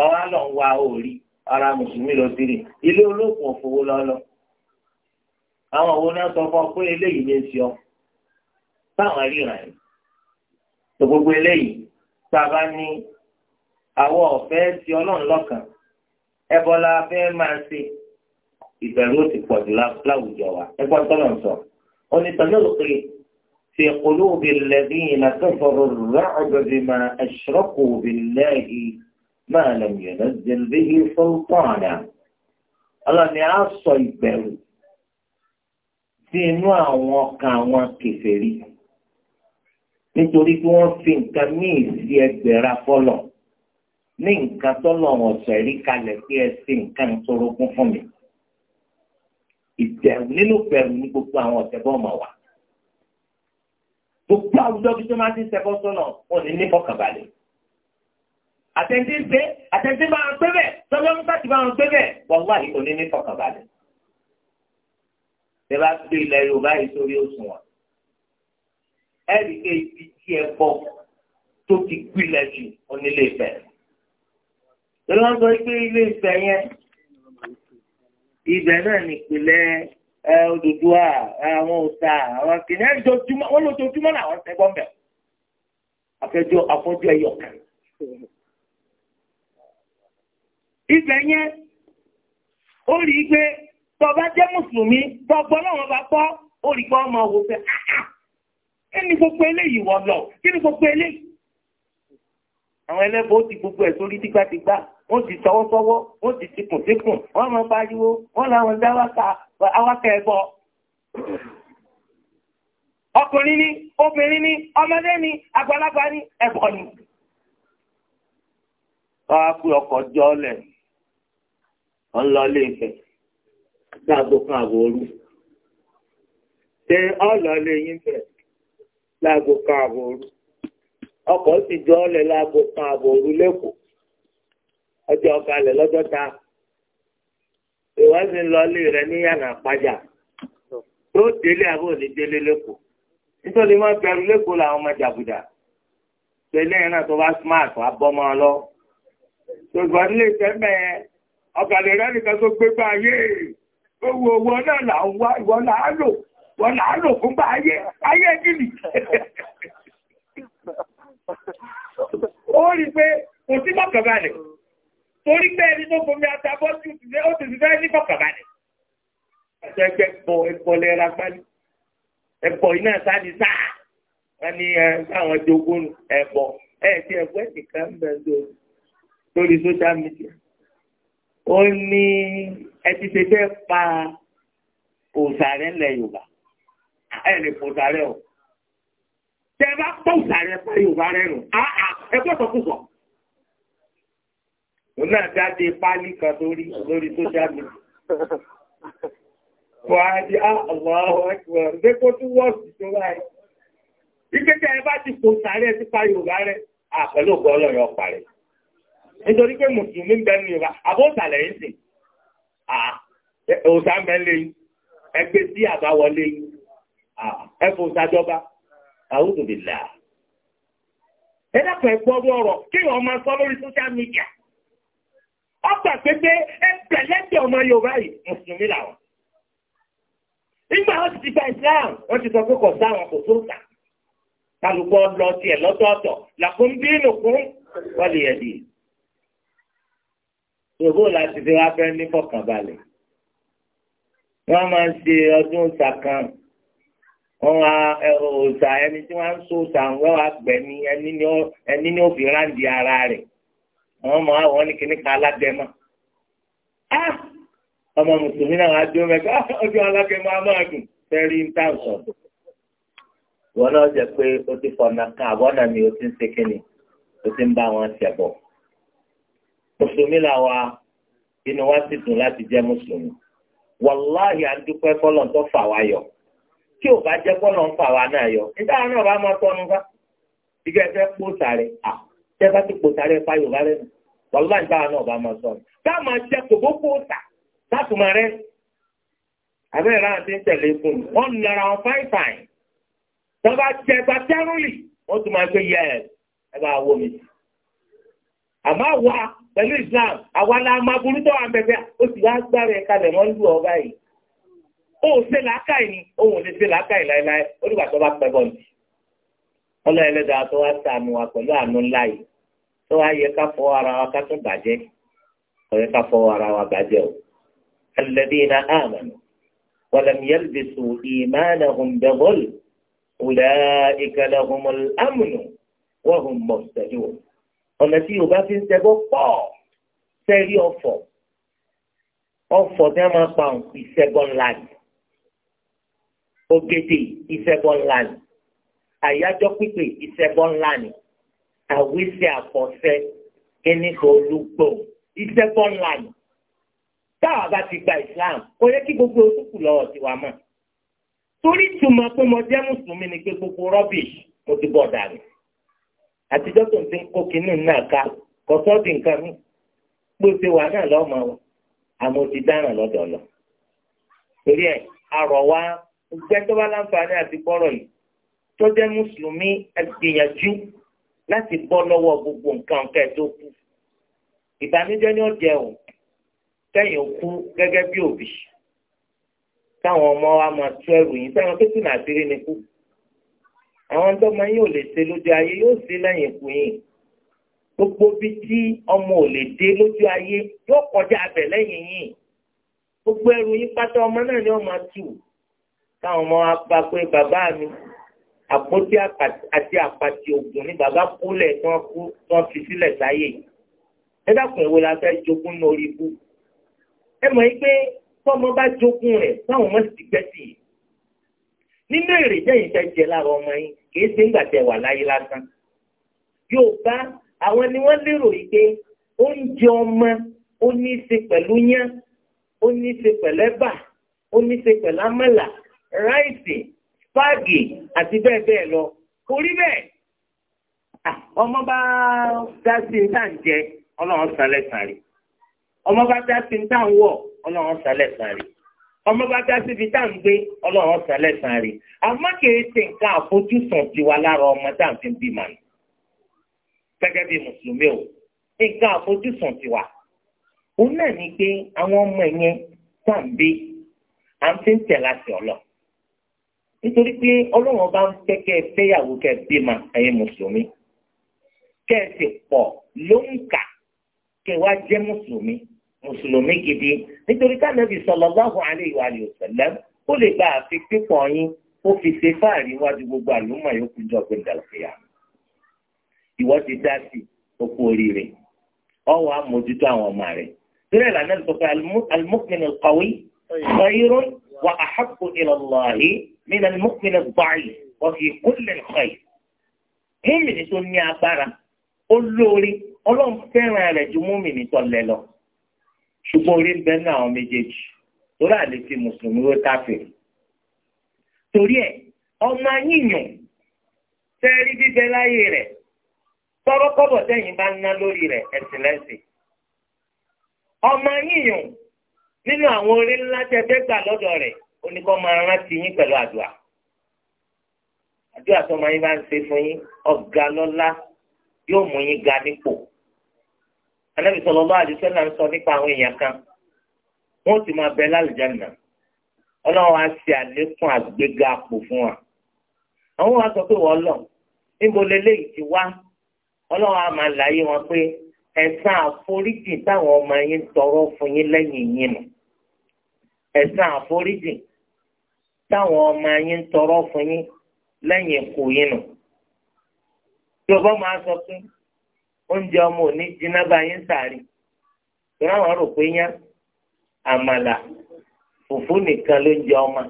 ọwọ́ lọ ń wa òòrí ara mùsùlùmí lọ sí rè ilé olóògùn òfowó lọ́lọ́ àwọn òwò náà sọ fún ọ pé eléyìí ní í ṣe ọ táwọn ríran ẹ̀ tó gbogbo eléyìí tá a bá ní àwọn ọ̀fẹ́ ti ọlọ́run lọ́kàn ẹbọlá fẹ́ máa ṣe ìbẹ̀rù ó ti pọ̀ jù láwùjọ wa ẹgbọ́n tọ́lọ̀ ń sọ ó ní tọ́lọ̀ lókè fi qulubi alladhina kafaru ar-ra'ba bima ashraqu billahi. ما لم ينزل به سلطانا Allah ni a sọ ìbẹ̀rù sí inú àwọn ọkàn àwọn kèfèrí nítorí pé wọ́n fi nǹkan míì sí ẹgbẹ̀ra fọlọ̀ ní nǹkan tọ́lọ̀ ọ̀sẹ̀ rí kalẹ̀ pé ẹ sí nǹkan ìṣòrogún fún mi ìbẹ̀rù nínú bẹ̀rù ní gbogbo àwọn ọ̀sẹ̀ bọ́ ọmọ wa gbogbo àwùjọ bí tó máa ti ń sọ́nà wọn ní ní àtẹ̀ntí ń pé àtẹ̀ntí bá ń pé bẹ̀ tọ́lọ́ ń bá ti bá ń pé bẹ̀ wàláhì òní ní fọkànbalẹ̀. ṣé bá gbé ilẹ̀ yorùbá yìí sórí òṣùwọ̀n ẹ rí i pé ibi tí ẹ bọ tó ti gbilẹ̀ jù onílé Ifẹ̀. ṣé wọ́n sọ pé ilé Ifẹ̀ yẹn ibẹ̀ náà nìpínlẹ̀ ẹ Odùduwà àwọn òòṣà àwọn kìnìún ẹ̀ jọjúmọ́ wọn lójoojúmọ́ làwọn ṣẹ́gbọ́n bẹ̀ àfẹ́jọ́ àfọ́jú ẹ̀yọ̀kan ibẹ̀ yẹn ó rí i pé tọba jẹ́ mùsùlùmí tọgbọ́ náà bá gbọ́ ó rí i pé ọmọ wò pé kí ni gbogbo eléyìí wọ̀ lọ kí ni gbogbo eléyìí. àwọn ẹlẹ́bùn ó ti gbogbo ẹ̀ sórí tipátipá ó ti sọwọ́sọwọ́ ó ti tikùntikùn wọ́n máa pariwo wọ́n làwọn dá wákà ẹ̀bọ. ọkùnrin ni obìnrin ni ọmọdé ni àgbàlagbà ni ẹ̀bọ ni. wọ́n á pè ọkọ̀ jọ́ lẹ̀ ọ̀n lọ lé ìfẹ́ láago kan àbọ̀ òru ṣé ọ̀n lọ lé yín fẹ́ láago kan àbọ̀ òru ọkọ̀ sì jọ ọ́ lẹ̀ láago kan àbọ̀ òru lẹ́kọ̀ọ́ ọjọ́ kalẹ̀ lọ́jọ́ ta ìwádìí ń lọ lé rẹ ní yàrá àpájà tó délé àbò ní délé lẹ́kọ̀ọ́ nítorí wọn bẹ̀rù lẹ́kọ̀ọ́ làwọn ọmọ jàgùdà tẹ́lẹ̀ náà tó bá smart wà bọ́ ọmọ lọ gbogbo ọ̀gàdẹ̀ rẹ̀ nìkan tó gbé gbá ayé owó owó náà là wá ìwọ làá wọ́n là fún gbá ayé ayé gìlì ó rí pé kò sí mọ̀kànbalẹ̀ torí pé ẹni tó bomi atabọ́ sí òtúnṣe ó ti fẹ́ ní mọ̀kànbalẹ̀ ẹgbẹ́ bọ̀ ẹ̀pọ̀ lẹ́ra gbálí ẹ̀pọ̀ iná sáni sáà wọ́n ní ẹ̀ jogún ẹ̀pọ̀ ẹ̀ẹ́dì ẹ̀pọ̀ ẹ̀sìn kan bẹ̀rẹ̀ lórí social media ó ní ẹ ti ṣe fẹ́ pa òsàrẹ́ ńlẹ̀ yorùbá ẹ lè pò òsàrẹ́ o tẹ bá pọ̀ òsàrẹ́ pa yorùbá rẹ̀ rùn áà ẹ gbọ́dọ̀ kú sọ. òun náà jáde pálí kan lórí lórí social media. Wàádìí àwọn àwọn ẹ̀kùnrin rẹ̀ ṣé kó tún wọ́ọ̀sì tó báyìí. Ìgbésẹ̀ ẹ bá ti pò òsàrẹ́ ti pa yorùbá rẹ̀ àpẹ̀lú ògbọ́ ọlọ́run ọ̀pá rẹ̀ nítorí pé mùsùlùmí ń bẹ ní yorùbá àbóòsàlẹ̀ yìí sì òòsà ń bẹ léyìn ẹgbẹ́ sí àbáwọlé yìí ẹfọ òsàjọba àwùjọ bìlà. ẹ dákun ẹ gbọ́ ọ̀rọ̀ kéèyàn máa sọ lórí social media ọgbà pépé ẹ pẹ̀lẹ́dẹ̀ ọmọ yorùbá yìí mùsùlùmí làwọn. nígbà wọn ti ti gba islam wọn ti sọ pé kò sáwọn kò tó ta kálukọ lọ tiẹ̀ lọ́tọ̀ọ̀tọ̀ làkúndínlùkún wọlé ẹdí ìbò láti fi wá fẹ́ ní fọkànbalẹ̀ wọ́n máa ń ṣe ọdún òòṣà kan wọ́n wá òòṣà ẹni tí wọ́n ń so òòṣà wọ́n wá gbẹ̀mí ẹni ní òfin ráǹdì ara rẹ̀ wọ́n máa wọ́n ní kíní kan aládẹ́mọ́ ọmọ mùsùlùmí náà wàá dúró mẹ́ta ọjọ́ alágẹ̀mọ́ amáàdùn fẹ́rí ń tà sọ. wọ́n náà jẹ́ pé ó ti fọ̀nà kan àbọ̀nà ni ó ti ń ṣe kíni ó ti ń bá wọn ṣẹ̀bọ̀. mùsùlùmí làwa inú wa sì dùn láti jẹ́ mùsùlùmí wàláhì àdúpẹ́ kọ́lọ̀ tó fà wá yọ tí ò bá jẹ́ kọ́lọ̀ ń fà wá náà yọ nígbà náà bá máa tọ́nu bá ìgbà ẹ̀fẹ́ kó sàrẹ̀ à tẹ́ bá ti kó sàrẹ̀ fa yorùbá lẹ́nu wàláhì báwa náà bá máa sọ̀rọ̀ tá máa jẹ́ kòbó kó sà láti máa àbẹ́rẹ́ náà ti ń tẹ̀lé fún mi wọ́n nara wọn fáìn pẹ̀lú Islam àwa la máa burú tó wà bẹ̀bẹ̀ ó sì wá gbára ẹ̀ka lẹ̀ wọ́n lù ọ́ báyìí. ó ò ṣe làákàyè ni òun ò lè ṣe làákàyè láéláé onígbà tó bá pẹ́ bọ̀ ni. ọlọ́ ẹlẹ́dàá tó wá sànù wa pẹ̀lú àánú ńlá yìí tó wá yẹ ká fọ ara wa ká tún bàjẹ́ kò yẹ ká fọ ara wa bàjẹ́ o. alladhina amanu wa lam yalbisu imanahum bi-dhulm ulaika lahumul amnu wa hum muhtadun ọ̀nà tí yorùbá fi ń ṣẹbọ pọ̀ sẹ́rí ọ̀fọ̀ ọ̀fọ̀ tí wọ́n máa pa ìṣẹbọ ńlá ni ògèdè ìṣẹbọ ńlá ni àyájọ́ pípé ìṣẹbọ ńlá ni àwíṣẹ àkọsẹ kíníkà olúgbò ìṣẹbọ ńlá táwa bá ti gba islam kò yẹ kí gbogbo oṣùkù lọ́wọ́ tiwa mọ́ torí tuma pé mo jẹ́ mùsùlùmí ni pé gbogbo rọ́bìṣì mo ti bọ̀ dànù àtijọ́ tó ń ti ń kó kinní náà ká kò sọ́ọ̀dì nǹkan mi pé o ti wà náà lọ́mọ wọn àmọ́ o ti dáràn lọ́dọ̀ lọ. torí ẹ̀ àrọ̀ wa gbẹ́tọ́ bá láǹfààní àti bọ́rọ̀ yìí tó jẹ́ mùsùlùmí gbìyànjú láti bọ́ lọ́wọ́ gbogbo nǹkan kẹ́ tó kú. ìbànújẹ́ ni ó jẹ o kẹ́yìn kú gẹ́gẹ́ bí òbí táwọn ọmọ wa máa tú ẹrù yìí sẹ́wọ̀n tó sì nà àwọn tọ́mọ yín ò lè ṣe lójú ayé yóò ṣe lẹ́yìn ikú yín gbogbo bí tí ọmọ ò lè dé lójú ayé yóò kọjá abẹ lẹ́yìn yín gbogbo ẹrù yín pátá ọmọ náà ni ọmọ tù táwọn ọmọ apá pé bàbá mi àpótí àti àpàtì ògùn ni bàbá kúlẹ̀ tí wọ́n kú tí wọ́n fi sílẹ̀ sáyè ẹ dákun ìwé la fẹ́ jogún lórí ikú ẹ mọ̀ yí pé tọ́mọ bá jogún rẹ̀ táwọn ọmọ sì gbẹ́sì yìí nínú èrè jẹ́yìn tẹ́ jẹ lára ọmọ yín kìí ṣe ńgbà tẹ́ wà láyé lásán yóò bá àwọn ni wọ́n lérò yìí pé oúnjẹ ọmọ ó ní í ṣe pẹ̀lú yán ó ní í ṣe pẹ̀lú ẹ̀bà ó ní í ṣe pẹ̀lú àmàlà ráìsì spáàgì àti bẹ́ẹ̀ bẹ́ẹ̀ lọ kò bẹ́ẹ̀ ọmọ bá dá sí ní tá à ń jẹ ọlọ́run sálẹ̀ sàrí ọmọ bá dá sí ní tá à ń wọ̀ ọlọ́run sálẹ̀ sàrí ọmọ bá dá síbi tá à ń gbé ọlọ́run ọ̀sán lẹ́sàn-án rẹ̀ àmọ́ kìí ṣe nǹkan àfojúsùn tiwa lára ọmọ tá à ń fi bí mà ní. gẹ́gẹ́ bí mùsùlùmí o nǹkan àfojúsùn tiwa òun náà ni pé àwọn ọmọ yẹn tá à ń bí à ń fi ń tẹ̀ láti ọlọ́ nítorí pé ọlọ́run ọba ń fẹ́ fẹ́yàwó kẹ́ bí mà ẹ̀yin mùsùlùmí kẹ́ ẹ sì pọ̀ lóǹkà kẹ́ wá jẹ́ mùsùlùmí mùsùlùmí gidi nítorí kánábì sallallahu alayhi wa sallam ó lè gba àfi pípọ̀ yín ó fi ṣe fáàrí wájú gbogbo àlùmọ̀ yòókù jọ pé dàlùfẹ́yà ìwọ ti dá sí òkú oríire ọwọ́ àmójútó àwọn ọmọ rẹ̀ sílẹ̀ lànà sọ pé al-mu'min al-qawi khayrun wa ahabbu ila Allahi min al-mu'min ad ṣùgbọ́n orí ń bẹ ní àwọn méjèèjì torí àlè ti mùsùlùmí ló tàfẹ́ torí ẹ ọmọ yíyan tẹ́rí bíbẹ láyé rẹ̀ tọ́rọ́kọ́bọ̀ tẹ́yìn bá ná lórí rẹ̀ ẹ̀sìn lẹ́sìn ọmọ yíyan nínú àwọn orí ńlá tẹ́ fẹ́ gbà lọ́dọ̀ rẹ̀ oníkọ́ máa rántí yín pẹ̀lú àdúrà àdúrà tó máa yín bá ń ṣe fún yín ọ̀gá lọ́lá yóò mú yín ga nípò anábì sallallahu alaihi wasallam sọ nípa àwọn èèyàn kan wọ́n sì máa bẹ lálùjáná ọlọ́run á ṣe àlékún àgbéga àpò fún wa àwọn wa sọ pé wọ́n lọ níbo leléyìí ti wá ọlọ́run á máa láyé wọn pé ẹ̀san àforíjì táwọn ọmọ yín tọrọ fún yín lẹ́yìn yín nù ẹ̀san àforíjì táwọn ọmọ yín tọrọ fún yín lẹ́yìn ikú yín nù yorùbá máa sọ pé oúnjẹ ọmọ òní jiná bá yín sàárì ìran àwọn rò pé yán àmàlà fùfú nìkan ló ń jẹ ọmọ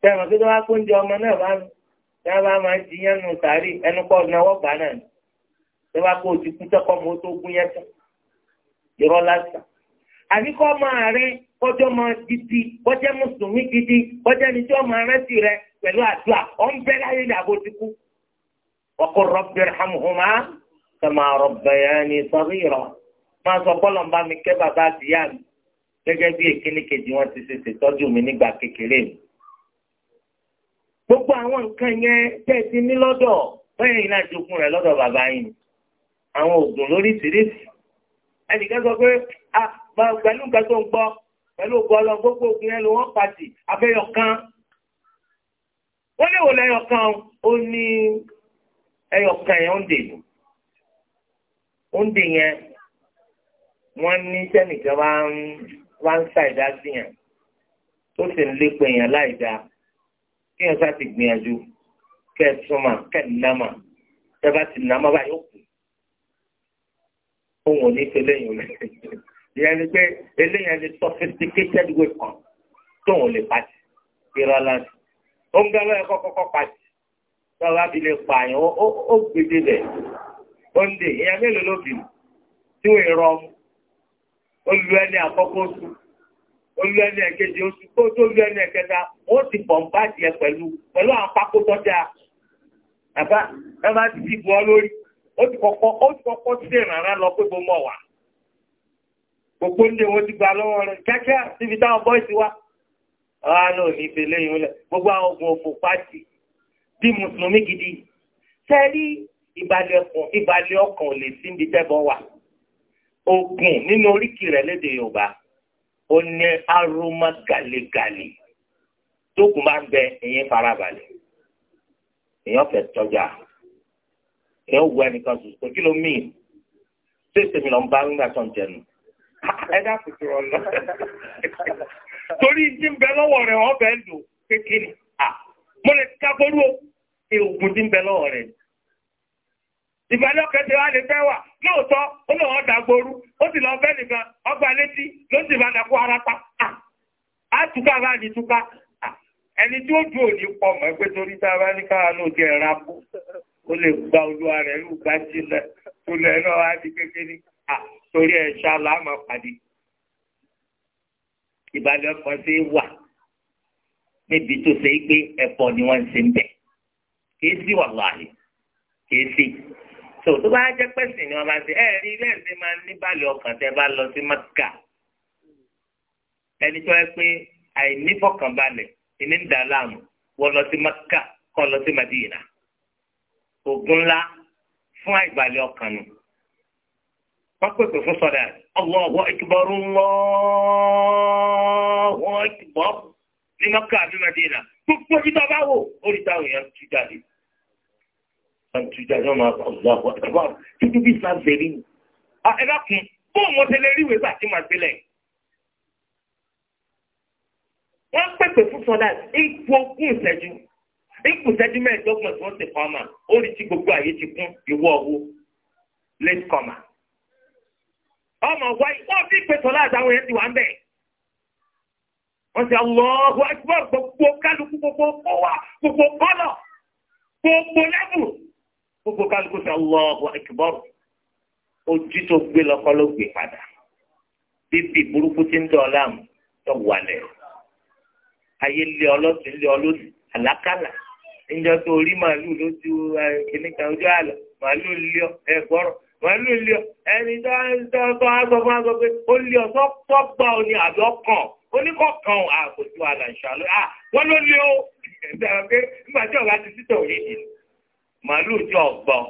tẹmọ kí ló wá kó ń jẹ ọmọ náà bá náà bá máa jí yán nù sàárì ẹnu kọ́ náwó gbà náà ni tó bá kó o ti kú tẹ́kọ̀ mọ́ tó gún yẹn tán irọ́ lásán àbí kọ́ máa rẹ kọjọ́ máa gidi kọjẹ́ mùsùlùmí gidi kọjẹ́ ni tí wọ́n máa rántí rẹ pẹ̀lú àdúrà ọ̀ ń bẹ́ láyé ní àbójúkú ọkọ̀ rọ̀bìrì hàmùhùmá kama rabbayani saghira máa sọ bọ́lọ̀ ń bá mi kẹ́ bàbá àti ìyá mi gẹ́gẹ́ bí èkíní kejì wọn ti ṣe ṣètọ́jú mi nígbà kékeré mi. gbogbo àwọn nǹkan yẹn tẹ́ ẹ ti ní lọ́dọ̀ bẹ́ẹ̀ yìí náà jogún rẹ̀ lọ́dọ̀ bàbá yìí àwọn oògùn lóríṣiríṣi ẹnìkan sọ pé pẹ̀lú nǹkan tó ń gbọ́ pẹ̀lú ògbọ́ lọ gbogbo ogun yẹn ló wọ́n pàtì abẹ́yọ̀ wọ́n lè wò ó ní ẹyọ̀ yẹn ó ń dènù oúnjẹ yẹn wọ́n ní sẹ́nìkan bá ń bá ń ṣàìdá sí yàn tó sì ń lépa èèyàn láìdá kí yẹn sáà ti gbìyànjú kẹ́ ẹ súnmọ́ kẹ́ ẹ nàmà tẹ́ bá ti nàmà báyìí ó kù òun ò ní ṣe lẹ́yìn olè ìyẹn ni pé eléyàn ni sophisticated weapon tóun lè pàṣẹ ìrọ̀ lásì ó ń gbẹ́ lọ́yẹ̀ kọ́kọ́kọ́ pàṣẹ tọ́wọ́ abilé pààyàn ó gbèdé Ondè, èèyàn mélòó ló bì tí wọ́n èrò ọmọ. Olú ẹni àkọ́kọ́ oṣù, olú ẹni ẹ̀kejì oṣù, kó tó olú ẹni ẹ̀kẹta, ó ti bọ̀m̀bá jẹ pẹ̀lú pẹ̀lú àwọn pákó tọ́jà. Bàbá ẹ bá ti fi bu ọ lórí, ó ti kọ́kọ́ ó ti kọ́kọ́ sí ìrànlá lọ pé mo mọ̀ wá. Gbogbo ń dè wọ́n ti gba lọ́wọ́ rẹ̀ kíákíá síbi táwọn bọ́ìsì wá. Àwọn àna ò ní fi léyìn lẹ̀, gbogbo àwọn oògùn òfò pàtì bí mùsùlùmí gidi. Sẹ́rí ìbalẹ̀ ọkàn ò lè sí ibi tẹ́bọ wà ogun nínú oríkì rẹ̀ léde yorùbá ó ní aroma gàlégàlé tókùn bá ń bẹ ìyẹn farabalẹ̀ èèyàn fẹ́ tọ́jà èèyàn wù ẹnìkan sòsò kí ló mìín ṣé ìsinmi lọ ń bá nígbà tó ń jẹnu ẹ dákun tó rọ lọ torí ti ń bẹ lọ́wọ́ rẹ̀ wọ́n bẹ́ẹ̀ lò kékeré mo lè ká ború o ti ń bẹ lọ́wọ́ rẹ̀ ni. ìgbàlọ́kẹ́ ti wá lè fẹ́ wà lóòótọ́ ó lóun ọ̀dà ó sì lọ nìkan ọgbà ló sì máa dàkú ara pa bá ní túká ẹni tí ó dùn òní a bá ní káàánú ti ẹ̀ra kú ó lè gba olúwa rẹ̀ gbá tó náà wá di kékeré torí ẹ̀ ṣáàlà àmọ́ pàdé ṣe wà níbi tó ṣe é pé ẹ̀fọ́ ni wọ́n ń ṣe ń bẹ̀ tó tó bá jẹ́ pẹ̀sìn ni wọ́n bá ṣe ẹ̀ rí ilé ẹ̀sìn máa ní balẹ̀ ọkàn tẹ́ bá lọ sí mọ́tíkà ẹni tó yẹ pé àìnífọ̀kànbalẹ̀ ìní ń dà láàmú wọ́n lọ sí mọ́tíkà kọ́ lọ sí madina ògùn ńlá fún àìbalẹ̀ ọkàn nù wọ́n pèsè fún sọ́dà Allahu akbar Allahu akbar ní mọ́tíkà àbí madina gbogbo ìjọba wò ó táwọn èèyàn ti jáde ìjà náà máa bá ọ̀gá àwọn àtàwọn títí bí islam ṣe rí ni. Ah, ẹ dákun bó wọn ṣe lè rí ìwé bá ti máa gbélé. wọ́n pèpè fún sọ́dà ipò ogún ìṣẹ́jú ipò ìṣẹ́jú mẹ́ẹ̀ẹ́dọ́gbọ̀n tí wọ́n ti kọ́ ọmọ ó rí tí gbogbo àyè ti kún ìwọ owó late comer. ọmọ wáyé wọ́n fi pèsè ọ̀la àtàwọn yẹn ti wà ń bẹ̀ wọ́n ti Allahu Akbar gbogbo kálukú gbogbo kọ́wà gbogbo kọ́lọ̀ gbogbo lẹ́bù gbogbo kálukú sí Allahu Akbar ojú tó gbé lọ́kọ́ ló gbé padà bíbí burúkú ti ń dọ̀ láàmú tó wà lẹ̀ ayé lé ọlọ́sìn lé ọlọ́sìn àlákàlà níjọ́ tó rí màálù lójú kìnnìkan ojú àlọ́ màálù lé ẹ gbọ́rọ̀ màálù lé ẹni tó tó aṣọ fún aṣọ pé ó lé ọ tó gbà ọ ní àbí ọkàn oníkọ̀ọ̀kan àkójú àlàṣà lọ wọ́n ló lé o ìgbà pé nígbà tí ọ̀gá ti títọ̀ òye màálù tí ò gbọ́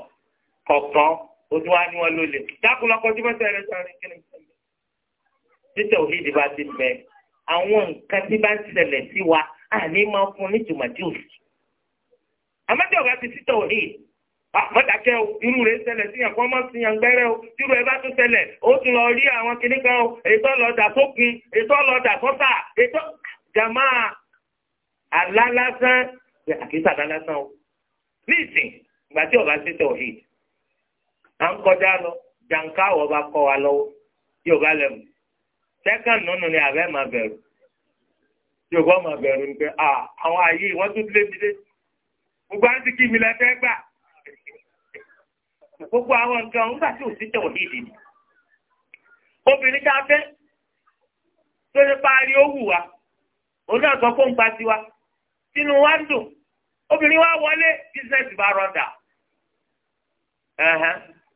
kọ̀ọ̀kan ó tún wá ní wọn lólè dákúlọ́kọ tí wọ́n sẹ́rẹ̀ sọ́rin kí ni títẹ̀ òbíìdì bá ti bẹ àwọn nǹkan tí bá ń ṣẹlẹ̀ sí wa àní máa fún ní tòmátì òsì àmọ́tí ọ̀gá ti títẹ̀ òbíìdì àmọ́dàkẹ́ o irú rẹ̀ ṣẹlẹ̀ sí yàn kó má sí yàn gbẹ́rẹ́ o irú ẹ bá tún ṣẹlẹ̀ ó tún lọ rí àwọn kìnnì kan o ètò ọlọ́dà sókun ètò ọlọ́dà sọ́sà ètò jàmáà alálásán àkísà alálásán o ní ìsìn ìgbà tí ọba ṣe tọ̀ hìd à ń kọjá lọ jàǹká ọba kọ́ wa lọ́wọ́ yóò bá lẹ̀ mú sẹ́kàn nínú ni àbẹ́ máa bẹ̀rù yóò bá máa bẹ̀rù ni pé àwọn àyè wọ́n tún lé mi lé gbogbo àti kí mi lẹ fẹ́ gbà gbogbo àwọn nǹkan nígbà tí ò sí tọ̀ hìd ni obìnrin tá a fẹ́ tó ṣe parí ó wù wá òun náà sọ fóun pa tiwa sínú wa ń dùn obìnrin wa wọlé bísíǹsì bá rọ̀dà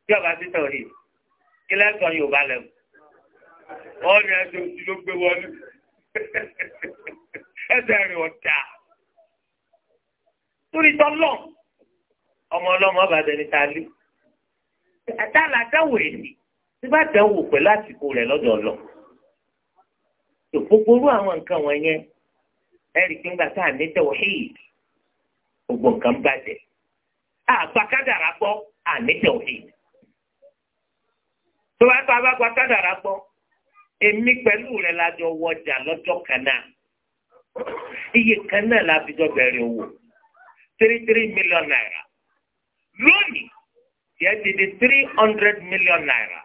tí ọba ti tọ̀ rí ilé ẹ̀sọ́ yorùbá lẹ́wọ̀ wọ́n ní ẹsẹ̀ òsì ló gbé wọlé ẹsẹ̀ rìn ọ̀dà torí tọ́lọ̀ ọmọ ọlọ́mọ ọba dẹni ta lé àtàlà àtàwò èsì tí bá tẹ̀ pẹ̀lú àsìkò rẹ̀ lọ́dọ̀ ọ̀lọ́ gbogbo àwọn nǹkan wọ̀nyẹn ẹ̀rì pé ńgbà tá à ní tẹ̀wọ̀ híìkì gbogbo nǹkan bàjẹ́ àgbàkádàrà gbọ́ àníjọ òfin tó bá tó àgbàkádàrà gbọ́ èmi pẹ̀lú rẹ̀ lájọ wọjà lọ́jọ́ kan náà iye kan náà la fi jọ bẹ̀rẹ̀ owó three three million naira lónìí tiẹ̀ ti di three hundred million naira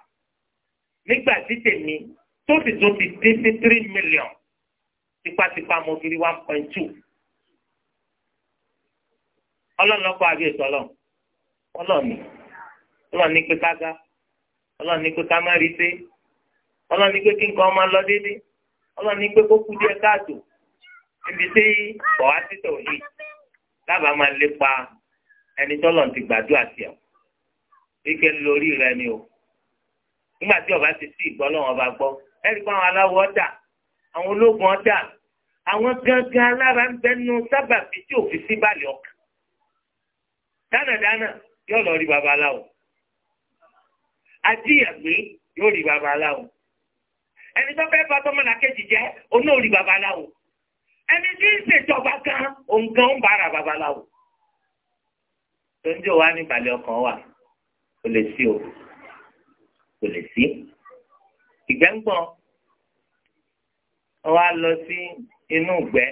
nígbà tí tèmi tó ti tó ti dé sí three million tipátipá mo kiri one point two ọlọ́run lọ́kọ́ àbí ètò ọlọ́run ọlọ́run ni ọlọ́run ní pé ká ga ọlọ́run ní pé ká má rí sé ọlọ́run ní pé kí nǹkan ọmọ lọ déédéé ọlọ́run ní pé kó kú díẹ̀ káàtó níbi tí ọ̀há títọ̀ yìí dábàá máa lépa ẹni tọ́lọ̀ ti gbàdúrà tiẹ̀ wíkẹ́ lórí rẹ ni o nígbà tí ọba ti sí ìgbọ́ lọ́wọ́ ọba gbọ́ ẹ̀rí pé àwọn aláwọ̀ ọ̀dà àwọn ológun ọ̀dà àwọn gangan alára ń bẹnu sábàbí tí òfin sí balẹ̀ ọ̀k dánàdánà yóò lọ rí babaláwo ajíyàgbé yóò rí babaláwo ẹni tó fẹ́ bá tọ́mọ̀nà kejì jẹ́ òun náà rí babaláwo ẹni tí ń ṣèjọba kan òun gan ń bára babaláwo tó ń jò wá ní ìbàlẹ̀ ọkàn wa kò lè sí o kò lè sí ìgbẹ́ngbọ̀n wọ́n wá lọ sí inú ìgbẹ́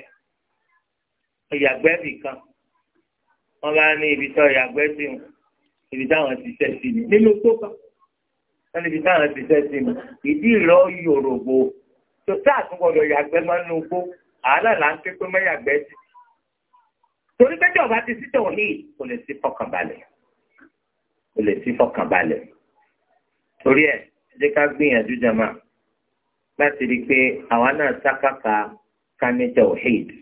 ìyàgbẹ́ bìkan wọ́n bá ní ibi tó yàgbẹ́ sí wọn ibi táwọn ti ṣẹ́ sí ni nínú tó bá wọ́n níbi táwọn ti ṣẹ́ sí ni ìdí ìlọ́ yòrògbò tó táà tún gbọdọ̀ yàgbẹ́ máa ń nu gbó àhálà là ń ké pé mọ́ yàgbẹ́ sí. torí pé tí ọba ti sí tòun ní kò lè sí fọkànbalẹ̀ kò lè sí fọkànbalẹ̀ torí ẹ̀ jẹ́ ká gbìyànjú jama láti rí i pé àwa náà sákàkà ká ní tẹ̀ òhèèdì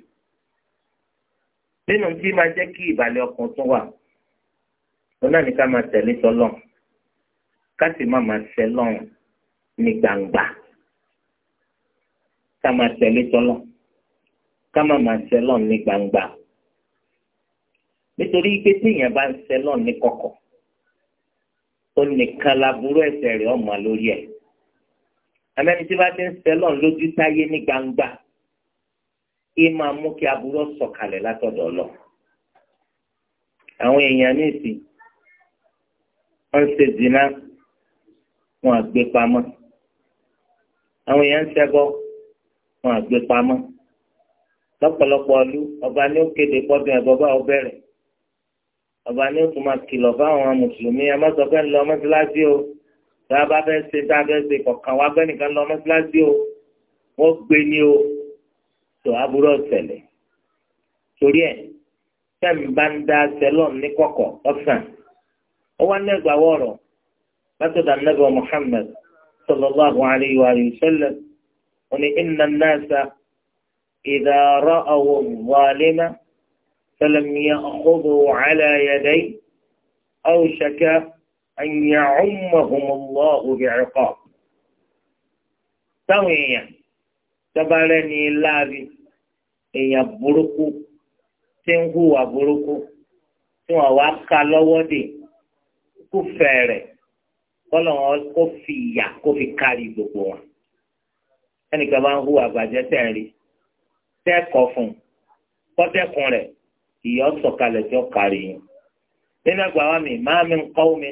nínú tí máa jẹ́ kí ìbàlẹ̀ ọkàn tún wà ó náà ní ká máa tẹ̀lé tọ́lọ̀ ká sì má máa ṣẹ lọ́rùn ní gbangba ká máa tẹ̀lé tọ́lọ̀ ká má máa ṣẹ lọ́rùn ní gbangba nítorí pé téèyàn bá ń ṣẹ lọ́rùn ní kọ̀kọ̀ ó nìkan laburú ẹ̀ṣẹ̀ rẹ̀ ọ̀mà lórí ẹ̀ amẹ́ni tí bá ti ń ṣẹ lọ́rùn lójú táyé ní gbangba kí máa mú kí aburú sọ̀kalẹ̀ látọ̀dọ̀ lọ. àwọn èèyàn ní ìsìn wọ́n ń ṣe zina wọn à gbé pamọ́. àwọn èèyàn ń ṣẹbọ wọn à gbé pamọ́. lọ́pọ̀lọpọ̀ ọlú ọba ní ó kéde pọ́dún ẹ̀bọ bá ọ bẹ̀rẹ̀. ọba ní ó tún máa kìlọ̀ fáwọn mùsùlùmí ẹ má lọ mọ́sálásí o tá a bá fẹ́ ṣe tá a fẹ́ ṣe kọ̀ọ̀kan wá fẹ́ nìkan lọ mọ́sálásí o wọ́n gbé ní o tó aburú ọ̀sẹ̀lẹ̀ torí ẹ̀ sẹ́mi bá ń da sẹlọ̀m ní kọ̀kọ̀ ọ̀sán ó wá nẹ́gbà wọ̀rọ̀ látọ̀dà nẹ́gbà Muhammad sallallahu alayhi wa sallam ó ní inna an-nasa idha ra'aw zaliman falam ya'khudhu ala yadayhi awshaka an ya'ummahum Allahu bi'iqab táwọn èèyàn tọ́ba rẹ́ni láàbì èèyàn burúkú tí ń hùwà burúkú tí wọ́n wá ka lọ́wọ́ dè kú fẹ̀rẹ̀ kọ́lọ̀ wọn kó fi ìyà kó fi kárí gbogbo wọn. ẹnìkan bá ń hùwà bàjẹ́ tẹ̀ ń rí tẹ́kọ̀ fún kọ́tẹ́kùn rẹ̀ ìyọ́ sọ̀kalẹ̀ tí ó kárí yín. nínú ẹgbẹ́ wa mi máa mi ń kọ́ mi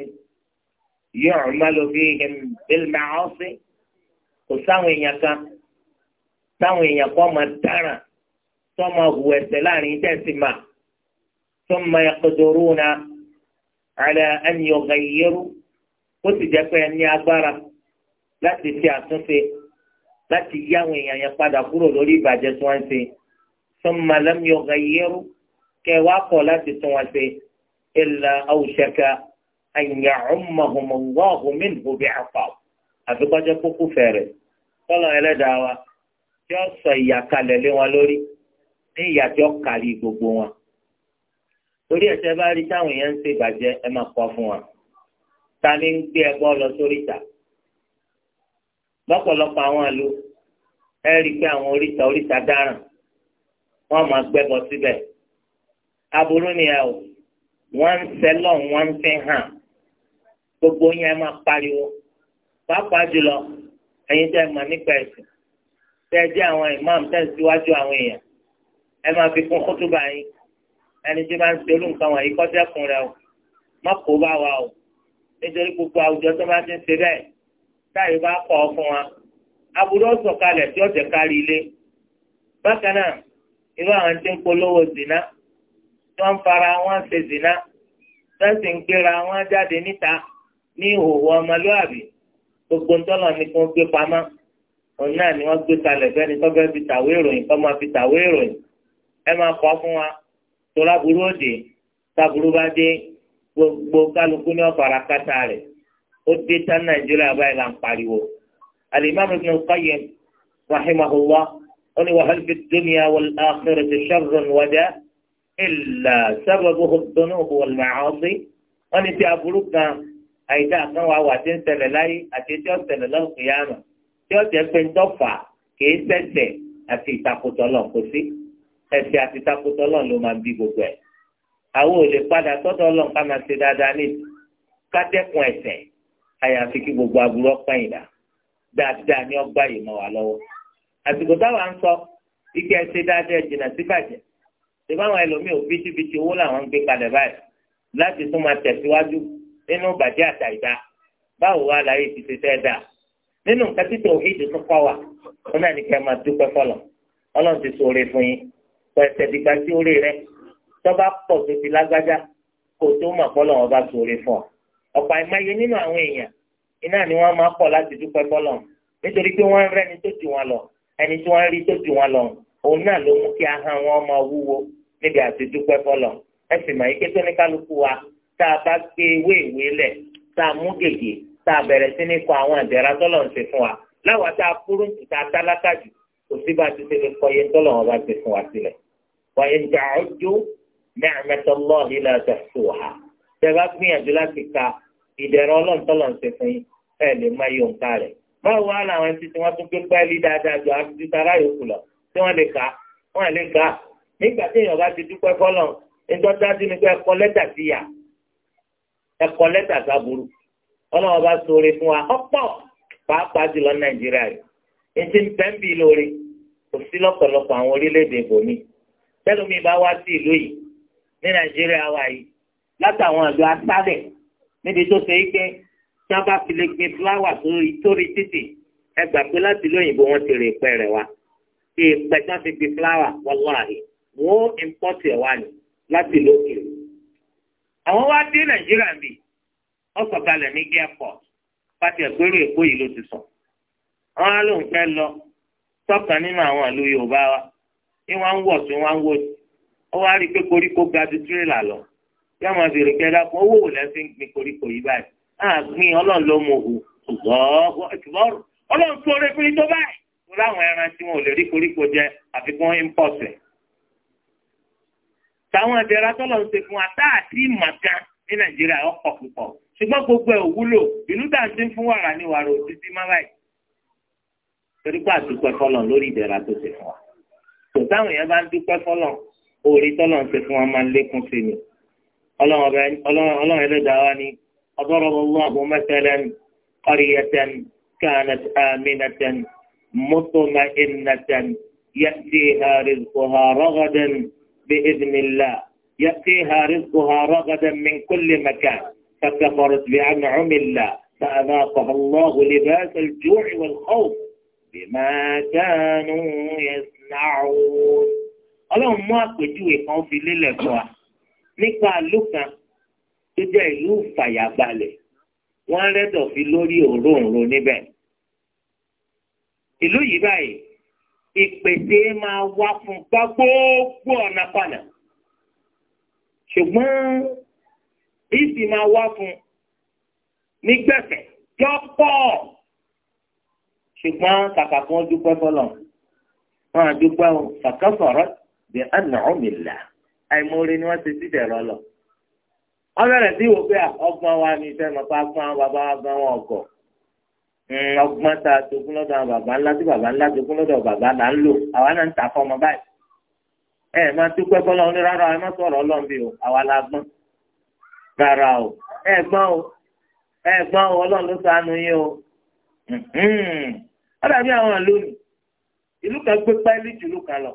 yóò rún má lo fi hìm bílmà ọ́sìn kò sáwọn èèyàn kan. táwọn èèyàn kọ́ máa dáràn tó máa hù ẹ̀ṣẹ̀ láàrin tẹ̀sí mà tó máa na, ala an yughayyiru ó sì jẹ́ pé ẹni agbára láti ṣe àtúnṣe láti yá àwọn èèyàn yẹn padà kúrò lórí ìbàjẹ́ tí wọ́n ń ṣe thumma lam yughayyiru kẹ wá kọ̀ láti tún wọn ṣe illa awshaka an ya'ummahum tí ó sọ ìyà kalẹ̀ lé wọn lórí ní ìyà tí ó kárí gbogbo wọn torí ẹsẹ̀ bá rí táwọn èèyàn ń ṣe ìbàjẹ́ ẹ máa kọ́ fún wọn ta ni ń gbé ẹbọ lọ sórí ìta lọ́pọ̀lọpọ̀ àwọn àlò ẹ rí i pé àwọn oríta oríta dáràn wọ́n máa gbẹ́bọ síbẹ̀ aburú ni ẹ o wọ́n ń sẹ́lọ̀ wọ́n ń fi hàn gbogbo yẹn máa pariwo pàápàá jùlọ ẹ̀yin tẹ́ mọ̀ nípa ẹ̀sìn tẹ́ẹ̀dí àwọn imam tẹ́ẹ̀ síwájú àwọn èèyàn ẹ máa fi kún kútúbà yín ẹni tí bá ń serú nǹkan wọ̀nyí kọ́sẹ́kùn rẹ o má kó bá wa o nítorí gbogbo àwùjọ tó bá ti ń ṣe bẹ́ẹ̀ táyì bá kọ́ ọ fún wa aburú ọ̀sọ̀ kalẹ̀ tí ọ̀jẹ̀ kárí ilé bákan náà irú àwọn tí ń polówó zina tí wọ́n ń fara wọn ṣe zina tí wọ́n sì ń gbéra wọn jáde níta ní ìhòòhò ọmọlúwàbí gbogbo ńtọ́lọ́ ni kí wọ́n gbé pamọ́ òun náà ni wọ́n gbé kalẹ̀ fẹ́ni tó fẹ́ fi tàwé ìròyìn tó máa fi tàwé ìròyìn ẹ máa kọ́ fún wa tóra burú òde táburú bá dé gbogbo kálukú ní ọ̀fàrà kátà rẹ̀ ó dé tán nàìjíríà báyìí là ń pariwo. al-imam ibn al-qayyim ó ní wa hal fi dunya wal akhirati sharrun wada illa sababuhu ad-dunub wal ma'asi wọ́n ní ti aburú kan àìdá kan wà wà tí ń ṣẹlẹ̀ láyé àti tí ó ṣẹlẹ̀ lọ́kùnrin yàrá tí ọ̀sẹ̀ pé ń tọ́fà kìí ṣẹ̀ṣẹ̀ àti ìtakùtọ̀ lọ kò sí ẹ̀ṣẹ̀ àti ìtakùtọ̀ lọ ló máa ń bí gbogbo ẹ̀. àwọn ò lè padà sọ́dọ̀ ọlọ́run ká máa ṣe dáadáa ní kátẹ́kùn ẹ̀ṣẹ̀ àyàfi kí gbogbo aburú ọ̀pẹ̀yìn dà dáadáa ní ọgbà yìí mọ́ wa lọ́wọ́. àsìkò táwa ń sọ ike ẹ̀ṣẹ̀ dáadáa jìnnà síbàjẹ́ ṣùgbọ́n ẹlòmíì òbítíbitì owó làwọn ń gbé padà báyìí láti tún máa tẹ̀síwájú nínú bàjẹ́ àtàìdá báwo wá láyé ti ṣe fẹ́ dáa nínú nǹkan títí òhídìí tó kọ́ wa náà ní máa dúpẹ́ fọlọ́ ọlọ́run ti sọ fún yín pọ̀ ẹsẹ̀ dìgbà tí rẹ tọ́ba tó ti lágbájá kò tó mà wọn bá sọ fún ọ. ọ̀pọ̀ àìmáyé nínú àwọn èèyàn iná ni máa pọ̀ láti dúpẹ́ nítorí pé tó ti wọn lọ ẹni tí rí tó ti wọn wa tá a bá gbé ewé ìwé tá a mú tá a bẹ̀rẹ̀ sí ní kọ àwọn àdẹ̀rà tọ́lọ̀ ń ṣe fún wa láwa tá a kúrú tá a tálákà jù kò sí bá a ti ṣe lè kọ iye tọ́lọ̀ wọn bá ti fún wa sílẹ̀. wa in ta'uddu ni'matallahi la tuhsuha tẹ bá gbìyànjú láti ka ìdẹ̀rọ̀ ọlọ́run tọ́lọ̀ ń ṣe fún yín ẹ lè má yọ nǹkan rẹ̀. báwo wá làwọn ẹni tí wọ́n tún gbé pẹ́ẹ́lí dáadáa jù àti tara yòókù ọlọ́wọ́ bá sóore fún wa ọ̀pọ̀ pàápàá jùlọ nàìjíríà rẹ̀ etí ń bẹ́ ń bí lóore kò sí lọ́pọ̀lọpọ̀ àwọn orílẹ̀-èdè bòmí tẹ́lómi bá wá sí ìlú yìí ní nàìjíríà wa yìí látàwọn àjọ asálẹ̀ níbi tó ṣe é pé tí wọ́n bá fi lè gbin fúláwà sórí títì ẹ gbà pé láti ìlú òyìnbó wọn ti rè pẹ́ rẹ̀ wá kí ìpẹ́ fi gbin fúláwà wọláhì wọ́n ìmpọ́tì ẹ̀ wá ní láti ìlú òkèèrè àwọn wá dé nàìjíríà bíi ọsọkalẹ ní airport pàtì ẹgbẹrún èkó yìí ló ti sọ wọn á lóun fẹ́ lọ sọkàn nínú àwọn ìlú yorùbá wa ní ń wọ sí ń wò sí ó wá rí i lọ yóò máa bèrè owó wò lẹ́sìn ń gbin koríko yìí báyìí náà gbin ọlọ́run ló mọ òhù ṣùgbọ́n ọlọ́run tó rẹ fún láwọn ẹran tí wọn ò lè rí koríko jẹ táwọn ń ṣe ṣùgbọ́n gbogbo ẹ̀ òwúlò ìlú dàǹtí fún wàrà ní wàrà òtítí má báyìí. torí pé àdúpẹ́ fọlọ̀ lórí ìdẹ̀ra tó ṣe fún wa. tò táwọn èèyàn bá ń dúpẹ́ fọlọ̀ oore tọ́lọ̀ ń ṣe fún wa máa ń lékún sí ni. ọlọ́run ẹlẹ́dàá wa ni ọ̀dọ́rọ̀bọ̀ Allahu mathalan qaryatan kanat aminatan mutma'innatan فكفرت بأنعم الله فأذاقها الله لباس الجوع والخوف بما كانوا يصنعون ọlọ́run mú àpèjúwe kan fi lélẹ̀ fún wa nípa ìlú kan tó jẹ́ ìlú fàyàbalẹ̀ wọ́n rẹ́dọ̀ fi lórí òróǹro níbẹ̀. ìlú yìí báyìí ìpèsè máa wá fún gbá gbogbo ọ̀nà pànà ṣùgbọ́n ìsì máa wá fún ní gbẹ̀sẹ̀ yọ pọ̀ ṣùgbọ́n kàkà fún dúpẹ́ fọlọ́ wọn àdúpẹ́ o kàkà sọ̀rọ̀ bí àná ọ̀mìlà àìmọ̀ọ́rẹ́ ni wọ́n ti ti dẹ̀rọ lọ. wọ́n bẹ̀rẹ̀ sí wò pé ọgbọ́n wa ni ìfẹ́ mọ̀ pa fún bàbá wa gan wọn ọ̀gọ̀ hmm, ọgbọ́n tá a lọ́dọ̀ bàbá ńlá tí bàbá ńlá dogun lọ́dọ̀ bàbá là ń lò àwa náà ń tà fún báyìí. ẹ máa dúpẹ́ fọlọ́ ní gara o ẹ̀gbọ́n o o ọlọ́run ló ṣàánú yín o hmm. àwọn àlónì ìlú kan gbé pẹ́ẹ́lí jùlọ kan lọ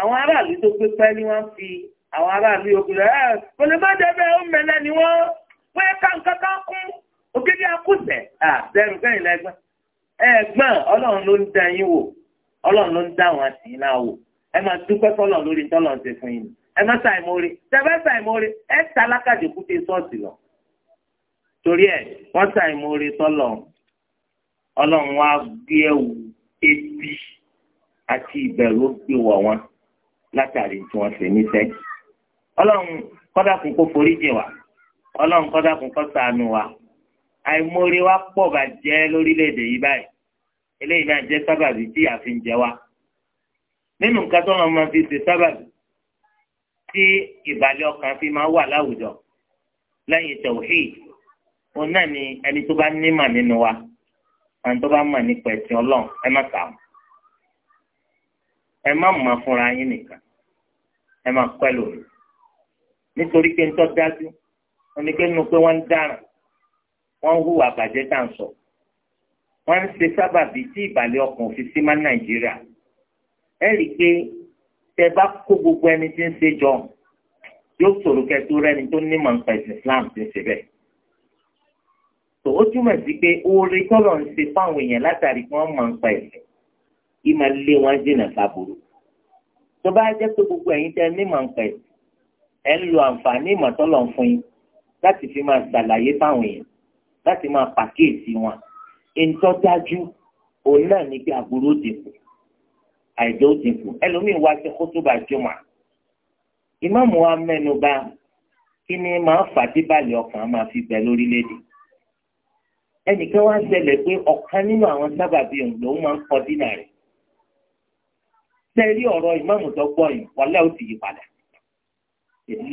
àwọn aráàlú tó gbé pẹ́ẹ́lí fi àwọn aráàlú yòókù rẹ̀ ẹ̀ olùbádẹ́bẹ̀ ó mẹ́lẹ́ ni wọ́n wọ́n ká kan kún ògidì akúṣẹ̀ dẹrù kẹ́yìn lẹ́gbẹ́ ló ń dá yín wò ẹ má ṣàìmóore tẹ́fẹ́ ṣàìmóore ẹ ta alákàjọ kúté sọ́ọ̀sì lọ. torí ẹ wọ́n ṣàìmóore tọ́lọ̀ ọlọ́run wá gbé ẹ̀wù ebi àti ìbẹ̀rù gbé wọ̀ wọn látàrí tí wọ́n ṣe níṣẹ́. ọlọ́run kọ́dà kún kó forí jìn wá ọlọ́run kọ́dà kún kó ṣàánú wa àìmóore wa pọ̀ bàjẹ́ lórílẹ̀‐èdè yìí báyìí eléyìí náà jẹ́ sábàbí tí àfi ń jẹ wa nínú nǹkan tó wọn máa fi ṣe sábàbí tí ìbàlẹ̀ ọkàn fi máa wà láwùjọ lẹ́yìn tawhid òun náà ni ẹni tó bá ní mà nínú wa àwọn tó bá mà nípa ẹ̀sìn ọlọ́run ẹ má kà á ẹ má mà fúnra yín nìkan ẹ má kọ́ ẹlòmíì nítorí pé ń tọ́ dájú ẹni pé nínú pé wọ́n ń dáràn wọ́n ń hùwà bàjẹ́ tá à ń sọ wọ́n ń ṣe sábàbí tí ìbàlẹ̀ ọkàn òfin sí má Nàìjíríà ẹ rí i pé tẹ bá kó gbogbo ẹni tí ń ṣe jọ yóò ṣòro kẹtó rẹni tó ní màǹkà ìsìn Islam ti ṣe bẹ́ẹ̀. tó ó túmọ̀ sí pé oore tọ́lọ̀ ń ṣe fáwọn èèyàn látàrí kí wọ́n màǹkà ìsìn kí máa lé wọn jìnnà sábòrò. tó bá jẹ́ pé gbogbo ẹ̀yin tẹ ní màǹkà ìsìn ẹ̀ ń lo àǹfààní ìmọ̀tọ́lọ̀ fún yín láti fi máa ṣàlàyé fáwọn èèyàn láti máa pàkíyèsí wọn. ìtọ́jájú òun náà ní pé àbúrò dìbò àìjọ òtí kù ẹlòmíín wá sí kótóbà jọmọ ìmáàmù wa mẹ́nu bà kí ni máa fà á débàlẹ̀ ọkàn máa fi bẹ lórílẹ̀-èdè ẹnìkan wá ṣẹlẹ̀ pé ọ̀kan nínú àwọn sábàbí òun lòun máa ń kọ dínà rẹ̀ sẹ́rí ọ̀rọ̀ ìmáàmù tó gbọ́ yìí wọlé ó sì yí padà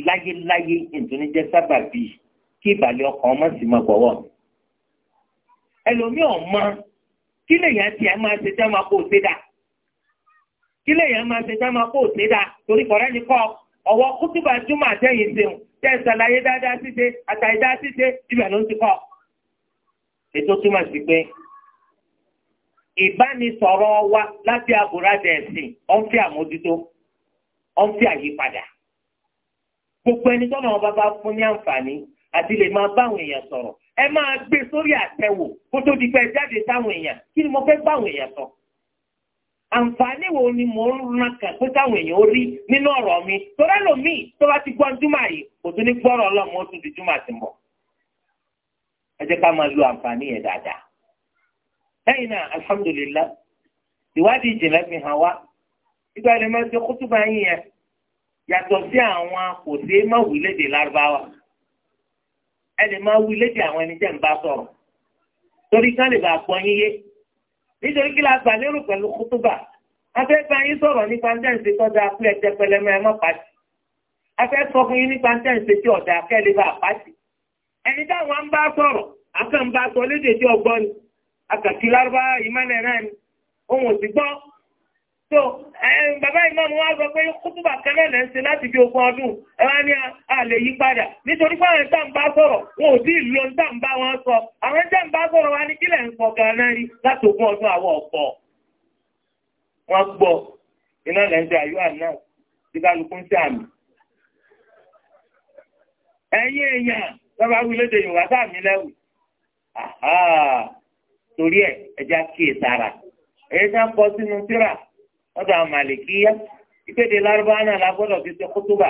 láyéláyé ìtúnijẹ́ sábàbí kí ìbàlẹ̀ ọkàn ọmọ sì máa gbọ́wọ́ ẹlòmíì ọ̀mọ kí lèyàn tiẹ̀ máa ṣe jẹ́ máa kó o ṣe dáa kí lèèyàn máa ṣe fẹ́ máa kó òsè dáa torí kọ̀rẹ́ ni kọ́ ọ̀wọ́ kútùbà júmọ̀ àtẹ̀yìn ṣeun tẹ́ ẹ ṣàlàyé dáadáa ṣíṣe àtàìdá ṣíṣe ibẹ̀ ló ń ti kọ́. ètò túmọ̀ sí pé ìbánisọ̀rọ̀ wa láti àbúradà ẹ̀sìn ọ̀n fi àmójútó ọ̀n fi àyípadà. gbogbo ẹni tọ́nà ọba bá fún ní àǹfààní àti lè máa báwọn èèyàn sọ̀rọ̀ ẹ máa gbé sórí àtẹ̀wò kó tó di jáde táwọn èèyàn kí ni mo fẹ́ báwọn èèyàn sọ̀rọ̀ àǹfààní wo ni mò ń ran kàn pé káwọn èèyàn ó rí nínú ọ̀rọ̀ mi torí lòmíì tó bá ti gbọ́ júmọ̀ yìí kò tún ní gbọ́rọ̀ ọlọ́mọ ó tún di júmọ̀ sí mọ̀ ẹ jẹ́ ká máa lo àǹfààní yẹn dáadáa lẹ́yìn náà alhamdulillah ìwádìí ìjìnlẹ̀ fi hàn wá nígbà ilé máa ń ṣe yín yẹn yàtọ̀ sí àwọn kò sí má wí lédè lárúbáwá ẹ lè má wí lédè àwọn ẹni jẹ́ ń bá sọ̀rọ̀ torí ká lè bá gbọ́ yín yé nítorí kí la gbà lérò pẹ̀lú kútúbà afẹ́fẹ́ yín sọ̀rọ̀ nípa ntẹ́ǹsì tọ́jà fún ẹ̀jẹ̀ pẹlẹmọ ẹ̀mọ́ pàṣẹ afẹ́ sọ fún yín nípa ntẹ́ǹsì tí ọ̀dà akẹ́lẹ́ bá pàṣẹ ẹni táwọn ń bá sọ̀rọ̀ akẹ́ ń bá sọ lédè tí ọgbọ́n ni àkàtì lárúbá ìmọ̀lẹ̀ náà ni ohun òsì gbọ́ so bàbá ìmọ̀mù wá sọ pé kútùbà kẹ́lẹ̀ lẹ́ ń ṣe láti bí ogún ọdún ẹwà ní àlè yí padà nítorí pé àwọn ìtàǹbá sọ̀rọ̀ wọn ò tí ì lo ìtàǹbá wọn sọ àwọn ìtàǹbá sọ̀rọ̀ wa ní kílẹ̀ ń pọ̀ gan-an rí láti ogún ọdún àwọn ọ̀pọ̀ wọn gbọ́ iná lẹ́ ń ṣe àyúwà náà tí kálukú ń ṣe àmì ẹ̀yìn èèyàn bàbá wí lédè Yorùbá sáàmì lẹ́wù torí ẹ̀ ẹja kíyè sára èyí ká kọ sínú tíra ọ̀dọ̀ àwọn màlìkíyà ìkéde lárúbáwá náà la gbọ́dọ̀ fi ṣe kótóbà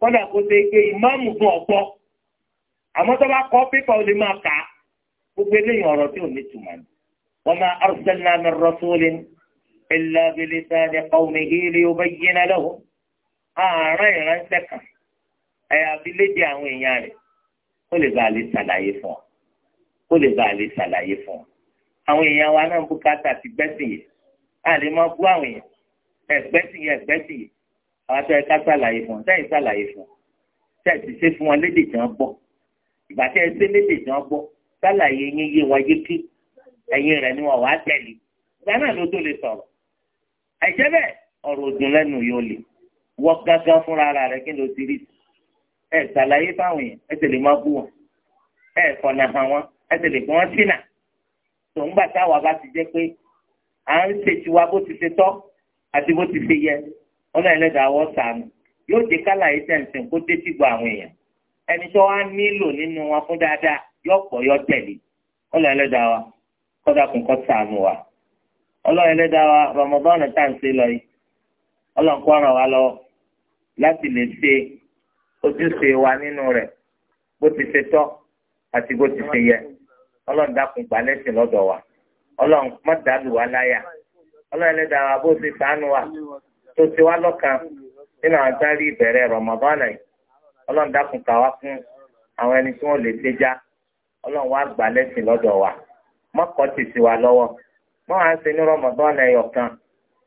kọ́dà kó ṣe pé ìmáàmù fún ọ̀pọ̀ àmọ́ tó bá kọ́ pépà ó lè máa kà á gbogbo eléyìí ọ̀rọ̀ tí ò ní tùmọ̀ ní. wa ma arsalna min rasulin illa bi lisani qawmihi liyubayyina lahum ààrẹ ìránṣẹ́ kan ẹ̀yà abilédi àwọn èèyàn rẹ̀ kó lè bàa lè ṣàlàyé fún ọ kó lè bàa lè ṣàlàyé fún ọ àwọn èèyàn wa náà bùkátà ti gbẹ́sìn yìí a lè máa bú àwọn èèyàn ẹgbẹ́ sì yẹ ẹgbẹ́ sì yẹ àwọn àti ẹ̀ka ṣàlàyé fún wọn sẹ́yìn ṣàlàyé fún wọn sẹ́yìn ti ṣe fún wọn lédè tí wọ́n gbọ́ ìgbà tí ẹ ṣe lédè tí wọ́n gbọ́ ṣàlàyé yín yé wa yé kí ẹ̀yin rẹ̀ ni wọ́n wá tẹ̀lé ìgbà náà ló tó lè sọ̀rọ̀ àìjẹ́ bẹ́ẹ̀ ọ̀rọ̀ òdùn lẹ́nu yóò lè wọ gángan fúnra ara rẹ̀ kí ló ti rí ẹ ṣàlàyé fáwọn èèyàn ẹ tẹ̀lé má bú wọn ẹ fọ̀nà hàn wọn ẹ tẹ̀lé kí wọ́n sínà tòun gbà táwa bá ti jẹ́ pé à ń ṣe tiwa bó ti ṣe tọ́ àti bó ti ṣe yẹ ọlọ́run ẹlẹ́dàá wọ́n sànù yóò dé kálàyé tẹ̀sán kó dé tìgbà àwọn èèyàn ẹni tó wá nílò nínú wọn fún dáadáa yóò pọ̀ yóò tẹ̀lé ọlọ́run ẹlẹ́dàá wa kọ́dà kún kọ́ sànù wa ọlọ́run ẹlẹ́dàá wa Ramadan tá à ń ṣe lọ yìí ọlọ́run ràn wá lọ láti lè ṣe ojúṣe wa nínú rẹ̀ bó ti ṣe tọ́ àti bó ti ṣe yẹ ọlọ́run dákun lọ́dọ̀ wa. ọlọ́run má dàlù wá láyà ọlọ́run ẹlẹ́dàá wa bó wa tó ti wá lọ́kàn nínú àwọn ìbẹ̀rẹ̀ yìí ọlọ́run dákun fún àwọn ẹni tí wọ́n lè ṣe já ọlọ́run wa mọ́kọ́ ti sí wa lọ́wọ́ mọ́ à ń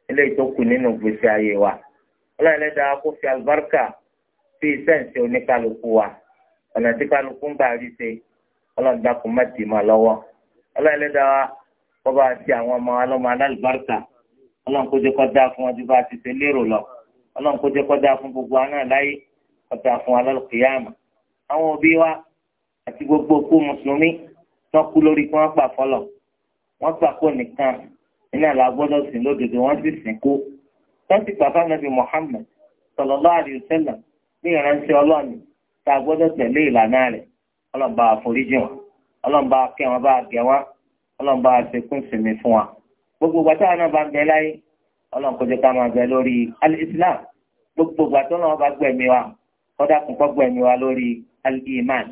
ní ilé nínú gbèsè ayé wa ọlọ́run kó fi wa ọ̀nà tí kálukú ń rí ọlọ́run dákun má kọ́ba àti àwọn ọmọ alọ́mọ alálùbáríkà ọlọ́run kó jẹ́ kó dáa fún wọn ju bá a ti ṣe lérò lọ ọlọ́run kó jẹ́ kó dáa fún gbogbo aná láyé kó dáa fún alálùkìyàmà àwọn òbí wa àti gbogbo òkú mùsùlùmí tó kú lórí kí wọ́n gbà fọlọ̀ wọ́n gbà kó nìkan iná la gbọ́dọ̀ sìn lódodo wọ́n sì sìn kú wọ́n sì gbà fáwọn nàbì Muhammad sallallahu alaihi wasallam ní ìránṣẹ́ ọlọ́ọ̀ni tá a gbọ́dọ̀ tẹ̀lé ìlànà rẹ̀ ọlọ́ọ̀bá àforíjì wọn ọlọ́ọ̀bá kẹwọn bá gẹ wọn ọlọ́run bá ṣe pín ìsinmi fún wa gbogbo ìgbà táwọn náà bá ń bẹ láyé ọlọ́run kò jẹ́ ká máa bẹ lórí al-islam gbogbo ìgbà tó náà bá gbẹ̀mí wa kọ́dà kún kọ́ gbẹ̀mí wa lórí al-iman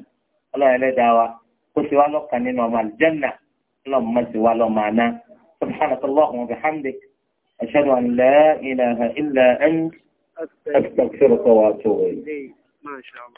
ọlọ́run ẹlẹ́dàá wa kó ṣe wá lọ́kàn nínú ọmọ aljanna ọlọ́run má ṣe wá lọ́mọ àná subhanakallahumma wa bihamdik ashhadu an ilaha illa ant astaghfiruka wa atubu ilayk.